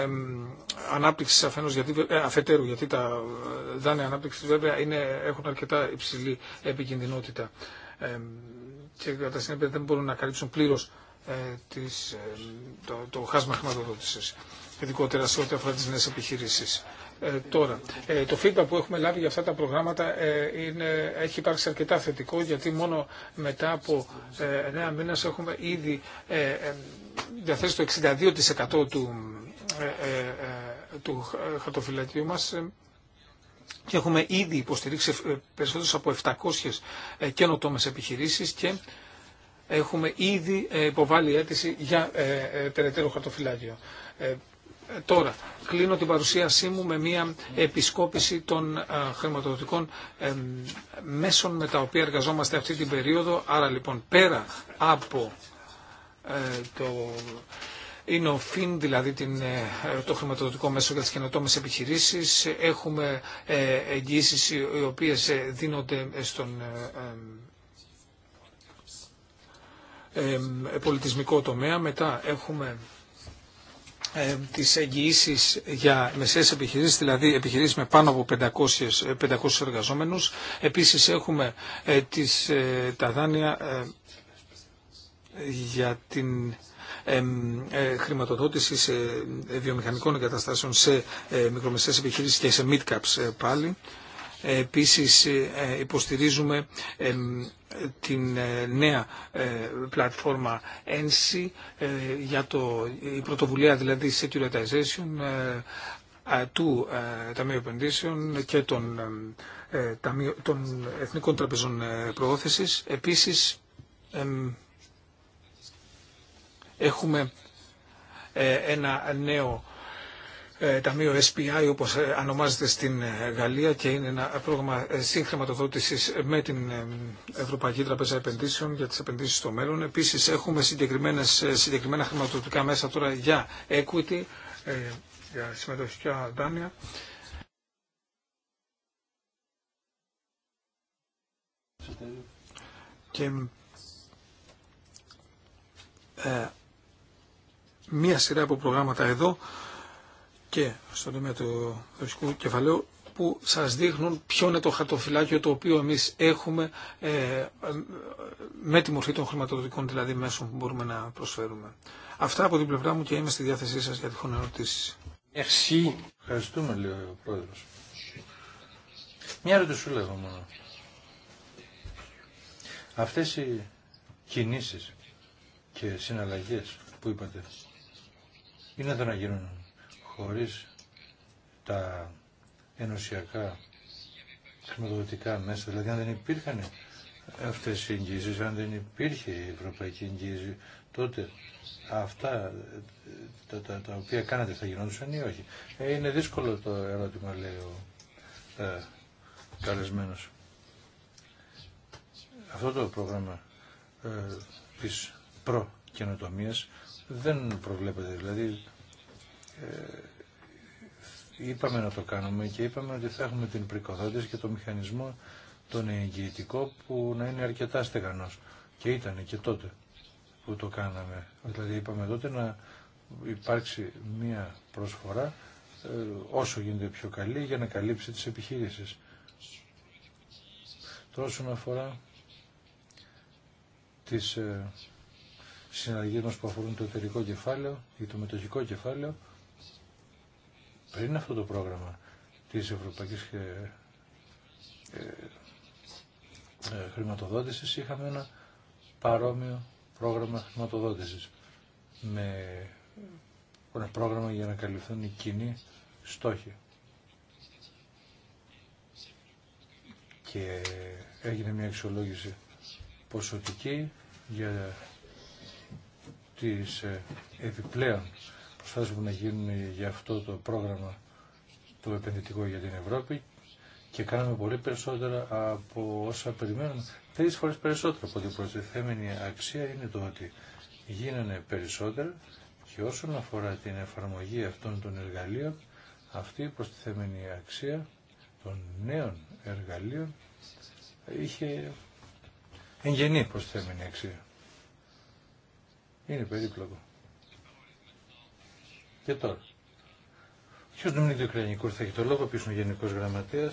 Speaker 3: ανάπτυξης αφενός, γιατί, ε, αφετέρου, γιατί τα δάνεια ανάπτυξης βέβαια είναι, έχουν αρκετά υψηλή επικινδυνότητα και κατά συνέπεια δεν μπορούν να καλύψουν πλήρως το, το χάσμα χρηματοδότησης, ειδικότερα σε ό,τι αφορά τις νέες επιχειρήσεις. Ε, τώρα, ε, το feedback που έχουμε λάβει για αυτά τα προγράμματα ε, είναι, έχει υπάρξει αρκετά θετικό γιατί μόνο μετά από 9 μήνες έχουμε ήδη διαθέσει το 62% του, του χαρτοφυλακίου μας και έχουμε ήδη υποστηρίξει περισσότερες από 700 καινοτόμες επιχειρήσεις και έχουμε ήδη υποβάλει αίτηση για περαιτέρω χαρτοφυλάκιο. Τώρα, κλείνω την παρουσίασή μου με μια επισκόπηση των ε, χρηματοδοτικών μέσων με τα οποία εργαζόμαστε αυτή την περίοδο. Άρα λοιπόν πέρα από ε, το φίν, δηλαδή την, ε, το χρηματοδοτικό μέσο για τις καινοτόμες επιχειρήσεις. Έχουμε εγγυήσεις οι οποίες δίνονται στον πολιτισμικό τομέα. Μετά έχουμε ε, τις εγγυήσει για μεσαίες επιχειρήσεις, δηλαδή επιχειρήσεις με πάνω από 500, 500 εργαζόμενους. Επίσης έχουμε ε, τις, ε, τα δάνεια για την χρηματοδότηση σε βιομηχανικών εγκαταστάσεων σε μικρομεσαίες επιχειρήσεις και σε mid-caps πάλι. Επίσης υποστηρίζουμε την ε, νέα ε, πλατφόρμα ENSI ε, για το, η πρωτοβουλία δηλαδή securitization του Ταμείου Επενδύσεων και των, των Εθνικών Τραπεζών Προώθησης. Επίσης έχουμε ένα νέο ε, ταμείο SPI όπως ονομάζεται ε, στην ε, Γαλλία και είναι ένα πρόγραμμα συγχρηματοδότησης με την Ευρωπαϊκή Τραπέζα Επενδύσεων για τις επενδύσεις στο μέλλον. Επίσης έχουμε συγκεκριμένα χρηματοδοτικά μέσα τώρα για equity, για συμμετοχικά δάνεια. Και μία σειρά από προγράμματα εδώ και στον τομέα του δοχικού κεφαλαίου που σας δείχνουν ποιο είναι το χαρτοφυλάκιο το οποίο εμείς έχουμε ε, με τη μορφή των χρηματοδοτικών δηλαδή μέσων που μπορούμε να προσφέρουμε. Αυτά από την πλευρά μου και είμαι στη διάθεσή σας για τυχόν ερωτήσεις.
Speaker 1: Ευχαριστούμε λέει ο Πρόεδρος. Μια σου λέγω μόνο. Αυτές οι κινήσεις και συναλλαγές που είπατε είναι εδώ να γίνουν χωρίς τα ενωσιακά χρηματοδοτικά μέσα, δηλαδή αν δεν υπήρχαν αυτές οι εγγύσεις, αν δεν υπήρχε η ευρωπαϊκή εγγύηση, τότε αυτά τα, τα, τα οποία κάνατε θα γινόντουσαν ή όχι. Ε, είναι δύσκολο το ερώτημα, λέει ο ε, καλεσμένος. Αυτό το πρόγραμμα ε, της προ δεν προβλέπεται, δηλαδή ε, είπαμε να το κάνουμε και είπαμε ότι θα έχουμε την πρικοδότηση και το μηχανισμό τον εγγυητικό που να είναι αρκετά στεγανός. Και ήταν και τότε που το κάναμε. Δηλαδή είπαμε τότε να υπάρξει μία προσφορά ε, όσο γίνεται πιο καλή για να καλύψει τις επιχείρησεις. Τώρα όσον αφορά τις ε, συναργίες μας που αφορούν το εταιρικό κεφάλαιο ή το μετοχικό κεφάλαιο, πριν αυτό το πρόγραμμα της Ευρωπαϊκής ε, ε, ε, χρηματοδότησης είχαμε ένα παρόμοιο πρόγραμμα χρηματοδότησης με ένα πρόγραμμα για να καλυφθούν οι κοινοί στόχοι. Και έγινε μια αξιολόγηση ποσοτική για τις επιπλέον προστάσεις που να γίνουν για αυτό το πρόγραμμα το επενδυτικό για την Ευρώπη και κάναμε πολύ περισσότερα από όσα περιμένουμε. Τρεις φορές περισσότερο από την προστιθέμενη αξία είναι το ότι γίνανε περισσότερα και όσον αφορά την εφαρμογή αυτών των εργαλείων, αυτή η προστιθέμενη αξία των νέων εργαλείων είχε εγγενή προστιθέμενη αξία. Είναι περίπλοκο. Και τώρα. Ο κ. Νομινίδη θα έχει το λόγο, είναι ο Γενικό Γραμματέα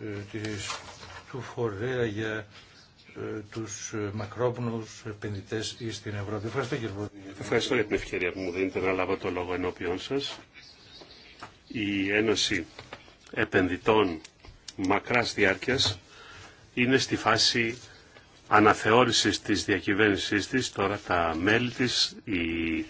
Speaker 1: ε, του φορέα για ε, του ε, μακρόπνου επενδυτέ στην Ευρώπη. Ευχαριστώ κύριε
Speaker 2: Ευχαριστώ για την ευκαιρία που μου δίνετε να λάβω το λόγο ενώπιον σα, Η Ένωση Επενδυτών μακρά διάρκεια είναι στη φάση αναθεώρησης της διακυβέρνησής της, τώρα τα μέλη της,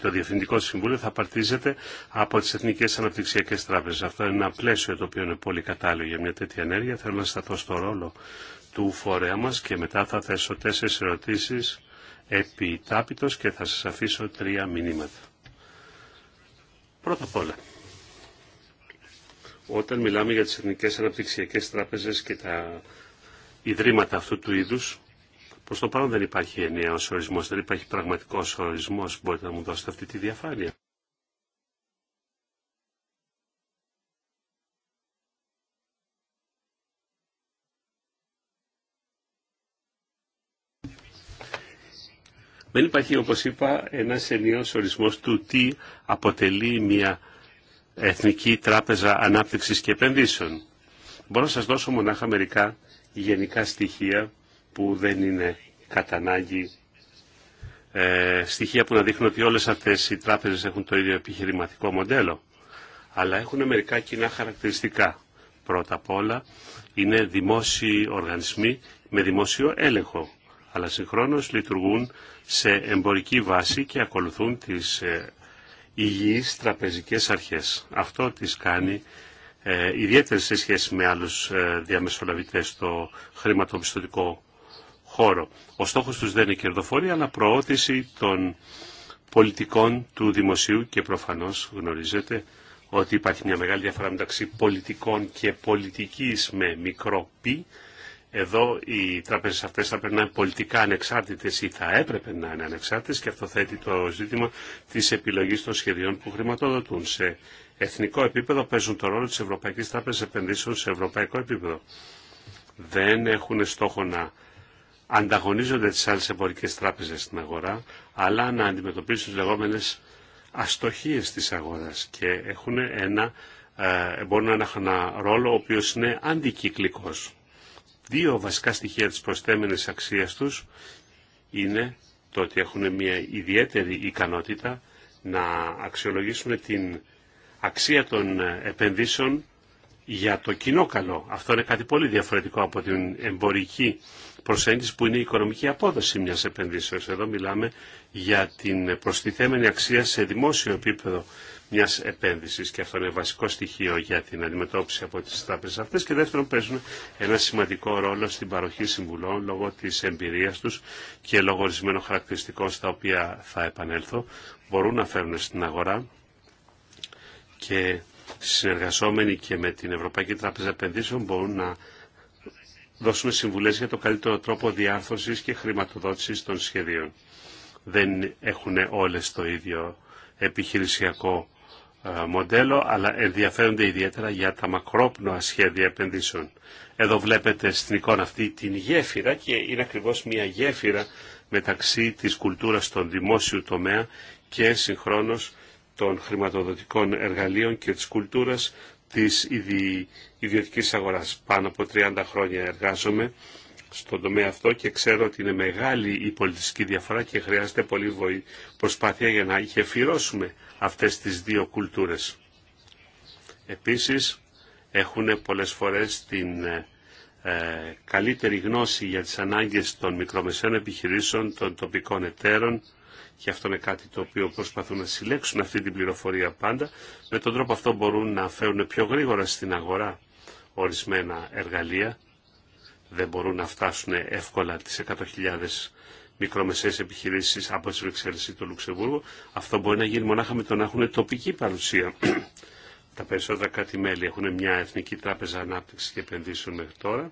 Speaker 2: το Διευθυντικό Συμβούλιο θα παρτίζεται από τις Εθνικές Αναπτυξιακές Τράπεζες. Αυτό είναι ένα πλαίσιο το οποίο είναι πολύ κατάλληλο για μια τέτοια ενέργεια. Θέλω να σταθώ στο ρόλο του φορέα μας και μετά θα θέσω τέσσερις ερωτήσεις επί τάπητος και θα σας αφήσω τρία μηνύματα. Πρώτα απ' όλα, όταν μιλάμε για τις Εθνικές Αναπτυξιακές Τράπεζες και τα ιδρύματα αυτού του είδους, Προ το παρόν δεν υπάρχει ενιαίο ορισμό. δεν υπάρχει πραγματικός ορισμός. Μπορείτε να μου δώσετε αυτή τη διαφάνεια. Δεν υπάρχει, όπως είπα, ένας ενιαίος ορισμός του τι αποτελεί μια Εθνική Τράπεζα Ανάπτυξης και Επενδύσεων. Μπορώ να σας δώσω μονάχα μερικά γενικά στοιχεία που δεν είναι κατά ανάγκη ε, στοιχεία που να δείχνουν ότι όλες αυτές οι τράπεζες έχουν το ίδιο επιχειρηματικό μοντέλο, αλλά έχουν μερικά κοινά χαρακτηριστικά. Πρώτα απ' όλα είναι δημόσιοι οργανισμοί με δημόσιο έλεγχο, αλλά συγχρόνως λειτουργούν σε εμπορική βάση και ακολουθούν τις ε, υγιείς τραπεζικές αρχές. Αυτό τις κάνει ε, σε σχέση με άλλους ε, διαμεσολαβητές στο χρηματοπιστωτικό χώρο. Ο στόχος τους δεν είναι η κερδοφορία, αλλά προώθηση των πολιτικών του δημοσίου και προφανώς γνωρίζετε ότι υπάρχει μια μεγάλη διαφορά μεταξύ πολιτικών και πολιτικής με μικρό πι. Εδώ οι τράπεζες αυτές θα πρέπει να είναι πολιτικά ανεξάρτητες ή θα έπρεπε να είναι ανεξάρτητες και αυτό θέτει το ζήτημα της επιλογής των σχεδιών που χρηματοδοτούν. Σε εθνικό επίπεδο παίζουν το ρόλο της Ευρωπαϊκής Τράπεζας Επενδύσεων σε ευρωπαϊκό επίπεδο. Δεν έχουν στόχο να ανταγωνίζονται τις άλλες εμπορικές τράπεζες στην αγορά, αλλά να αντιμετωπίσουν τις λεγόμενες αστοχίες της αγοράς και έχουν ένα, ε, μπορούν να έχουν ένα ρόλο ο οποίος είναι αντικυκλικός. Δύο βασικά στοιχεία της προστέμενης αξίας τους είναι το ότι έχουν μια ιδιαίτερη ικανότητα να αξιολογήσουν την αξία των επενδύσεων για το κοινό καλό. Αυτό είναι κάτι πολύ διαφορετικό από την εμπορική προσέγγιση που είναι η οικονομική απόδοση μιας επενδύσεως. Εδώ μιλάμε για την προστιθέμενη αξία σε δημόσιο επίπεδο μιας επένδυσης και αυτό είναι βασικό στοιχείο για την αντιμετώπιση από τις τράπεζες αυτές και δεύτερον παίζουν ένα σημαντικό ρόλο στην παροχή συμβουλών λόγω της εμπειρίας τους και λόγω ορισμένων χαρακτηριστικών στα οποία θα επανέλθω μπορούν να φέρουν στην αγορά και συνεργασόμενοι και με την Ευρωπαϊκή Τράπεζα Επενδύσεων μπορούν να δώσουμε συμβουλές για το καλύτερο τρόπο διάρθρωσης και χρηματοδότησης των σχεδίων. Δεν έχουν όλες το ίδιο επιχειρησιακό ε, μοντέλο, αλλά ενδιαφέρονται ιδιαίτερα για τα μακρόπνοα σχέδια επενδύσεων. Εδώ βλέπετε στην εικόνα αυτή την γέφυρα και είναι ακριβώς μια γέφυρα μεταξύ της κουλτούρας των δημόσιου τομέα και συγχρόνως των χρηματοδοτικών εργαλείων και της κουλτούρας της ιδιωτικής αγοράς. Πάνω από 30 χρόνια εργάζομαι στον τομέα αυτό και ξέρω ότι είναι μεγάλη η πολιτιστική διαφορά και χρειάζεται πολύ προσπάθεια για να γεφυρώσουμε αυτές τις δύο κουλτούρες. Επίσης, έχουν πολλές φορές την ε, ε, καλύτερη γνώση για τις ανάγκες των μικρομεσαίων επιχειρήσεων, των τοπικών εταίρων και αυτό είναι κάτι το οποίο προσπαθούν να συλλέξουν αυτή την πληροφορία πάντα. Με τον τρόπο αυτό μπορούν να φέρουν πιο γρήγορα στην αγορά ορισμένα εργαλεία. Δεν μπορούν να φτάσουν εύκολα τις 100.000 μικρομεσαίες επιχειρήσεις από την εξέλιξη του Λουξεμβούργου. Αυτό μπορεί να γίνει μονάχα με το να έχουν τοπική παρουσία. Τα περισσότερα κάτι μέλη έχουν μια Εθνική Τράπεζα ανάπτυξη και Επενδύσεων μέχρι τώρα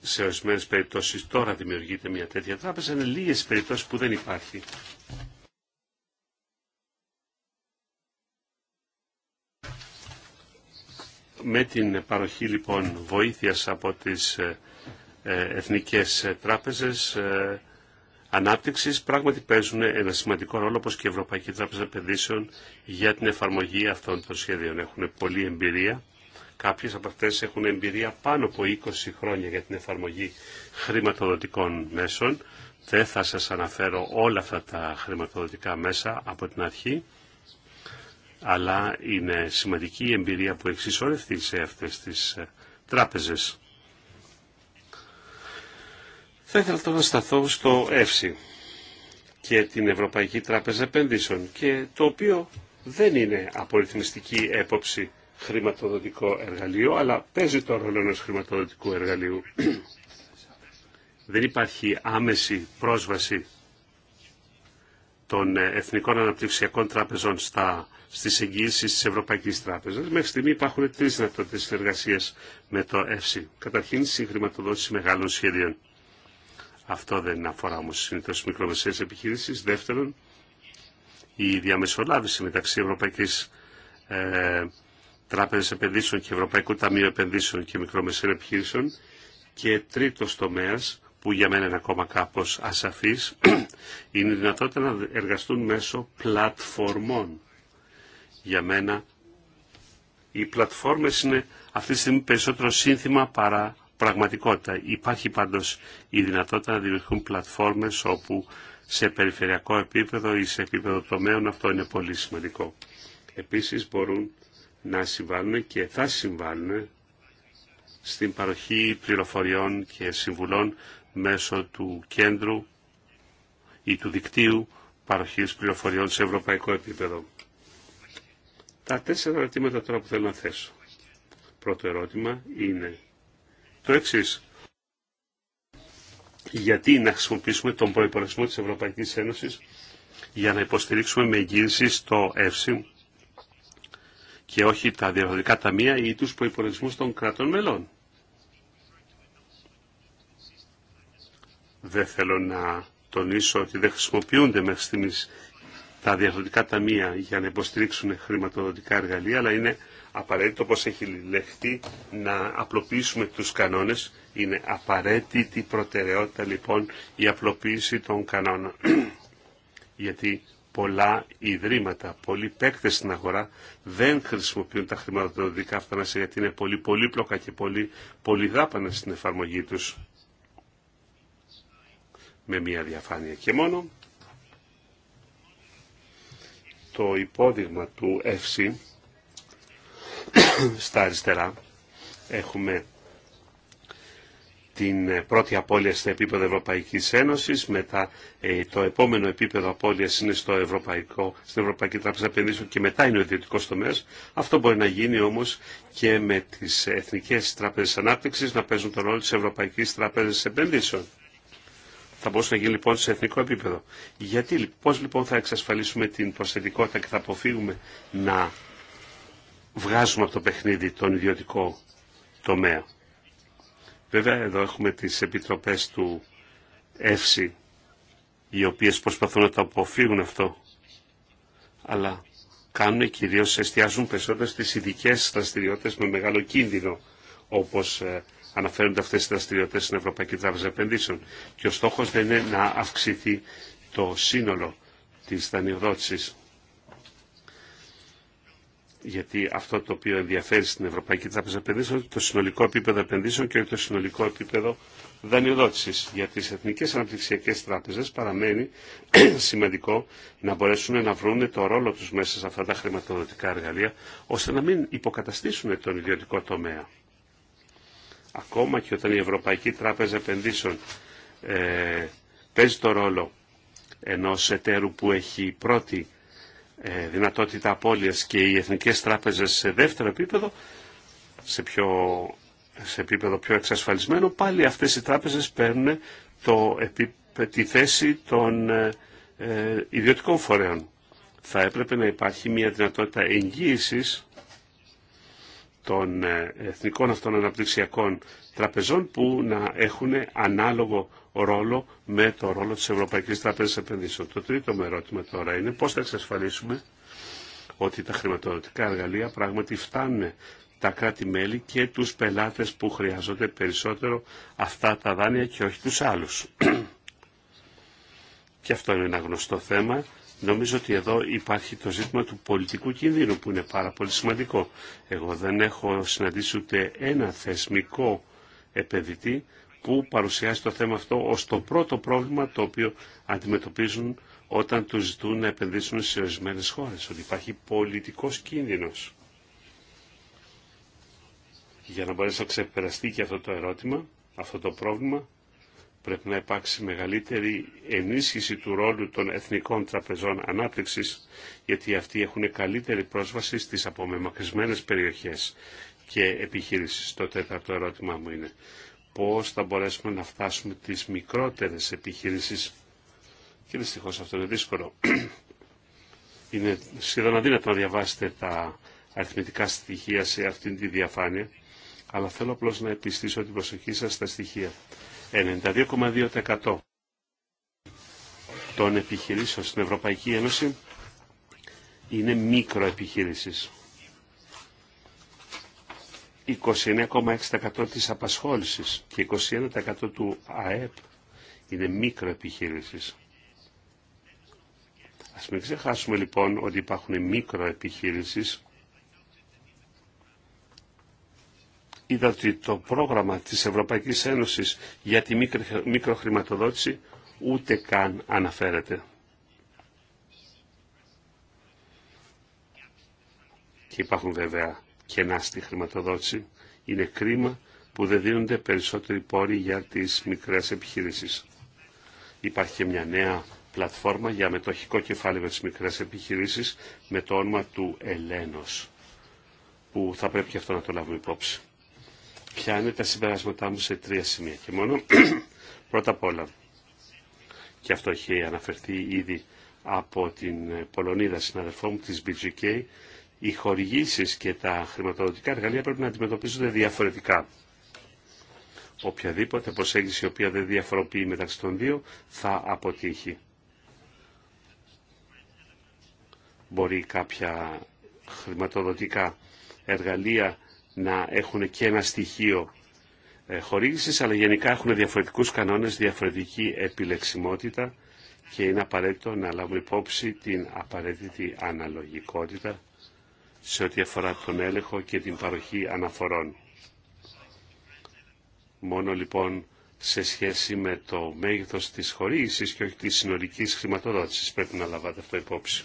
Speaker 2: σε ορισμένε περιπτώσει τώρα δημιουργείται μια τέτοια τράπεζα, είναι λίγε περιπτώσει που δεν υπάρχει. Με την παροχή λοιπόν βοήθειας από τις ε, ε, εθνικές τράπεζες ε, ανάπτυξης πράγματι παίζουν ένα σημαντικό ρόλο όπως και η Ευρωπαϊκή Τράπεζα Επενδύσεων για την εφαρμογή αυτών των σχεδίων. Έχουν πολλή εμπειρία Κάποιες από αυτές έχουν εμπειρία πάνω από 20 χρόνια για την εφαρμογή χρηματοδοτικών μέσων. Δεν θα σας αναφέρω όλα αυτά τα χρηματοδοτικά μέσα από την αρχή, αλλά είναι σημαντική η εμπειρία που έχει σε αυτές τις ε, τράπεζες. Θα ήθελα τώρα να σταθώ στο ΕΦΣΥ και την Ευρωπαϊκή Τράπεζα Επενδύσεων και το οποίο δεν είναι απορριθμιστική έποψη χρηματοδοτικό εργαλείο, αλλά παίζει το ρόλο ενός χρηματοδοτικού εργαλείου. Δεν υπάρχει άμεση πρόσβαση των ε, Εθνικών Αναπτυξιακών Τράπεζων στα, στις εγγύησεις της Ευρωπαϊκής Τράπεζας. Μέχρι στιγμή υπάρχουν τρεις δυνατότητες συνεργασία με το ΕΦΣΥ. Καταρχήν, συγχρηματοδότηση μεγάλων σχεδίων. Αυτό δεν αφορά όμως συνήθως μικρομεσαίες επιχειρήσεις. Δεύτερον, η διαμεσολάβηση μεταξύ Ευρωπαϊκής ε, Τράπεζες Επενδύσεων και Ευρωπαϊκού Ταμείου Επενδύσεων και Μικρομεσαίων Επιχείρησεων. Και τρίτος τομέας, που για μένα είναι ακόμα κάπω ασαφής, είναι η δυνατότητα να εργαστούν μέσω πλατφορμών. Για μένα οι πλατφόρμες είναι αυτή τη στιγμή περισσότερο σύνθημα παρά πραγματικότητα. Υπάρχει πάντως η δυνατότητα να δημιουργηθούν πλατφόρμες όπου σε περιφερειακό επίπεδο ή σε επίπεδο τομέων αυτό είναι πολύ σημαντικό. Επίσης μπορούν να συμβάλλουν και θα συμβάλλουν στην παροχή πληροφοριών και συμβουλών μέσω του κέντρου ή του δικτύου παροχής πληροφοριών σε ευρωπαϊκό επίπεδο. Τα τέσσερα ερωτήματα τώρα που θέλω να θέσω. Πρώτο ερώτημα είναι το εξή: Γιατί να χρησιμοποιήσουμε τον προϋπολογισμό της Ευρωπαϊκής Ένωσης για να υποστηρίξουμε με εγγύηση στο ΕΦΣΥ και όχι τα διαφορετικά ταμεία ή τους προϋπολογισμούς των κρατών μελών. Δεν θέλω να τονίσω ότι δεν χρησιμοποιούνται μέχρι στιγμής τα διαφορετικά ταμεία για να υποστηρίξουν χρηματοδοτικά εργαλεία, αλλά είναι απαραίτητο όπως έχει λεχθεί να απλοποιήσουμε τους κανόνες. Είναι απαραίτητη προτεραιότητα λοιπόν η απλοποίηση των κανόνων. Γιατί πολλά ιδρύματα, πολλοί παίκτες στην αγορά δεν χρησιμοποιούν τα χρηματοδοτικά αυτά γιατί είναι πολύ πολύπλοκα και πολύ, πολύ δάπανα στην εφαρμογή τους. Με μία διαφάνεια και μόνο. Το υπόδειγμα του FC στα αριστερά έχουμε την πρώτη απώλεια στο επίπεδο Ευρωπαϊκής Ένωσης, μετά ε, το επόμενο επίπεδο απώλειας είναι στο Ευρωπαϊκό, στην Ευρωπαϊκή Τράπεζα Επενδύσεων και μετά είναι ο ιδιωτικό τομέα. Αυτό μπορεί να γίνει όμως και με τις Εθνικές Τράπεζες Ανάπτυξης να παίζουν τον ρόλο της Ευρωπαϊκής Τράπεζας Επενδύσεων. Θα μπορούσε να γίνει λοιπόν σε εθνικό επίπεδο. Γιατί, πώς λοιπόν θα εξασφαλίσουμε την προσθετικότητα και θα αποφύγουμε να βγάζουμε από το παιχνίδι τον ιδιωτικό τομέα. Βέβαια εδώ έχουμε τις επιτροπές του ΕΦΣΙ οι οποίες προσπαθούν να το αποφύγουν αυτό αλλά κάνουν κυρίως εστιάζουν περισσότερο στις ειδικέ δραστηριότητες με μεγάλο κίνδυνο όπως ε, αναφέρονται αυτές οι δραστηριότητες στην Ευρωπαϊκή Τράπεζα Επενδύσεων και ο στόχος δεν είναι να αυξηθεί το σύνολο της δανειοδότησης γιατί αυτό το οποίο ενδιαφέρει στην Ευρωπαϊκή Τράπεζα Επενδύσεων είναι το συνολικό επίπεδο επενδύσεων και όχι το συνολικό επίπεδο δανειοδότηση. Για τι εθνικέ αναπτυξιακέ τράπεζε παραμένει σημαντικό να μπορέσουν να βρουν το ρόλο του μέσα σε αυτά τα χρηματοδοτικά εργαλεία, ώστε να μην υποκαταστήσουν τον ιδιωτικό τομέα. Ακόμα και όταν η Ευρωπαϊκή Τράπεζα Επενδύσεων ε, παίζει το ρόλο ενός εταίρου που έχει πρώτη ε, δυνατότητα απώλειας και οι εθνικές τράπεζες σε δεύτερο επίπεδο, σε, πιο, σε επίπεδο πιο εξασφαλισμένο, πάλι αυτές οι τράπεζες παίρνουν το, τη θέση των ε, ε, ιδιωτικών φορέων. Θα έπρεπε να υπάρχει μια δυνατότητα εγγύησης των ε, εθνικών αυτών αναπτυξιακών τραπεζών που να έχουν ανάλογο ρόλο με το ρόλο της Ευρωπαϊκής Τράπεζας Επενδύσεων. Το τρίτο με ερώτημα τώρα είναι πώς θα εξασφαλίσουμε ότι τα χρηματοδοτικά εργαλεία πράγματι φτάνουν τα κράτη-μέλη και τους πελάτες που χρειάζονται περισσότερο αυτά τα δάνεια και όχι τους άλλους. και αυτό είναι ένα γνωστό θέμα. Νομίζω ότι εδώ υπάρχει το ζήτημα του πολιτικού κινδύνου που είναι πάρα πολύ σημαντικό. Εγώ δεν έχω συναντήσει ούτε ένα θεσμικό επενδυτή που παρουσιάζει το θέμα αυτό ως το πρώτο πρόβλημα το οποίο αντιμετωπίζουν όταν τους ζητούν να επενδύσουν σε ορισμένε χώρες, ότι υπάρχει πολιτικός κίνδυνος. Για να μπορέσει να ξεπεραστεί και αυτό το ερώτημα, αυτό το πρόβλημα, πρέπει να υπάρξει μεγαλύτερη ενίσχυση του ρόλου των εθνικών τραπεζών ανάπτυξης, γιατί αυτοί έχουν καλύτερη πρόσβαση στις απομεμακρυσμένες περιοχές και επιχείρησεις. Το τέταρτο ερώτημα μου είναι, πώς θα μπορέσουμε να φτάσουμε τις μικρότερες επιχειρήσεις και δυστυχώς αυτό είναι δύσκολο. Είναι σχεδόν αδύνατο να διαβάσετε τα αριθμητικά στοιχεία σε αυτήν τη διαφάνεια, αλλά θέλω απλώς να επιστήσω την προσοχή σας στα στοιχεία. 92,2% των επιχειρήσεων στην Ευρωπαϊκή Ένωση είναι μικροεπιχείρησεις. 29,6% της απασχόλησης και 21% του ΑΕΠ είναι μικροεπιχείρησης. Ας μην ξεχάσουμε λοιπόν ότι υπάρχουν μικροεπιχείρησεις. Είδα ότι το πρόγραμμα της Ευρωπαϊκής Ένωσης για τη μικροχρηματοδότηση ούτε καν αναφέρεται. Και υπάρχουν βέβαια κενά στη χρηματοδότηση. Είναι κρίμα που δεν δίνονται περισσότεροι πόροι για τις μικρές επιχειρήσεις. Υπάρχει και μια νέα πλατφόρμα για μετοχικό κεφάλαιο για τις μικρές επιχειρήσεις με το όνομα του Ελένος, που θα πρέπει και αυτό να το λάβουμε υπόψη. Ποια είναι τα συμπεράσματά μου σε τρία σημεία και μόνο. Πρώτα απ' όλα, και αυτό έχει αναφερθεί ήδη από την Πολωνίδα συναδελφό μου της BGK, οι χορηγήσει και τα χρηματοδοτικά εργαλεία πρέπει να αντιμετωπίζονται διαφορετικά. Οποιαδήποτε προσέγγιση η οποία δεν διαφοροποιεί μεταξύ των δύο θα αποτύχει. Μπορεί κάποια χρηματοδοτικά εργαλεία να έχουν και ένα στοιχείο ε, χορήγησης, αλλά γενικά έχουν διαφορετικούς κανόνες, διαφορετική επιλεξιμότητα και είναι απαραίτητο να λάβουμε υπόψη την απαραίτητη αναλογικότητα σε ό,τι αφορά τον έλεγχο και την παροχή αναφορών. Μόνο λοιπόν σε σχέση με το μέγεθος της χορήγησης και όχι της συνολικής χρηματοδότησης πρέπει να λάβατε αυτό υπόψη.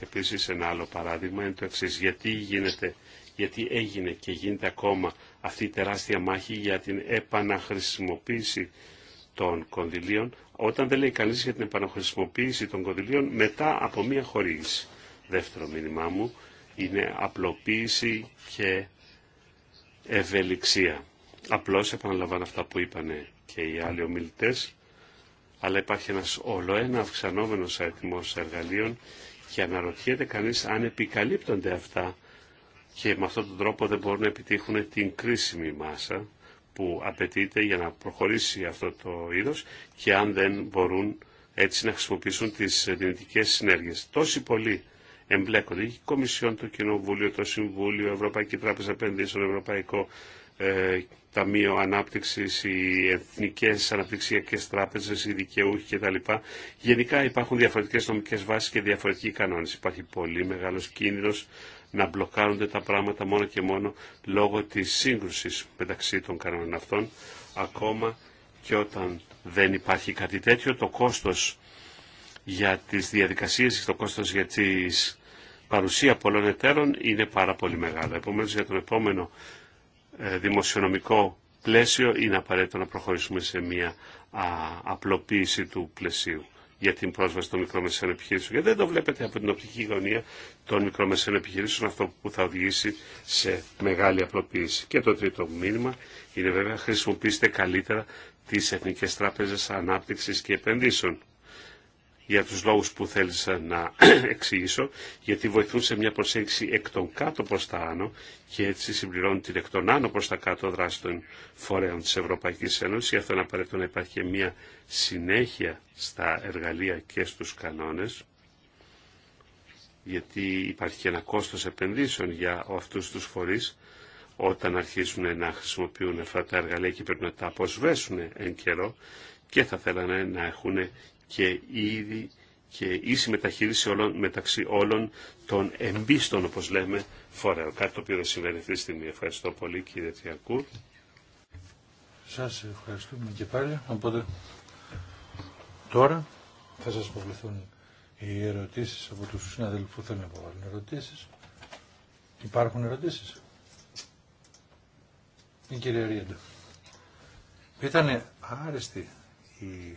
Speaker 2: Επίσης ένα άλλο παράδειγμα είναι το εξή Γιατί, γιατί έγινε και γίνεται ακόμα αυτή η τεράστια μάχη για την επαναχρησιμοποίηση των κονδυλίων όταν δεν λέει κανείς για την επαναχρησιμοποίηση των κονδυλίων μετά από μία χορήγηση. Δεύτερο μήνυμά μου είναι απλοποίηση και ευελιξία. Απλώς επαναλαμβάνω αυτά που είπανε και οι άλλοι ομιλητές, αλλά υπάρχει ένας ολοένα αυξανόμενος αριθμός εργαλείων και αναρωτιέται κανείς αν επικαλύπτονται αυτά και με αυτόν τον τρόπο δεν μπορούν να επιτύχουν την κρίσιμη μάσα που απαιτείται για να προχωρήσει αυτό το είδος και αν δεν μπορούν έτσι να χρησιμοποιήσουν τις δυνητικές συνέργειες. Τόσοι πολλοί εμπλέκονται. Η Κομισιόν, το Κοινοβούλιο, το Συμβούλιο, η Ευρωπαϊκή Τράπεζα Επενδύσεων, Ευρωπαϊκό ε, Ταμείο ανάπτυξη, οι εθνικέ αναπτυξιακέ τράπεζε, οι δικαιούχοι κτλ. Γενικά υπάρχουν διαφορετικέ νομικέ βάσει και διαφορετικοί κανόνε. Υπάρχει πολύ μεγάλο κίνδυνος να μπλοκάρονται τα πράγματα μόνο και μόνο λόγω τη σύγκρουση μεταξύ των κανόνων αυτών, ακόμα και όταν δεν υπάρχει κάτι τέτοιο, το κόστος για τις διαδικασίες, το κόστος για τις παρουσία πολλών εταίρων είναι πάρα πολύ μεγάλο. Επομένως για τον επόμενο ε, δημοσιονομικό πλαίσιο είναι απαραίτητο να προχωρήσουμε σε μια απλοποίηση του πλαισίου για την πρόσβαση των μικρομεσαίων επιχειρήσεων. Γιατί δεν το βλέπετε από την οπτική γωνία των μικρομεσαίων επιχειρήσεων αυτό που θα οδηγήσει σε μεγάλη απλοποίηση. Και το τρίτο μήνυμα είναι βέβαια χρησιμοποιήστε καλύτερα τις Εθνικές Τράπεζες Ανάπτυξης και Επενδύσεων για τους λόγους που θέλησα να εξηγήσω, γιατί βοηθούν σε μια προσέγγιση εκ των κάτω προς τα άνω και έτσι συμπληρώνουν την εκ των άνω προς τα κάτω δράση των φορέων της Ευρωπαϊκής Ένωσης. Γι' αυτό είναι απαραίτητο να υπάρχει και μια συνέχεια στα εργαλεία και στους κανόνες, γιατί υπάρχει και ένα κόστος επενδύσεων για αυτούς τους φορείς, όταν αρχίσουν να χρησιμοποιούν αυτά τα εργαλεία και πρέπει να τα αποσβέσουν εν καιρό και θα θέλανε να έχουν και ήδη και ίση μεταχείριση όλων, μεταξύ όλων των εμπίστων, όπως λέμε, φορέων. Κάτι το οποίο δεν συμβαίνει αυτή τη στιγμή. Ευχαριστώ πολύ κύριε Τιακού.
Speaker 1: Σας ευχαριστούμε και πάλι. Οπότε τώρα θα σας υποβληθούν οι ερωτήσεις από τους συναδέλφους που θέλουν να υποβάλουν ερωτήσεις. Υπάρχουν ερωτήσεις. Η κυρία Ρίεντα. Ήταν άρεστη η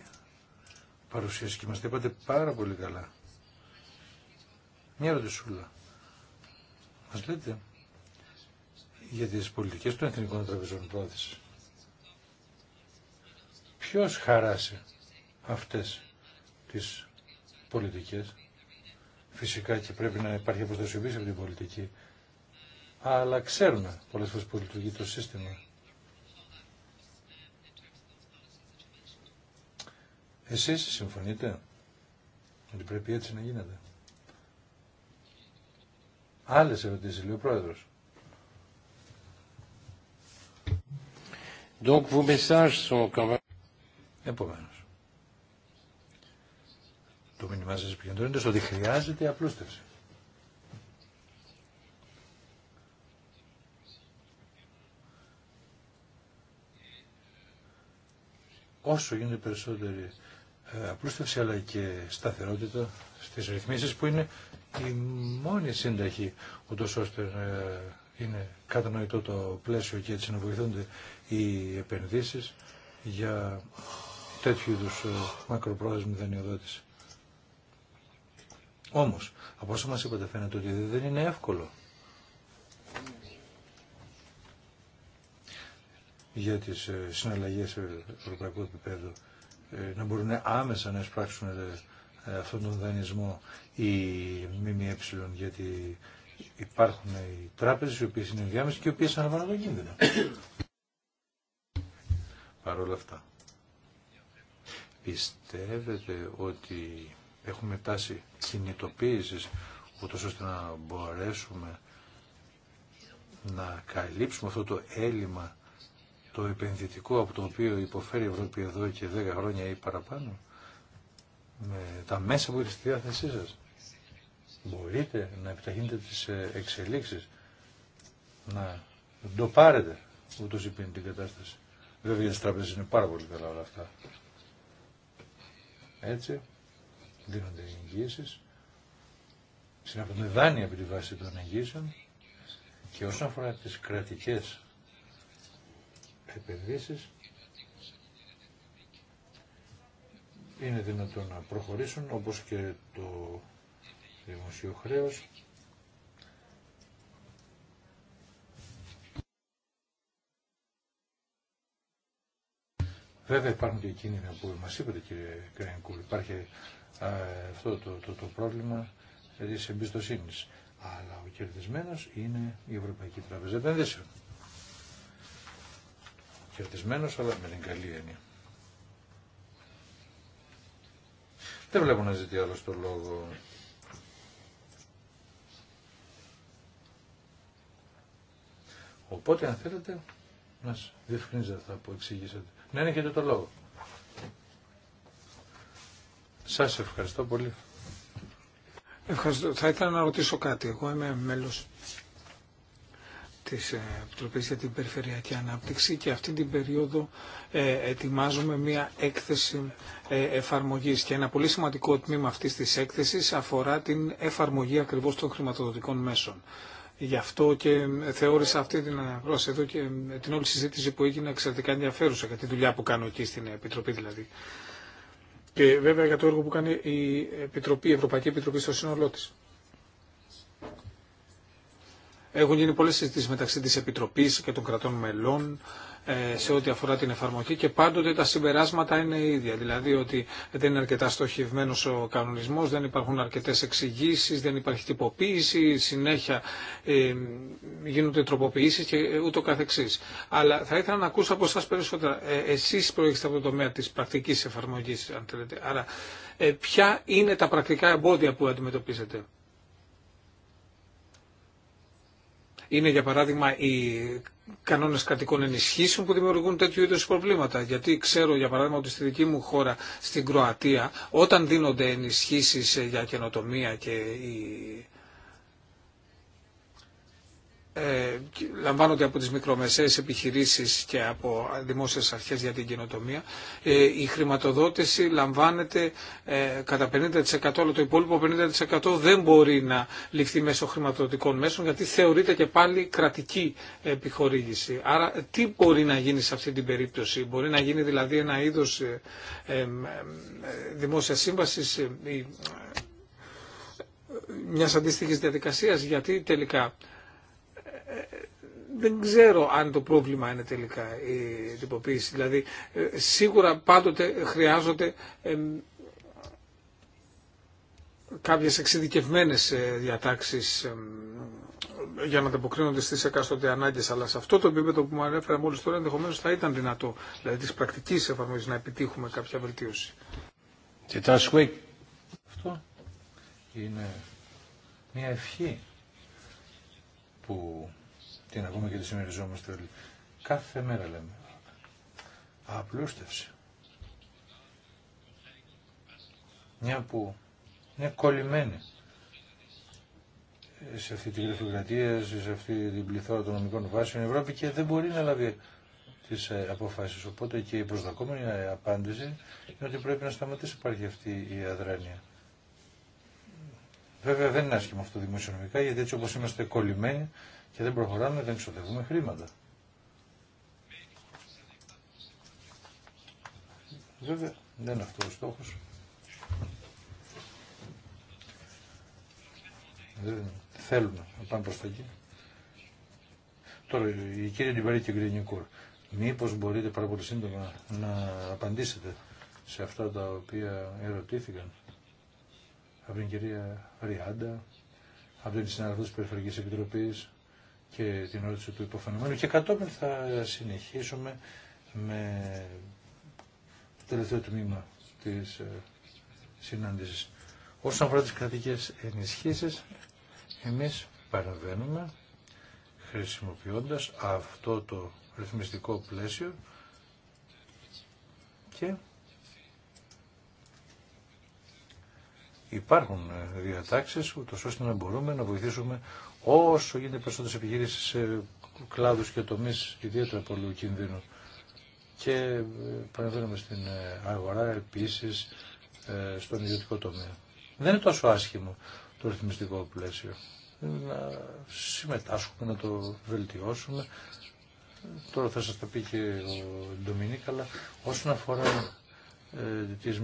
Speaker 1: παρουσίαση και μας τα είπατε πάρα πολύ καλά. Μια ρωτησούλα. Μας λέτε για τις πολιτικές των Εθνικών Τραπεζών πρόθεση. Ποιος χαράσε αυτές τις πολιτικές. Φυσικά και πρέπει να υπάρχει αποστασιοποίηση από την πολιτική. Αλλά ξέρουμε πολλές φορές που λειτουργεί το σύστημα. Εσείς συμφωνείτε ότι πρέπει έτσι να γίνεται. Άλλες ερωτήσεις, λέει ο Πρόεδρος. Επομένως, το μήνυμά σας επικεντρώνεται το ότι χρειάζεται απλούστευση. Όσο γίνεται περισσότεροι ε, απλούστευση αλλά και σταθερότητα στις ρυθμίσεις που είναι η μόνη σύνταχη ούτως ώστε ε, είναι κατανοητό το πλαίσιο και έτσι να βοηθούνται οι επενδύσεις για τέτοιου είδους ε, μακροπρόθεσμη δανειοδότηση. Όμως, από όσο μας είπατε φαίνεται ότι δεν είναι εύκολο. για τις συναλλαγές σε ευρωπαϊκό ε, να μπορούν άμεσα να εισπράξουν ε, ε, αυτόν τον δανεισμό οι ΜΜΕ, γιατί υπάρχουν οι τράπεζες οι οποίες είναι διάμεσες και οι οποίες αναβαίνουν τον κίνδυνο. Παρ' όλα αυτά, πιστεύετε ότι έχουμε τάση κινητοποίησης ούτως ώστε να μπορέσουμε να καλύψουμε αυτό το έλλειμμα το επενδυτικό από το οποίο υποφέρει η Ευρώπη εδώ και 10 χρόνια ή παραπάνω, με τα μέσα που έχετε στη διάθεσή σα μπορείτε να επιταχύνετε τι ε, εξελίξεις, να το πάρετε ούτως υπήρει την κατάσταση. Βέβαια για τι τράπεζε είναι πάρα πολύ καλά όλα αυτά. Έτσι δίνονται εγγύησεις, συναπτώνται δάνεια από τη βάση των εγγύσεων και όσον αφορά τις κρατικέ επενδύσεις είναι δυνατόν να προχωρήσουν όπως και το δημοσιο χρέος. Βέβαια υπάρχουν και κίνδυνα που μας είπατε κύριε Κρένκουλ, Υπάρχει ε, αυτό το, το, το πρόβλημα της εμπιστοσύνης. Αλλά ο κερδισμένος είναι η Ευρωπαϊκή Τράπεζα Επενδύσεων κερδισμένο, αλλά με την καλή έννοια. Δεν βλέπω να ζητεί άλλο το λόγο. Οπότε, αν θέλετε, να διευκρινίζετε αυτά που εξήγησατε. Ναι, ναι, έχετε το λόγο. Σας ευχαριστώ πολύ. Ευχαριστώ. Θα
Speaker 3: ήθελα να ρωτήσω κάτι. Εγώ είμαι μέλος της ε, Επιτροπή για την Περιφερειακή Ανάπτυξη και αυτή την περίοδο ε, ετοιμάζουμε μία έκθεση ε, εφαρμογής και ένα πολύ σημαντικό τμήμα αυτής της έκθεσης αφορά την εφαρμογή ακριβώς των χρηματοδοτικών μέσων. Γι' αυτό και θεώρησα αυτή την εδώ και την όλη συζήτηση που έγινε εξαιρετικά ενδιαφέρουσα για τη δουλειά που κάνω εκεί στην Επιτροπή δηλαδή. Και βέβαια για το έργο που κάνει η, Επιτροπή, Ευρωπαϊκή Επιτροπή στο σύνολό της. Έχουν γίνει πολλές συζητήσεις μεταξύ της Επιτροπής και των κρατών μελών ε, σε ό,τι αφορά την εφαρμογή και πάντοτε τα συμπεράσματα είναι ίδια. Δηλαδή ότι δεν είναι αρκετά στοχευμένο ο κανονισμό, δεν υπάρχουν αρκετέ εξηγήσει, δεν υπάρχει τυποποίηση, συνέχεια ε, γίνονται τροποποιήσει και ούτω καθεξή. Αλλά θα ήθελα να ακούσω από εσά περισσότερα. Ε, Εσεί προέρχεστε από το τομέα τη πρακτική εφαρμογή, αν θέλετε. Άρα, ε, ποια είναι τα πρακτικά εμπόδια που αντιμετωπίζετε. είναι για παράδειγμα οι κανόνε κρατικών ενισχύσεων που δημιουργούν τέτοιου είδου προβλήματα. Γιατί ξέρω, για παράδειγμα, ότι στη δική μου χώρα, στην Κροατία, όταν δίνονται ενισχύσει για καινοτομία και η ε, λαμβάνονται από τις μικρομεσαίες επιχειρήσεις και από δημόσιες αρχές για την καινοτομία. Ε, η χρηματοδότηση λαμβάνεται ε, κατά 50% αλλά το υπόλοιπο 50% δεν μπορεί να ληφθεί μέσω χρηματοδοτικών μέσων γιατί θεωρείται και πάλι κρατική επιχορήγηση. Άρα τι μπορεί να γίνει σε αυτή την περίπτωση. Μπορεί να γίνει δηλαδή ένα είδος ε, ε, δημόσιας σύμβασης μια αντίστοιχη διαδικασίας γιατί τελικά δεν ξέρω αν το πρόβλημα είναι τελικά η τυποποίηση. Δηλαδή, ε, σίγουρα πάντοτε χρειάζονται κάποιες εξειδικευμένες ε, διατάξεις για να ανταποκρίνονται στις εκάστοτε ανάγκες, αλλά σε αυτό το επίπεδο που μου ανέφερα μόλις τώρα ενδεχομένως θα ήταν δυνατό, δηλαδή της πρακτικής εφαρμογής, να επιτύχουμε κάποια βελτίωση.
Speaker 1: Αυτό είναι μια ευχή που την να πούμε και τη συμμεριζόμαστε όλοι. Κάθε μέρα λέμε. Απλούστευση. Μια που είναι κολλημένη σε αυτή τη γραφειοκρατία, σε αυτή την πληθώρα των νομικών βάσεων η Ευρώπη και δεν μπορεί να λάβει τι ε, αποφάσει. Οπότε και η προσδοκόμενη ε, απάντηση είναι ότι πρέπει να σταματήσει υπάρχει αυτή η αδράνεια. Βέβαια δεν είναι άσχημα αυτό δημοσιονομικά, γιατί έτσι όπως είμαστε κολλημένοι, και δεν προχωράμε, δεν ξοδεύουμε χρήματα. Βέβαια, δεν είναι αυτό ο στόχος. Δεν θέλουμε να πάμε προς τα εκεί. Τώρα, η κύριε Ντιμπαρή και η κυρία Νικούρ, μήπως μπορείτε πάρα πολύ σύντομα να απαντήσετε σε αυτά τα οποία ερωτήθηκαν από την κυρία Ριάντα, από την συνάδελφο της Περιφερειακής Επιτροπής, και την ερώτηση του υποφαινομένου και κατόπιν θα συνεχίσουμε με το τελευταίο τμήμα της ε, συνάντησης. Όσον αφορά τις κρατικές ενισχύσεις, εμείς παραβαίνουμε χρησιμοποιώντας αυτό το ρυθμιστικό πλαίσιο και υπάρχουν ε, διατάξεις ούτως ώστε να μπορούμε να βοηθήσουμε όσο γίνεται περισσότερες επιχειρήσεις σε κλάδους και τομείς ιδιαίτερα πολλού κινδύνου. Και ε, παρεμβαίνουμε στην ε, αγορά επίσης στον ιδιωτικό τομέα. Δεν είναι τόσο άσχημο το ρυθμιστικό πλαίσιο. Να συμμετάσχουμε, να το βελτιώσουμε. Τώρα θα σας τα πει και ο Ντομίνικα, αλλά όσον αφορά ε, τις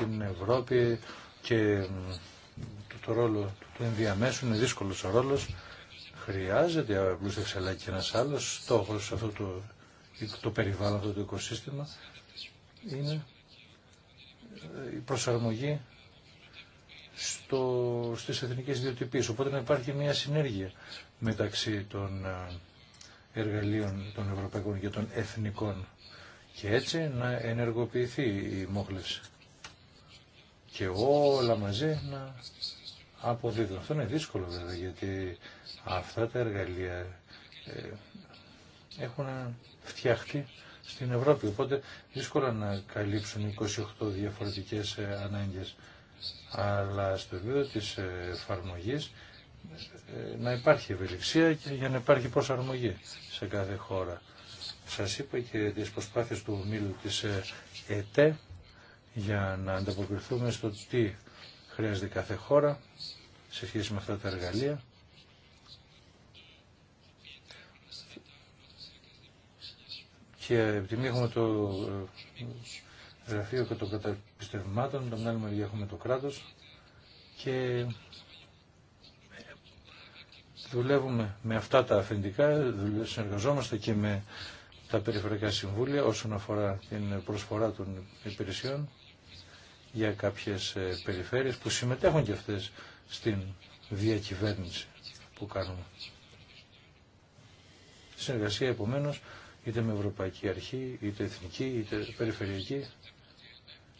Speaker 1: την Ευρώπη, και το, ρόλο του ενδιαμέσου είναι δύσκολος ο ρόλος. Χρειάζεται απλούστευση αλλά και ένας άλλος στόχος σε αυτό το, το περιβάλλον, αυτό το οικοσύστημα είναι ε, η προσαρμογή στο, στις εθνικές Οπότε να υπάρχει μια συνέργεια μεταξύ των ε, εργαλείων των ευρωπαϊκών και των εθνικών και έτσι να ενεργοποιηθεί η μόχλευση και όλα μαζί να αποδίδουν. Αυτό είναι δύσκολο βέβαια γιατί αυτά τα εργαλεία ε, έχουν φτιαχτεί στην Ευρώπη οπότε δύσκολα να καλύψουν 28 διαφορετικές ε, ανάγκες αλλά στο επίπεδο της εφαρμογή ε, να υπάρχει ευελιξία και για να υπάρχει προσαρμογή σε κάθε χώρα. Σας είπα και τις προσπάθειες του ομίλου της ε, ΕΤΕ για να ανταποκριθούμε στο τι χρειάζεται κάθε χώρα σε σχέση με αυτά τα εργαλεία. Και από έχουμε το ε, γραφείο και των καταπιστευμάτων, το άλλη μεριά έχουμε το κράτος και δουλεύουμε με αυτά τα αφεντικά, συνεργαζόμαστε και με τα περιφερειακά συμβούλια όσον αφορά την προσφορά των υπηρεσιών για κάποιες ε, περιφέρειες που συμμετέχουν και αυτές στην διακυβέρνηση που κάνουμε. Συνεργασία επομένως είτε με Ευρωπαϊκή Αρχή, είτε Εθνική, είτε Περιφερειακή.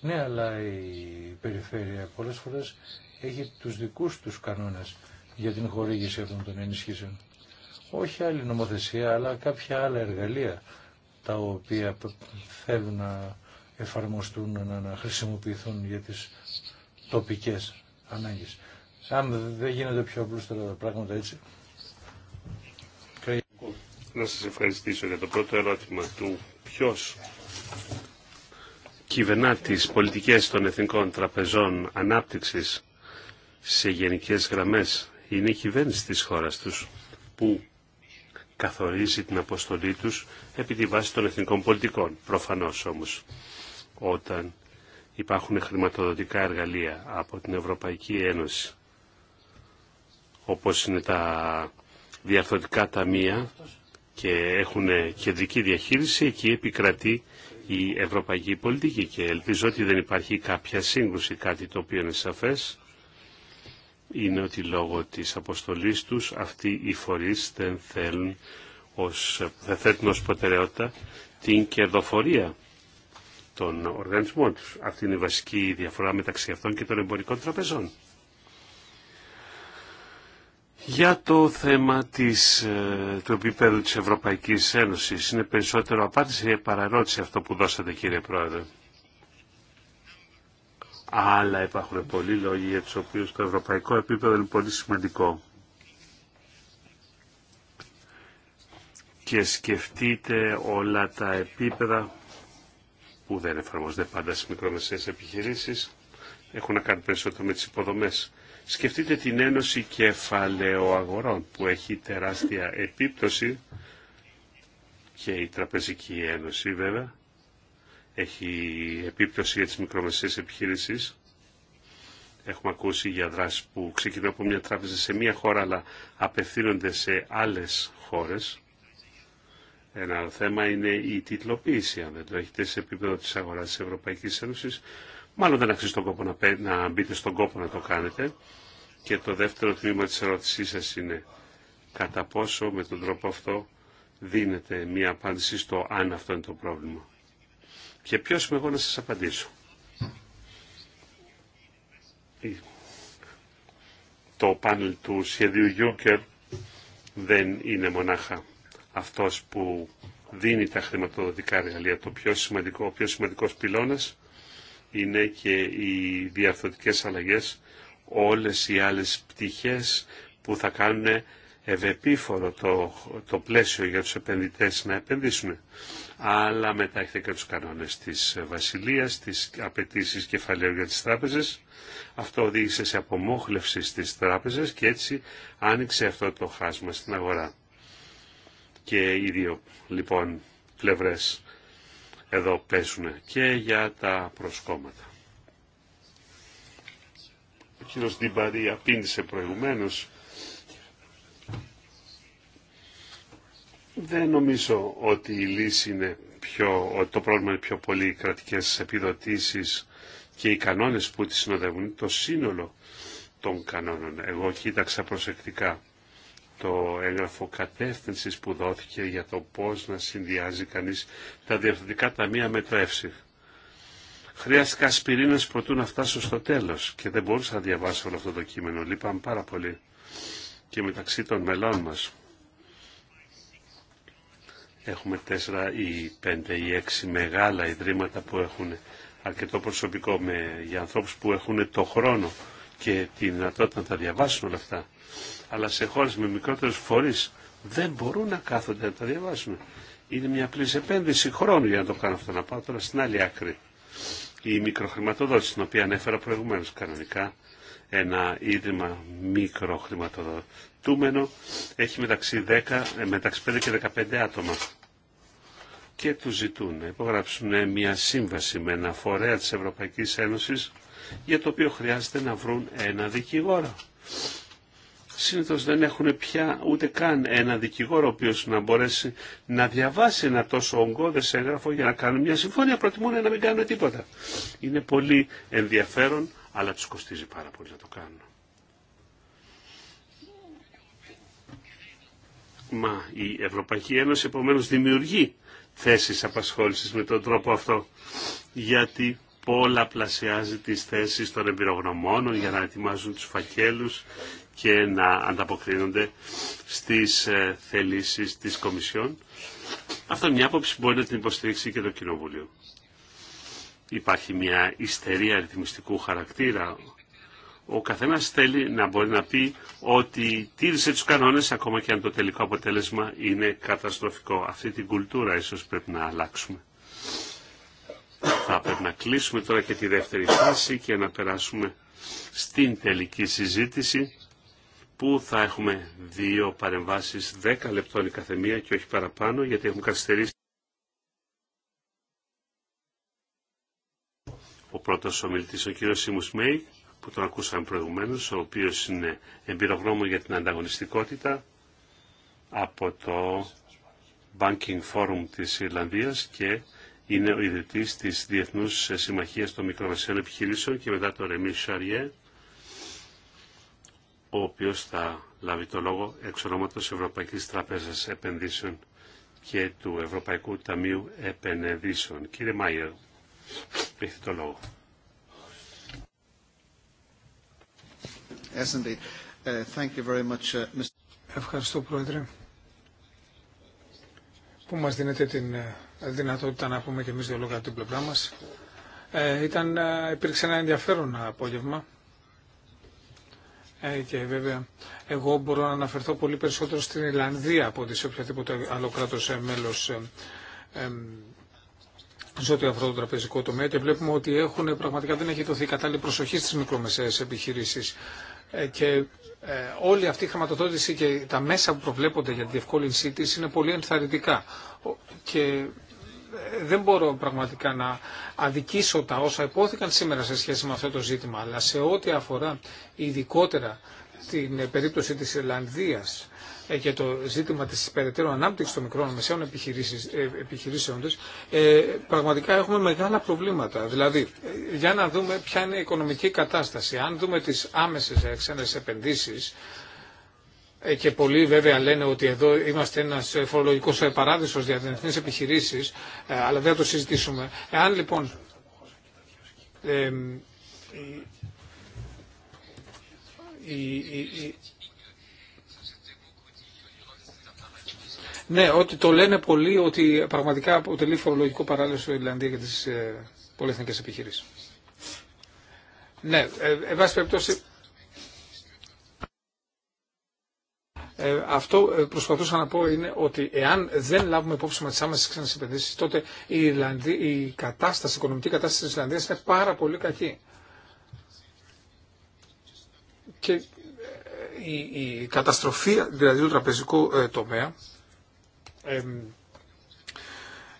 Speaker 1: Ναι, αλλά η Περιφέρεια πολλές φορές έχει τους δικούς τους κανόνες για την χορήγηση αυτών των ενισχύσεων. Όχι άλλη νομοθεσία, αλλά κάποια άλλα εργαλεία τα οποία θέλουν να εφαρμοστούν, να χρησιμοποιηθούν για τις τοπικές ανάγκες. Αν δεν γίνεται πιο απλούστερα τα πράγματα έτσι.
Speaker 2: Να σας ευχαριστήσω για το πρώτο ερώτημα του ποιος κυβερνά τις πολιτικές των Εθνικών Τραπεζών Ανάπτυξης σε γενικές γραμμές είναι η κυβέρνηση της χώρας τους που καθορίζει την αποστολή τους επί τη βάση των εθνικών πολιτικών. Προφανώς όμως όταν υπάρχουν χρηματοδοτικά εργαλεία από την Ευρωπαϊκή Ένωση όπως είναι τα διαρθρωτικά ταμεία και έχουν κεντρική διαχείριση, εκεί επικρατεί η ευρωπαϊκή πολιτική και ελπίζω ότι δεν υπάρχει κάποια σύγκρουση, κάτι το οποίο είναι σαφές, είναι ότι λόγω της αποστολής τους αυτοί οι φορείς δεν θέλουν ως, δεν θέτουν ως προτεραιότητα την κερδοφορία των οργανισμών τους. Αυτή είναι η βασική διαφορά μεταξύ αυτών και των εμπορικών τραπεζών. Για το θέμα της, ε, του επίπεδου της Ευρωπαϊκής Ένωσης είναι περισσότερο απάντηση ή παραρώτηση αυτό που δώσατε κύριε Πρόεδρε. Αλλά υπάρχουν πολλοί λόγοι για τους οποίους το ευρωπαϊκό επίπεδο είναι πολύ σημαντικό. Και σκεφτείτε όλα τα επίπεδα που δεν εφαρμόζονται πάντα στι μικρομεσαίες επιχειρήσεις, έχουν να κάνουν περισσότερο με τι υποδομέ. Σκεφτείτε την Ένωση Αγορών που έχει τεράστια επίπτωση και η Τραπεζική Ένωση βέβαια έχει επίπτωση για τις μικρομεσαίες επιχειρήσεις. Έχουμε ακούσει για δράσεις που ξεκινούν από μια τράπεζα σε μια χώρα αλλά απευθύνονται σε άλλες χώρες. Ένα άλλο θέμα είναι η τίτλοποίηση. Αν δεν το έχετε σε επίπεδο της αγοράς της Ευρωπαϊκής Ένωσης, μάλλον δεν αξίζει τον κόπο να, να μπείτε στον κόπο να το κάνετε. Και το δεύτερο τμήμα της ερώτησής σας είναι κατά πόσο με τον τρόπο αυτό δίνεται μία απάντηση στο αν αυτό είναι το πρόβλημα. Και ποιος είμαι εγώ να σας απαντήσω. Το πάνελ του σχεδίου Juncker δεν είναι μονάχα αυτός που δίνει τα χρηματοδοτικά εργαλεία. Το πιο σημαντικό, ο πιο σημαντικός πυλώνας είναι και οι διαρθρωτικές αλλαγές, όλες οι άλλες πτυχές που θα κάνουν ευεπίφορο το, το πλαίσιο για τους επενδυτές να επενδύσουν. Αλλά μετά έχετε και τους κανόνες της Βασιλείας, τις απαιτήσει κεφαλαίου για τις τράπεζες. Αυτό οδήγησε σε απομόχλευση στις τράπεζες και έτσι άνοιξε αυτό το χάσμα στην αγορά και οι δύο λοιπόν πλευρές εδώ πέσουν και για τα προσκόμματα. Ο κύριος Ντιμπαρή απήντησε προηγουμένως. Δεν νομίζω ότι η λύση είναι πιο, ότι το πρόβλημα είναι πιο πολύ οι κρατικές επιδοτήσεις και οι κανόνες που τις συνοδεύουν, το σύνολο των κανόνων. Εγώ κοίταξα προσεκτικά το έγγραφο κατεύθυνσης που δόθηκε για το πώς να συνδυάζει κανείς τα διευθυντικά ταμεία με το ΕΦΣΥΧ. Χρειάστηκα σπυρίνες προτού να φτάσω στο τέλος και δεν μπορούσα να διαβάσω όλο αυτό το κείμενο. Λείπαμε πάρα πολύ και μεταξύ των μελών μας. Έχουμε τέσσερα ή πέντε ή έξι μεγάλα ιδρύματα που έχουν αρκετό προσωπικό με, για ανθρώπους που έχουν το χρόνο και τη δυνατότητα να τα διαβάσουν όλα αυτά. Αλλά σε χώρες με μικρότερους φορείς δεν μπορούν να κάθονται να τα διαβάσουν. Είναι μια πλήρης επένδυση χρόνου για να το κάνω αυτό. Να πάω τώρα στην άλλη άκρη. Η μικροχρηματοδότηση, την οποία ανέφερα προηγουμένω κανονικά, ένα ίδρυμα μικροχρηματοδοτούμενο, έχει μεταξύ, 10, ε, μεταξύ 5 και 15 άτομα και του ζητούν να υπογράψουν μια σύμβαση με ένα φορέα της Ευρωπαϊκής Ένωσης για το οποίο χρειάζεται να βρουν ένα δικηγόρο. Συνήθω δεν έχουν πια ούτε καν ένα δικηγόρο ο οποίο να μπορέσει να διαβάσει ένα τόσο ογκώδε έγγραφο για να κάνουν μια συμφωνία. Προτιμούν να μην κάνουν τίποτα. Είναι πολύ ενδιαφέρον, αλλά του κοστίζει πάρα πολύ να το κάνουν. Μα η Ευρωπαϊκή Ένωση επομένως δημιουργεί θέσεις απασχόλησης με τον τρόπο αυτό γιατί πολλαπλασιάζει τις θέσεις των εμπειρογνωμόνων για να ετοιμάζουν τους φακέλους και να ανταποκρίνονται στις ε, θελήσεις της Κομισιόν. Αυτό είναι μια άποψη που μπορεί να την υποστηρίξει και το Κοινοβούλιο. Υπάρχει μια ιστερία αριθμιστικού χαρακτήρα. Ο καθένας θέλει να μπορεί να πει ότι τήρησε τους κανόνες ακόμα και αν το τελικό αποτέλεσμα είναι καταστροφικό. Αυτή την κουλτούρα ίσως πρέπει να αλλάξουμε. Θα πρέπει να κλείσουμε τώρα και τη δεύτερη φάση και να περάσουμε στην τελική συζήτηση που θα έχουμε δύο παρεμβάσεις 10 λεπτών η καθεμία και όχι παραπάνω γιατί έχουμε καθυστερήσει. Ο πρώτος ομιλητής ο κύριος Σίμους που τον ακούσαμε προηγουμένως ο οποίος είναι εμπειρογνώμων για την ανταγωνιστικότητα από το Banking Forum της Ιρλανδίας και είναι ο ιδρυτής της Διεθνούς Συμμαχίας των Μικρομεσαίων Επιχειρήσεων και μετά το Ρεμί Σαριέ, ο οποίος θα λάβει το λόγο εξ ονόματος Ευρωπαϊκής Τραπέζας Επενδύσεων και του Ευρωπαϊκού Ταμείου Επενδύσεων. Κύριε Μάιερ, έχετε το λόγο.
Speaker 3: Uh, uh, Ευχαριστώ, Πρόεδρε, που μας δίνετε την uh, δυνατότητα να πούμε και εμεί δύο λόγια από την πλευρά μας. Ε, ήταν, ε, υπήρξε ένα ενδιαφέρον απόγευμα ε, και βέβαια εγώ μπορώ να αναφερθώ πολύ περισσότερο στην Ιλανδία από ότι σε οποιαδήποτε άλλο κράτο ε, μέλος ε, ε, σε ό,τι αφορά το τραπεζικό τομέα και βλέπουμε ότι έχουν, πραγματικά δεν έχει δοθεί κατάλληλη προσοχή στις μικρομεσαίες επιχειρήσεις και όλη αυτή η χρηματοδότηση και τα μέσα που προβλέπονται για τη διευκόλυνσή τη είναι πολύ ενθαρρυντικά και ε, δεν μπορώ πραγματικά να αδικήσω τα όσα υπόθηκαν σήμερα σε σχέση με αυτό το ζήτημα, αλλά σε ό,τι αφορά ειδικότερα την ε, περίπτωση της Ιρλανδίας και ε, το ζήτημα της περαιτέρω ανάπτυξης των μικρών μεσαίων επιχειρήσεων τους, πραγματικά έχουμε μεγάλα προβλήματα. Δηλαδή, για να δούμε ποια είναι η οικονομική κατάσταση. Αν δούμε τις άμεσες ξένες επενδύσεις, ε, και πολλοί βέβαια λένε ότι εδώ είμαστε ένας φορολογικό παράδεισο για διεθνείς επιχειρήσεις, ε, αλλά δεν θα το συζητήσουμε. Εάν λοιπόν ναι, ότι το λένε πολλοί ότι πραγματικά αποτελεί φορολογικό παράδεισο η Ιρλανδία για τις ε, πολυεθνικές επιχειρήσεις. Ναι, ε, περιπτώσει Ε, αυτό ε, προσπαθούσα να πω είναι ότι εάν δεν λάβουμε υπόψη μα τι άμεσε ξένε επενδύσει, τότε η, Ιρλανδία, η κατάσταση, οικονομική κατάσταση τη Ισλανδία είναι πάρα πολύ κακή. Και ε, η, καταστροφή δηλαδή του τραπεζικού τομέα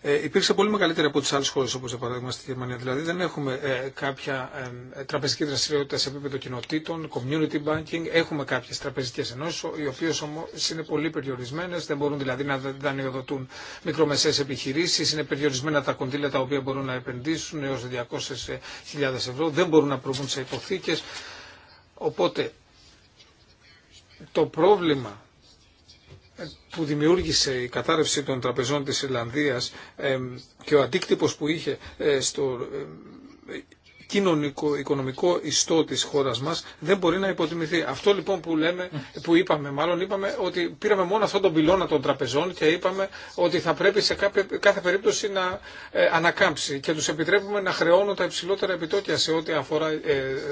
Speaker 3: ε, υπήρξε πολύ μεγαλύτερη από τι άλλε χώρε, όπω για παράδειγμα στη Γερμανία. Δηλαδή δεν έχουμε ε, κάποια ε, τραπεζική δραστηριότητα σε επίπεδο κοινοτήτων, community banking. Έχουμε κάποιε τραπεζικέ ενώσει, οι οποίε όμω είναι πολύ περιορισμένε, δεν μπορούν δηλαδή να δανειοδοτούν μικρομεσαίε επιχειρήσει, είναι περιορισμένα τα κονδύλια τα οποία μπορούν να επενδύσουν έω 200.000 ευρώ, δεν μπορούν να προβούν σε υποθήκε. Οπότε το πρόβλημα που δημιούργησε η κατάρρευση των τραπεζών της Ιρλανδίας και ο αντίκτυπος που είχε ε, στο ε, κοινωνικό-οικονομικό ιστό της χώρας μας δεν μπορεί να υποτιμηθεί. Αυτό λοιπόν που, λέμε, που είπαμε, μάλλον είπαμε ότι πήραμε μόνο αυτόν τον πυλώνα των τραπεζών και είπαμε ότι θα πρέπει σε κάποια, κάθε περίπτωση να ε, ανακάμψει και τους επιτρέπουμε να χρεώνουν τα υψηλότερα επιτόκια σε ό,τι αφορά ε,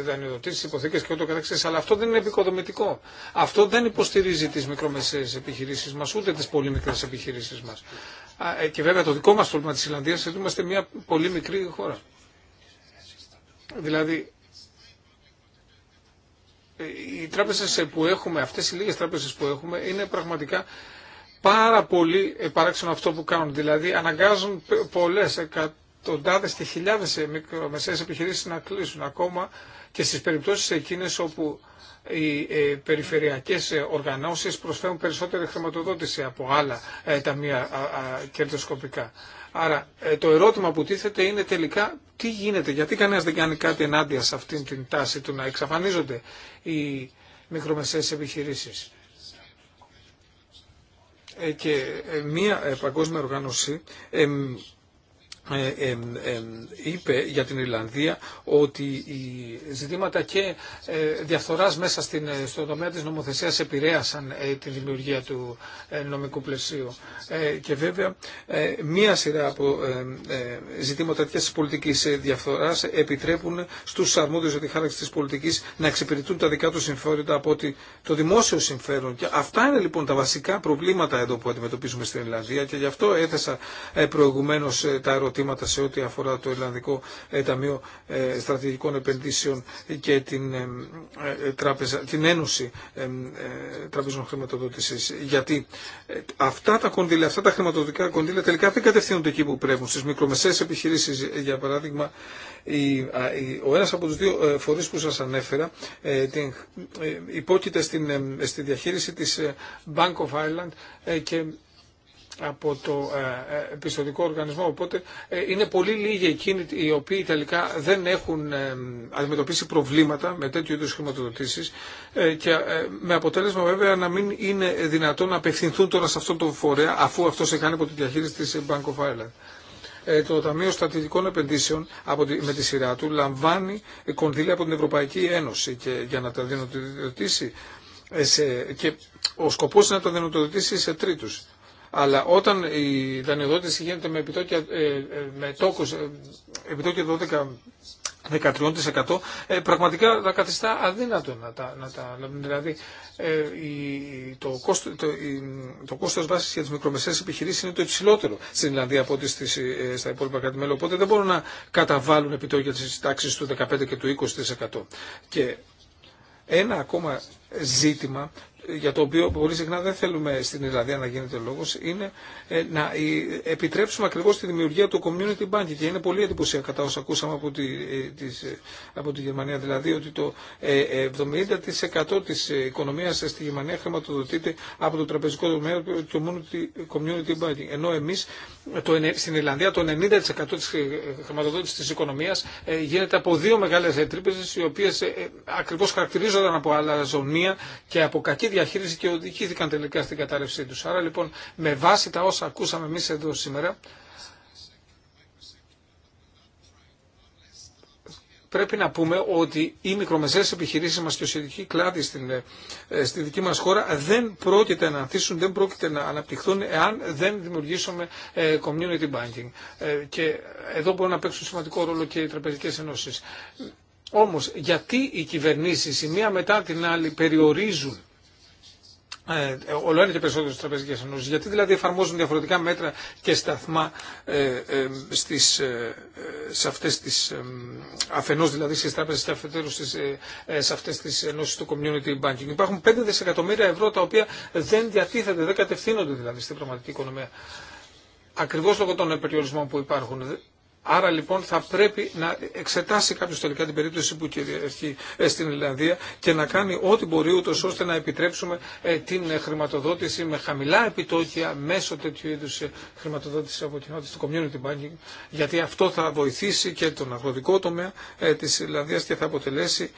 Speaker 3: δανειοδοτήσεις, υποθήκες και ό,τι καθεξής. Αλλά αυτό δεν είναι επικοδομητικό. Αυτό δεν υποστηρίζει τις μικρομεσαίες επιχειρήσεις μα ούτε τις πολύ μικρές επιχειρήσεις μας. Ε, και βέβαια το δικό μας πρόβλημα της Ιλλανδίας, είμαστε μια πολύ μικρή χώρα. Δηλαδή, οι τράπεζες που έχουμε, αυτές οι λίγες τράπεζες που έχουμε, είναι πραγματικά πάρα πολύ παράξενο αυτό που κάνουν. Δηλαδή, αναγκάζουν πολλές, εκατοντάδες και χιλιάδες μικρομεσαίες επιχειρήσεις να κλείσουν ακόμα και στις περιπτώσεις εκείνες όπου οι ε, περιφερειακές ε, οργανώσεις προσφέρουν περισσότερη χρηματοδότηση από άλλα ε, ταμεία κερδοσκοπικά. Άρα ε, το ερώτημα που τίθεται είναι τελικά τι γίνεται, γιατί κανένας δεν κάνει κάτι ενάντια σε αυτήν την τάση του να εξαφανίζονται οι μικρομεσαίες επιχειρήσεις. Ε, και ε, μία παγκόσμια οργάνωση ε, είπε για την Ιρλανδία ότι οι ζητήματα και ε, διαφθοράς μέσα στην, ε, στο τομέα της νομοθεσίας επηρέασαν τη δημιουργία του νομικού πλαισίου. και βέβαια μία σειρά από ζητήματα τέτοιας πολιτικής διαφθοράς επιτρέπουν στους αρμόδιους για τη χάραξη της πολιτικής να εξυπηρετούν τα δικά τους συμφέροντα από ότι το δημόσιο συμφέρον. Και αυτά είναι λοιπόν τα βασικά προβλήματα εδώ που αντιμετωπίζουμε στην Ιρλανδία και γι' αυτό έθεσα προηγουμένως τα ερωτήματα ερωτήματα σε ό,τι αφορά το Ελλανδικό ε, Ταμείο ε, Στρατηγικών Επενδύσεων και την, ε, τράπεζα, την Ένωση Τραπεζών Χρηματοδότησης. Γιατί αυτά τα κονδύλια, αυτά τα χρηματοδοτικά κονδύλια τελικά δεν κατευθύνονται εκεί που πρέπει. Στις μικρομεσαίες επιχειρήσεις, για παράδειγμα, ο ένας από τους δύο φορείς που σας ανέφερα υπόκειται στην, στη διαχείριση της Bank of Ireland και από το ε, ε, επιστοτικό οργανισμό. Οπότε ε, είναι πολύ λίγοι εκείνοι οι οποίοι τελικά δεν έχουν αντιμετωπίσει προβλήματα με τέτοιου είδου χρηματοδοτήσει και με αποτέλεσμα βέβαια να μην είναι δυνατόν να απευθυνθούν τώρα σε αυτόν τον φορέα αφού αυτό σε κάνει από τη διαχείριση τη Bank of Ireland. Το Ταμείο Στατιστικών Επενδύσεων με τη σειρά του λαμβάνει κονδύλια από την Ευρωπαϊκή Ένωση και για να τα σε, και ο σκοπός είναι να τα δυνατοδοτήσει σε τρίτους αλλά όταν η δανειοδότηση γίνεται με επιτόκια, ε, ε, με τόκους, ε, επιτόκια 12 13% πραγματικά θα καθιστά αδύνατο να τα, να τα Δηλαδή, το, κόστο, το, το κόστος βάσης για τις μικρομεσαίες επιχειρήσεις είναι το υψηλότερο στην Ιρλανδία από ό,τι στα υπόλοιπα κράτη-μέλη. Οπότε δεν μπορούν να καταβάλουν επιτόκια της τάξης του 15% και του 20%. Και ένα ακόμα ζήτημα για το οποίο πολύ συχνά δεν θέλουμε στην Ιρλανδία να γίνεται λόγο, είναι ε, να ε, επιτρέψουμε ακριβώ τη δημιουργία του community banking και είναι πολύ εντυπωσιακά τα όσα ακούσαμε από τη, ε, από τη Γερμανία, δηλαδή ότι το 70% τη οικονομία στη Γερμανία χρηματοδοτείται από το τραπεζικό τομέα του community banking, ενώ εμεί, στην Ιρλανδία το 90% τη χρηματοδότηση της οικονομίας γίνεται από δύο μεγάλε τρύπε, οι οποίες ακριβώ χαρακτηρίζονταν από αλαζονία και από κακή διαχείριση και οδηγήθηκαν τελικά στην κατάρρευσή του. Άρα λοιπόν με βάση τα όσα ακούσαμε εμεί εδώ σήμερα πρέπει να πούμε ότι οι μικρομεσαίες επιχειρήσεις μας και ο σχετικοί κλάδοι στην, ε, στη δική μας χώρα δεν πρόκειται να ανθίσουν, δεν πρόκειται να αναπτυχθούν εάν δεν δημιουργήσουμε ε, community banking. Ε, και εδώ μπορούν να παίξουν σημαντικό ρόλο και οι τραπεζικές ενώσεις. Όμως γιατί οι κυβερνήσεις η μία μετά την άλλη περιορίζουν ε, όλο ένα και περισσότερο στι τραπεζικέ ενώσει. Γιατί δηλαδή εφαρμόζουν διαφορετικά μέτρα και σταθμά ε, ε, στις, ε, σε αυτές τις Ε, δηλαδή στι τράπεζε και αφετέρου σε αυτέ τι ενώσει του community banking. Υπάρχουν 5 δισεκατομμύρια ευρώ τα οποία δεν διατίθεται, δεν κατευθύνονται δηλαδή στην πραγματική οικονομία. Ακριβώ λόγω των περιορισμών που υπάρχουν. Άρα λοιπόν θα πρέπει να εξετάσει κάποιο τελικά την περίπτωση που κυριαρχεί ε, στην Ιλλανδία και να κάνει ό,τι μπορεί ούτω ώστε να επιτρέψουμε ε, την χρηματοδότηση με χαμηλά επιτόκια μέσω τέτοιου είδου ε, χρηματοδότηση από κοινότητα του community banking, γιατί αυτό θα βοηθήσει και τον αγροτικό τομέα τη Ιρλανδία και θα αποτελέσει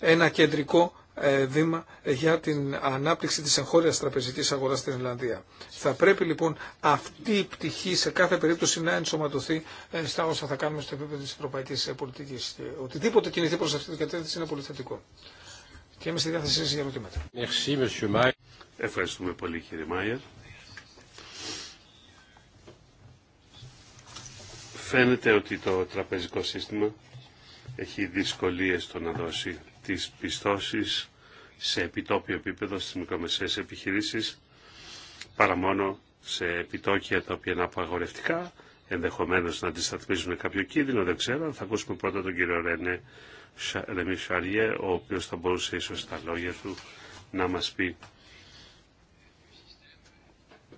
Speaker 3: ένα κεντρικό ε, βήμα για την ανάπτυξη της εγχώριας τραπεζικής αγοράς στην Ιρλανδία. Θα πρέπει λοιπόν αυτή η πτυχή σε κάθε περίπτωση να ενσωματωθεί ε, στα όσα θα κάνουμε στο επίπεδο της ευρωπαϊκής ε, πολιτικής. Οτιδήποτε κινηθεί προς αυτή την κατεύθυνση είναι πολύ θετικό. Και είμαι στη διάθεσή σας για ερωτήματα.
Speaker 2: Ευχαριστούμε πολύ κύριε Μάιερ. Φαίνεται ότι το τραπεζικό σύστημα έχει δυσκολίες στο να δώσει τις πιστώσεις σε επιτόπιο επίπεδο στις μικρομεσαίες επιχειρήσεις παρά μόνο σε επιτόκια τα οποία είναι απαγορευτικά, ενδεχομένως να αντισταθμίζουν κάποιο κίνδυνο, δεν ξέρω. Θα ακούσουμε πρώτα τον κύριο Ρένε Ρεμί ο οποίος θα μπορούσε ίσως τα λόγια του να μας πει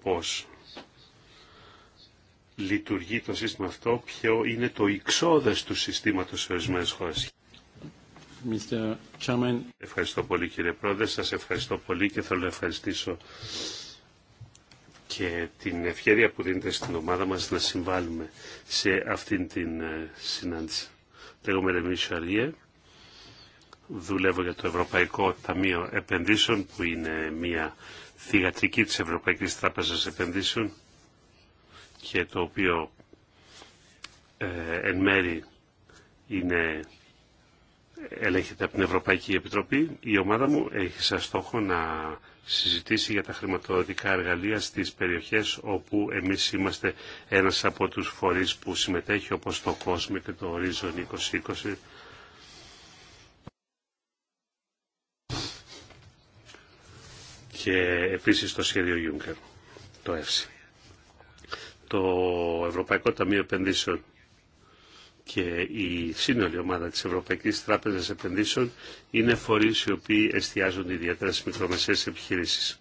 Speaker 2: πώς λειτουργεί το σύστημα αυτό, ποιο είναι το εξόδες του συστήματος σε ορισμένες χώρες. Ευχαριστώ πολύ κύριε Πρόεδρε, σας ευχαριστώ πολύ και θέλω να ευχαριστήσω και την ευκαιρία που δίνεται στην ομάδα μας να συμβάλλουμε σε αυτήν την ε, συνάντηση. Λέγομαι Ρεμί Σαριέ, δουλεύω για το Ευρωπαϊκό Ταμείο Επενδύσεων που είναι μια θηγατρική της Ευρωπαϊκής Τράπεζας Επενδύσεων και το οποίο ε, εν μέρη είναι ελέγχεται από την Ευρωπαϊκή Επιτροπή. Η ομάδα μου έχει σαν στόχο να συζητήσει για τα χρηματοδοτικά εργαλεία στις περιοχές όπου εμείς είμαστε ένας από τους φορείς που συμμετέχει όπως το κόσμο και το Horizon 2020. Και επίσης το σχέδιο Juncker, το EFSI. Το Ευρωπαϊκό Ταμείο Επενδύσεων και η σύνολη ομάδα της Ευρωπαϊκής Τράπεζας Επενδύσεων είναι φορείς οι οποίοι εστιάζονται ιδιαίτερα στις μικρομεσαίες επιχειρήσεις.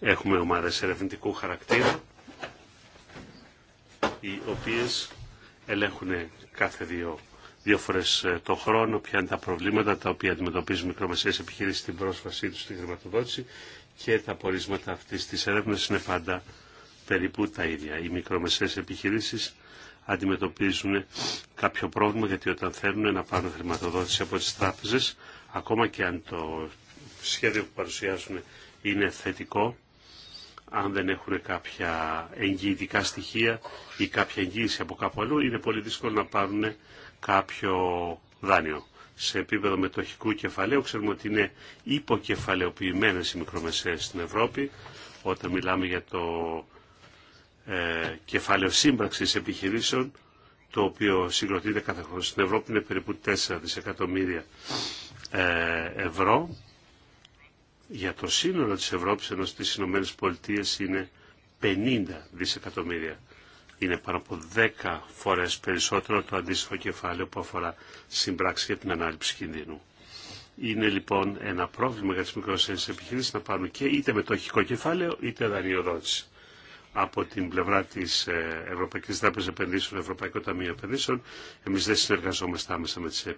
Speaker 2: Έχουμε ομάδες ερευνητικού χαρακτήρα οι οποίες ελέγχουν κάθε δύο, δύο φορές ε, το χρόνο ποια είναι τα προβλήματα τα οποία αντιμετωπίζουν μικρομεσαίες επιχειρήσεις στην πρόσβασή τους στη χρηματοδότηση και τα πορίσματα αυτής της έρευνας είναι πάντα περίπου τα ίδια. Οι μικρομεσαίες επιχειρήσεις αντιμετωπίζουν κάποιο πρόβλημα γιατί όταν θέλουν να πάρουν χρηματοδότηση από τις τράπεζες ακόμα και αν το σχέδιο που παρουσιάζουν είναι θετικό αν δεν έχουν κάποια εγγυητικά στοιχεία ή κάποια εγγύηση από κάπου αλλού είναι πολύ δύσκολο να πάρουν κάποιο δάνειο. Σε επίπεδο μετοχικού κεφαλαίου ξέρουμε ότι είναι υποκεφαλαιοποιημένες οι μικρομεσαίες στην Ευρώπη όταν μιλάμε για το ε, κεφάλαιο σύμπραξης επιχειρήσεων, το οποίο συγκροτείται κάθε χρόνο στην Ευρώπη, είναι περίπου 4 δισεκατομμύρια ε, ευρώ. Για το σύνολο της Ευρώπης, ενώ στις Ηνωμένες Πολιτείες είναι 50 δισεκατομμύρια. Είναι πάνω από 10 φορές περισσότερο το αντίστοιχο κεφάλαιο που αφορά συμπράξη για την ανάληψη κινδύνου. Είναι λοιπόν ένα πρόβλημα για τις μικρές επιχειρήσεις να πάρουν και είτε μετοχικό κεφάλαιο είτε δανειοδότηση από την πλευρά τη ε, Ευρωπαϊκή Τράπεζα Επενδύσεων, Ευρωπαϊκό Ταμείο Επενδύσεων. Εμεί δεν συνεργαζόμαστε άμεσα με τι ε,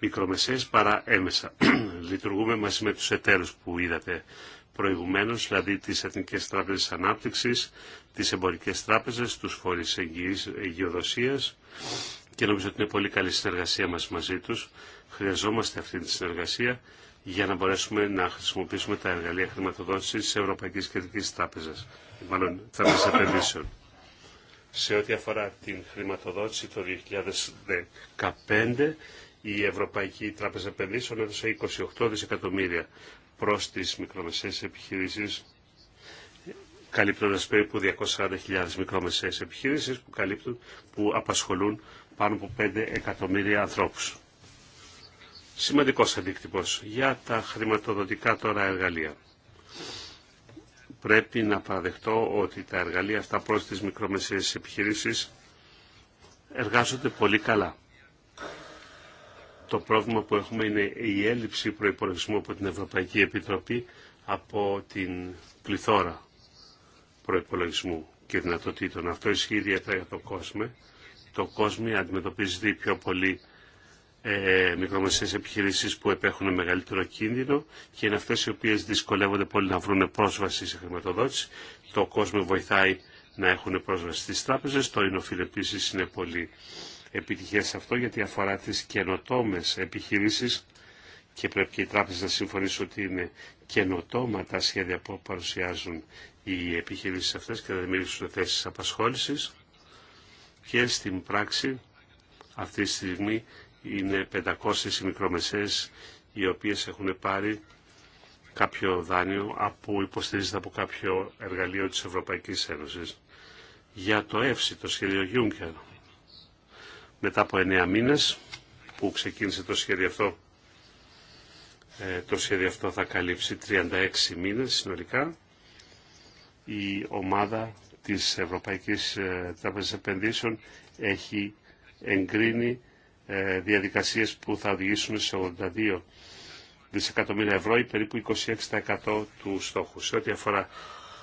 Speaker 2: μικρομεσαίε παρά έμεσα. Λειτουργούμε μαζί με του εταίρου που είδατε προηγουμένω, δηλαδή τι Εθνικέ Τράπεζε Ανάπτυξη, τι Εμπορικέ Τράπεζε, του Φορεί Εγγυοδοσία και νομίζω ότι είναι πολύ καλή συνεργασία μα μαζί του. Χρειαζόμαστε αυτή τη συνεργασία για να μπορέσουμε να χρησιμοποιήσουμε τα εργαλεία χρηματοδότηση τη Ευρωπαϊκή Κεντρικής Τράπεζα, μάλλον Τράπεζας Επενδύσεων. Σε ό,τι αφορά την χρηματοδότηση το 2015, η Ευρωπαϊκή Τράπεζα Επενδύσεων έδωσε 28 δισεκατομμύρια προς τις μικρομεσαίες επιχειρήσεις, καλύπτοντας περίπου 240.000 μικρομεσαίες επιχειρήσεις που, που απασχολούν πάνω από 5 εκατομμύρια ανθρώπους σημαντικός αντίκτυπος για τα χρηματοδοτικά τώρα εργαλεία. Πρέπει να παραδεχτώ ότι τα εργαλεία αυτά προς τις μικρομεσαίες επιχειρήσεις εργάζονται πολύ καλά. Το πρόβλημα που έχουμε είναι η έλλειψη προϋπολογισμού από την Ευρωπαϊκή Επιτροπή από την πληθώρα προϋπολογισμού και δυνατοτήτων. Αυτό ισχύει ιδιαίτερα για το κόσμο. Το κόσμο αντιμετωπίζει πιο πολύ ε, μικρομεσαίες επιχειρήσεις που επέχουν μεγαλύτερο κίνδυνο και είναι αυτές οι οποίες δυσκολεύονται πολύ να βρουν πρόσβαση σε χρηματοδότηση. Το κόσμο βοηθάει να έχουν πρόσβαση στις τράπεζες. Το Ινοφιλ επίση είναι πολύ επιτυχές αυτό γιατί αφορά τις καινοτόμες επιχειρήσεις και πρέπει και οι τράπεζες να συμφωνήσουν ότι είναι καινοτόμα τα σχέδια που παρουσιάζουν οι επιχειρήσεις αυτές και να δημιουργήσουν θέσεις απασχόλησης και στην πράξη αυτή τη στιγμή είναι 500 οι μικρομεσαίες οι οποίες έχουν πάρει κάποιο δάνειο που υποστηρίζεται από κάποιο εργαλείο της Ευρωπαϊκής Ένωσης. Για το ΕΦΣΙ, το σχέδιο Juncker, μετά από 9 μήνες που ξεκίνησε το σχέδιο αυτό, ε, το σχέδιο αυτό θα καλύψει 36 μήνες συνολικά. Η ομάδα της Ευρωπαϊκής ε, Τράπεζας Επενδύσεων έχει εγκρίνει ε, διαδικασίες που θα οδηγήσουν σε 82 δισεκατομμύρια ευρώ ή περίπου 26% του στόχου. Σε ό,τι αφορά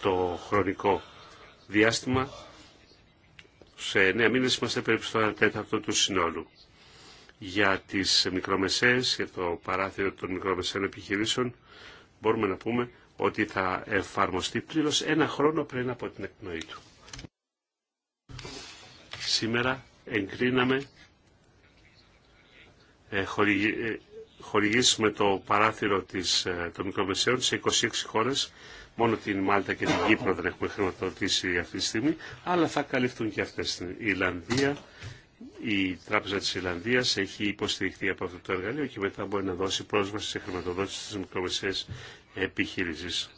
Speaker 2: το χρονικό διάστημα, σε 9 μήνες είμαστε περίπου στο 1 τέταρτο του συνόλου. Για τις μικρομεσαίες, για το παράθυρο των μικρομεσαίων επιχειρήσεων, μπορούμε να πούμε ότι θα εφαρμοστεί πλήρως ένα χρόνο πριν από την εκπνοή του. Σήμερα εγκρίναμε ε, ε, χορηγήσουμε με το παράθυρο της, ε, των μικρομεσαίων σε 26 χώρες. Μόνο την Μάλτα και την Κύπρο δεν έχουμε χρηματοδοτήσει αυτή τη στιγμή, αλλά θα καλυφθούν και αυτές η Ιλλανδία Η Τράπεζα της Ιλανδίας έχει υποστηριχθεί από αυτό το εργαλείο και μετά μπορεί να δώσει πρόσβαση σε χρηματοδότηση στις μικρομεσαίες επιχείρησης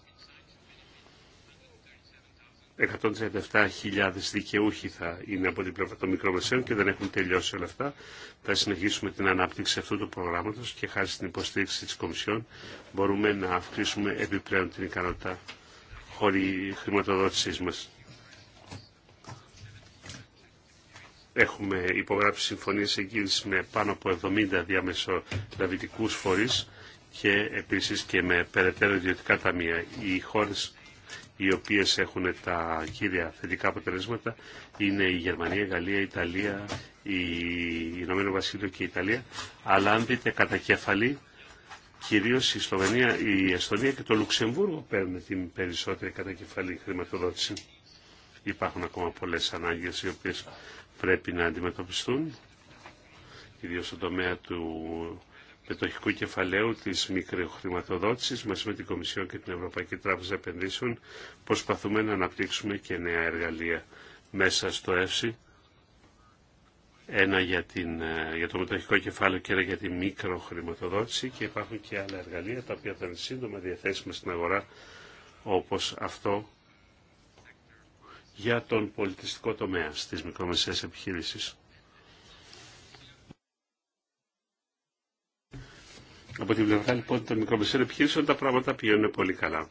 Speaker 2: 137.000 δικαιούχοι θα είναι από την πλευρά των μικρομεσαίων και δεν έχουν τελειώσει όλα αυτά. Θα συνεχίσουμε την ανάπτυξη αυτού του προγράμματο και χάρη στην υποστήριξη τη Κομισιόν μπορούμε να αυξήσουμε επιπλέον την ικανότητα χωρί χρηματοδότησή μα. Έχουμε υπογράψει συμφωνίες εγγύηση με πάνω από 70 διαμεσολαβητικούς φορείς και επίσης και με περαιτέρω ιδιωτικά ταμεία. Οι χώρες οι οποίες έχουν τα κύρια θετικά αποτελέσματα είναι η Γερμανία, η Γαλλία, η Ιταλία, η Ηνωμένο Βασίλειο και η Ιταλία. Αλλά αν δείτε κατά κεφαλή, κυρίως η Σλοβενία, η Εστονία και το Λουξεμβούργο παίρνουν την περισσότερη κατά κεφαλή χρηματοδότηση. Υπάρχουν ακόμα πολλές ανάγκες οι οποίες πρέπει να αντιμετωπιστούν, κυρίως στον τομέα του μετοχικού κεφαλαίου της μικροχρηματοδότησης μαζί με την Κομισιόν και την Ευρωπαϊκή Τράπεζα Επενδύσεων προσπαθούμε να αναπτύξουμε και νέα εργαλεία μέσα στο ΕΦΣΥ ένα για, την, ε, το μετοχικό κεφάλαιο και ένα για τη μικροχρηματοδότηση και υπάρχουν και άλλα εργαλεία τα οποία θα είναι σύντομα διαθέσιμα στην αγορά όπως αυτό για τον πολιτιστικό τομέα στις μικρομεσαίες επιχείρησεις. Από την πλευρά λοιπόν των μικρομεσαίων επιχειρήσεων τα πράγματα πηγαίνουν πολύ καλά.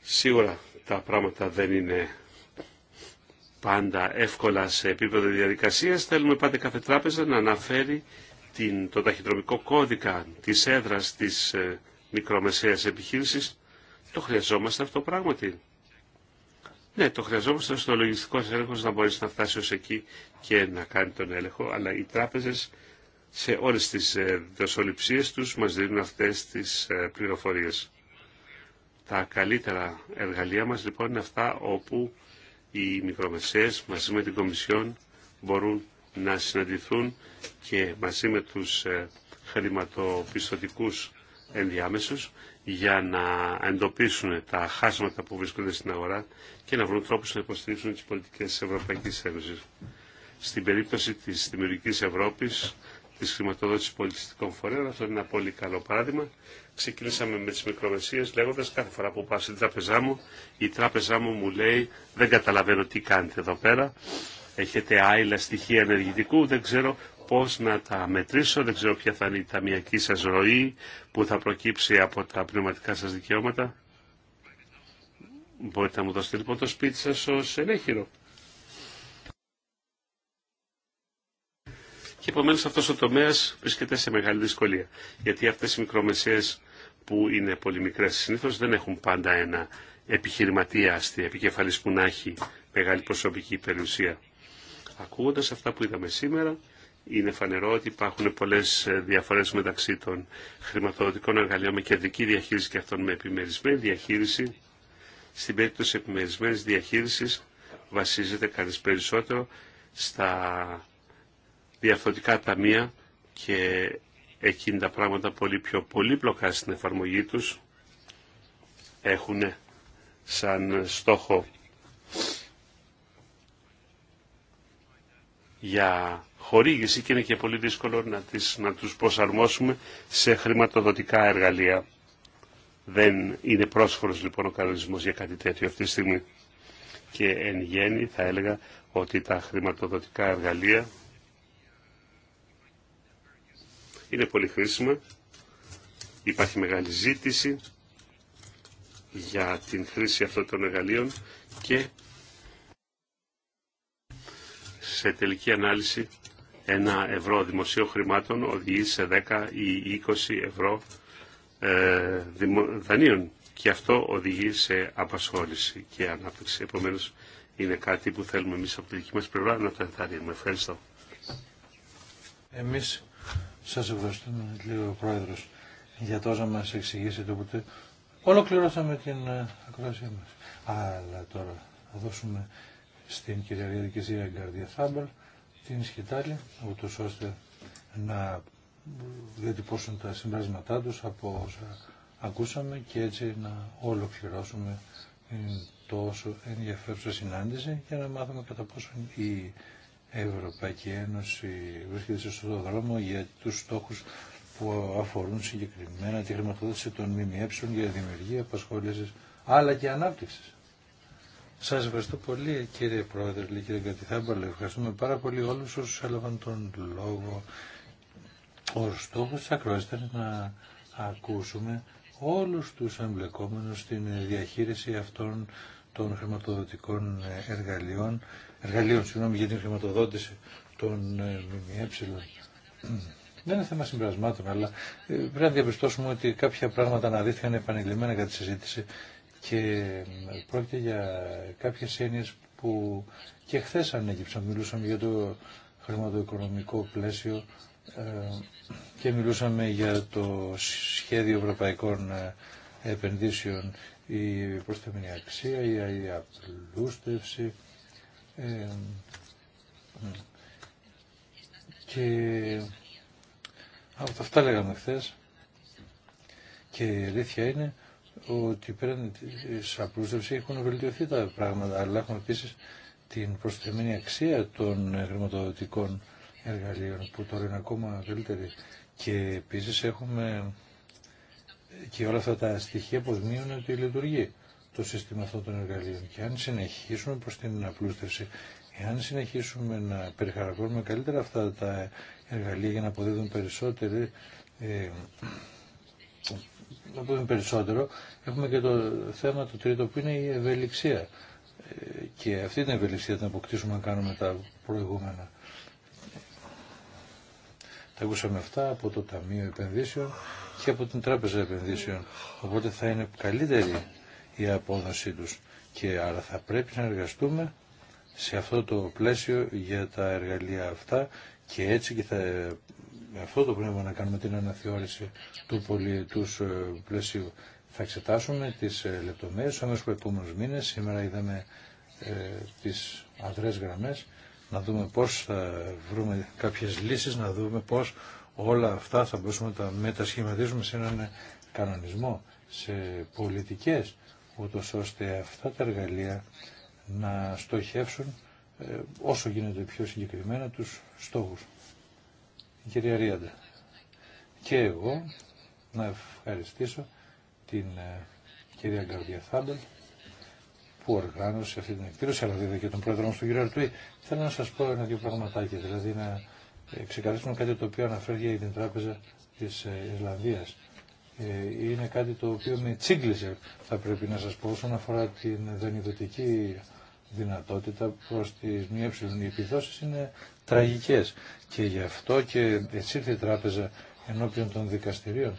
Speaker 2: Σίγουρα τα πράγματα δεν είναι πάντα εύκολα σε επίπεδο διαδικασίας. Θέλουμε πάντα κάθε τράπεζα να αναφέρει την, το ταχυδρομικό κώδικα της έδρας της ε, μικρομεσαίας επιχείρησης. Το χρειαζόμαστε αυτό πράγματι. Ναι, το χρειαζόμαστε στο λογιστικό έλεγχο να μπορέσει να φτάσει ω εκεί και να κάνει τον έλεγχο, αλλά οι τράπεζε σε όλε τι ε, δοσοληψίε του μα δίνουν αυτέ τι ε, πληροφορίε. Τα καλύτερα εργαλεία μας λοιπόν είναι αυτά όπου οι μικρομεσαίε μαζί με την Κομισιόν μπορούν να συναντηθούν και μαζί με τους ε, χρηματοπιστωτικούς ενδιάμεσους για να εντοπίσουν τα χάσματα που βρίσκονται στην αγορά και να βρουν τρόπους να υποστηρίξουν τις πολιτικές της Ευρωπαϊκής Ένωσης. Στην περίπτωση της δημιουργικής Ευρώπης, της χρηματοδότησης πολιτιστικών φορέων, αυτό είναι ένα πολύ καλό παράδειγμα. Ξεκινήσαμε με τις μικρομεσίες λέγοντας κάθε φορά που πάω στην τράπεζά μου, η τράπεζά μου μου λέει δεν καταλαβαίνω τι κάνετε εδώ πέρα, έχετε άειλα στοιχεία ενεργητικού, δεν ξέρω πώς να τα μετρήσω, δεν ξέρω ποια θα είναι η ταμιακή σας ροή που θα προκύψει από τα πνευματικά σας δικαιώματα. Μπορείτε να μου δώσετε λοιπόν το σπίτι σας ως ενέχειρο. Και επομένω αυτό ο τομέα βρίσκεται σε μεγάλη δυσκολία. Γιατί αυτέ οι μικρομεσαίε που είναι πολύ μικρέ συνήθω δεν έχουν πάντα ένα επιχειρηματία στη επικεφαλή που να έχει μεγάλη προσωπική περιουσία. Ακούγοντα αυτά που είδαμε σήμερα, είναι φανερό ότι υπάρχουν πολλές ε, διαφορές μεταξύ των χρηματοδοτικών εργαλείων με κεντρική διαχείριση και αυτών με επιμερισμένη διαχείριση. Στην περίπτωση επιμερισμένης διαχείρισης βασίζεται κανεί περισσότερο στα διαφορετικά ταμεία και εκείνη τα πράγματα πολύ πιο πολύπλοκα στην εφαρμογή τους έχουν σαν στόχο για χορήγηση και είναι και πολύ δύσκολο να, τις, να τους προσαρμόσουμε σε χρηματοδοτικά εργαλεία. Δεν είναι πρόσφορος λοιπόν ο κανονισμός για κάτι τέτοιο αυτή τη στιγμή. Και εν γέννη θα έλεγα ότι τα χρηματοδοτικά εργαλεία είναι πολύ χρήσιμα. Υπάρχει μεγάλη ζήτηση για την χρήση αυτών των εργαλείων και σε τελική ανάλυση ένα ευρώ δημοσίου χρημάτων οδηγεί σε 10 ή 20 ευρώ ε, δανείων. Και αυτό οδηγεί σε απασχόληση και ανάπτυξη. Επομένω, είναι κάτι που θέλουμε εμεί από τη δική μα πλευρά να το ενθαρρύνουμε. Ευχαριστώ.
Speaker 1: Εμεί σα ευχαριστούμε, λέει ο Πρόεδρο, για τόσα μα εξηγήσετε. Οπότε ολοκληρώσαμε την ε, ακρόασή μα. Αλλά τώρα θα δώσουμε στην κυρία Γκαρδία Θάμπελ την σκητάλη, ούτως ώστε να διατυπώσουν τα συμπράσματά τους από όσα ακούσαμε και έτσι να ολοκληρώσουμε την τόσο ενδιαφέρουσα συνάντηση για να μάθουμε κατά πόσο η Ευρωπαϊκή Ένωση βρίσκεται σε το δρόμο για τους στόχους που αφορούν συγκεκριμένα τη χρηματοδότηση των ΜΜΕ για δημιουργία απασχόλησης αλλά και ανάπτυξης. Σα ευχαριστώ πολύ κύριε Πρόεδρε, κύριε Κατηθάμπαλε. Ευχαριστούμε πάρα πολύ όλου όσου έλαβαν τον λόγο. Ο στόχο τη ακρόαση ήταν να ακούσουμε όλους τους εμπλεκόμενους στην διαχείριση αυτών των χρηματοδοτικών εργαλείων, εργαλείων συγγνώμη, για την χρηματοδότηση των ΜΜΕ. Δεν είναι θέμα συμπερασμάτων, αλλά ε, πρέπει να διαπιστώσουμε ότι κάποια πράγματα αναδείχθηκαν επανειλημμένα κατά τη συζήτηση και πρόκειται για κάποιες έννοιες που και χθε ανέγυψαν. Μιλούσαμε για το χρηματοοικονομικό πλαίσιο ε, και μιλούσαμε για το σχέδιο ευρωπαϊκών ε, επενδύσεων, η προσθεμένη αξία, η απλούστευση ε, και αυτά λέγαμε χθε και η αλήθεια είναι ότι πέραν της απλούστευση έχουν βελτιωθεί τα πράγματα, αλλά έχουμε επίσης την προσθεμένη αξία των χρηματοδοτικών εργαλείων που τώρα είναι ακόμα καλύτερη. Και επίσης έχουμε και όλα αυτά τα στοιχεία που δείχνουν ότι λειτουργεί το σύστημα αυτών των εργαλείων. Και αν συνεχίσουμε προς την απλούστευση, εάν συνεχίσουμε να περιχαρακώνουμε καλύτερα αυτά τα εργαλεία για να αποδίδουν περισσότερη ε, να πούμε περισσότερο, έχουμε και το θέμα το τρίτο που είναι η ευελιξία. Ε, και αυτή την ευελιξία την αποκτήσουμε να κάνουμε τα προηγούμενα. Τα ακούσαμε αυτά από το Ταμείο Επενδύσεων και από την Τράπεζα Επενδύσεων. Οπότε θα είναι καλύτερη η απόδοσή τους και άρα θα πρέπει να εργαστούμε σε αυτό το πλαίσιο για τα εργαλεία αυτά και έτσι και θα με αυτό το πνεύμα να κάνουμε την αναθεώρηση του πολιτικού ε, πλαισίου. Θα εξετάσουμε τις ε, λεπτομέρειες όμως που επόμενους μήνες. Σήμερα είδαμε ε, τις αδρές γραμμές, να δούμε πώς θα βρούμε κάποιες λύσεις, να δούμε πώς όλα αυτά θα μπορούσαμε να τα μετασχηματίσουμε σε έναν κανονισμό, σε πολιτικές, ούτως ώστε αυτά τα εργαλεία να στοχεύσουν ε, όσο γίνεται πιο συγκεκριμένα τους στόχους η κυρία Ρίαντα. Και εγώ να ευχαριστήσω την ε, κυρία Γκαρδία Θάμπελ που οργάνωσε αυτή την εκδήλωση, αλλά βέβαια και τον πρόεδρο μας, τον κύριο Αρτουή. Θέλω να σας πω ένα-δύο πραγματάκια, δηλαδή να ε, ξεκαθαρίσουμε κάτι το οποίο αναφέρει για την τράπεζα της ε, Ισλανδίας. Είναι κάτι το οποίο με Τσίγκλησε θα πρέπει να σας πω, όσον αφορά την δανειδοτική δυνατότητα προς τις μη Οι επιδόσεις είναι τραγικές και γι' αυτό και έτσι ήρθε η τράπεζα ενώπιον των δικαστηρίων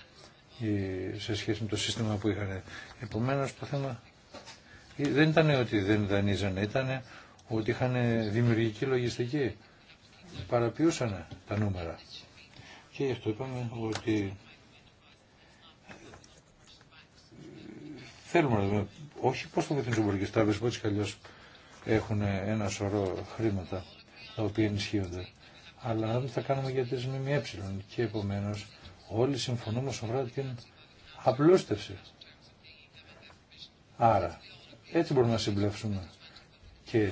Speaker 1: σε σχέση με το σύστημα που είχαν. Επομένως το θέμα ε, δεν ήταν ότι δεν δανείζανε, ήταν ότι είχαν δημιουργική λογιστική. Παραποιούσαν τα νούμερα. Και γι' αυτό είπαμε ότι ε, θέλουμε να δούμε όχι πώς θα βοηθούν τις εμπορικές τράπεζες, πώς έχουν ένα σωρό χρήματα τα οποία ενισχύονται. Αλλά δεν θα κάνουμε για τις ΜΜΕ και επομένως όλοι συμφωνούμε σοβαρά την απλούστευση. Άρα έτσι μπορούμε να συμπλέψουμε και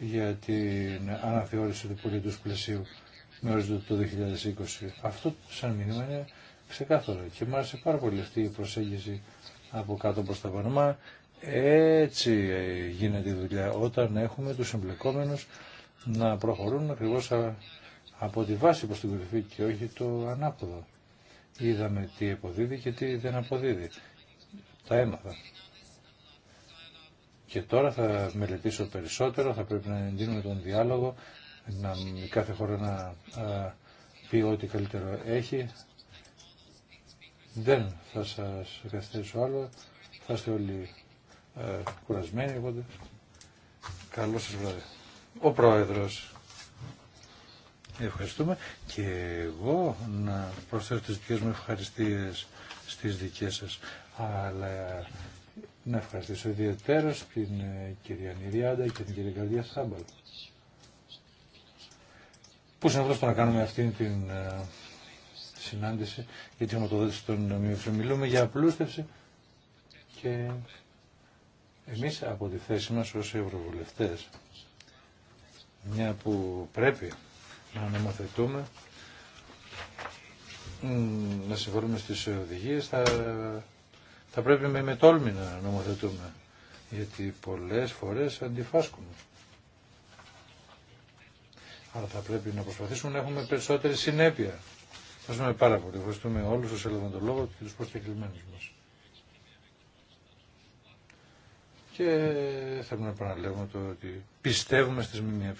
Speaker 1: για την αναθεώρηση του πολιτού πλαισίου με όριζοντα το 2020. Αυτό σαν μήνυμα είναι ξεκάθαρο και μου άρεσε πάρα πολύ αυτή η προσέγγιση από κάτω προς τα πάνω. Έτσι ε, γίνεται η δουλειά όταν έχουμε τους εμπλεκόμενους να προχωρούν ακριβώς από τη βάση προς την κορυφή και όχι το ανάποδο. Είδαμε τι αποδίδει και τι δεν αποδίδει. Τα έμαθα. Και τώρα θα μελετήσω περισσότερο, θα πρέπει να εντείνουμε τον διάλογο, να κάθε χώρα να πει ό,τι καλύτερο έχει. Δεν θα σας καθέσω άλλο, θα είστε όλοι ε, κουρασμένοι, οπότε καλό σας βράδυ. Ο Πρόεδρος. Ευχαριστούμε και εγώ να προσθέσω τις δικές μου ευχαριστίες στις δικές σας. Αλλά να ευχαριστήσω ιδιαίτερα την ε, κυρία Νηριάντα και την κυρία Καρδιά Σάμπαλ. Πού στο να κάνουμε αυτή την ε, συνάντηση για τη χρηματοδότηση των μειοφιλών. Μιλούμε για απλούστευση και εμείς από τη θέση μας ως ευρωβουλευτές, μια που πρέπει να νομοθετούμε, να συμφωνούμε στις οδηγίες, θα, θα πρέπει με μετόλμη να νομοθετούμε, γιατί πολλές φορές αντιφάσκουμε. Αλλά θα πρέπει να προσπαθήσουμε να έχουμε περισσότερη συνέπεια. Ευχαριστούμε πάρα πολύ. Ευχαριστούμε όλους τους ελεγοντολόγους και τους προσκεκλημένους μας. και θέλουμε να επαναλέγουμε το ότι πιστεύουμε στις ΜΜΕ.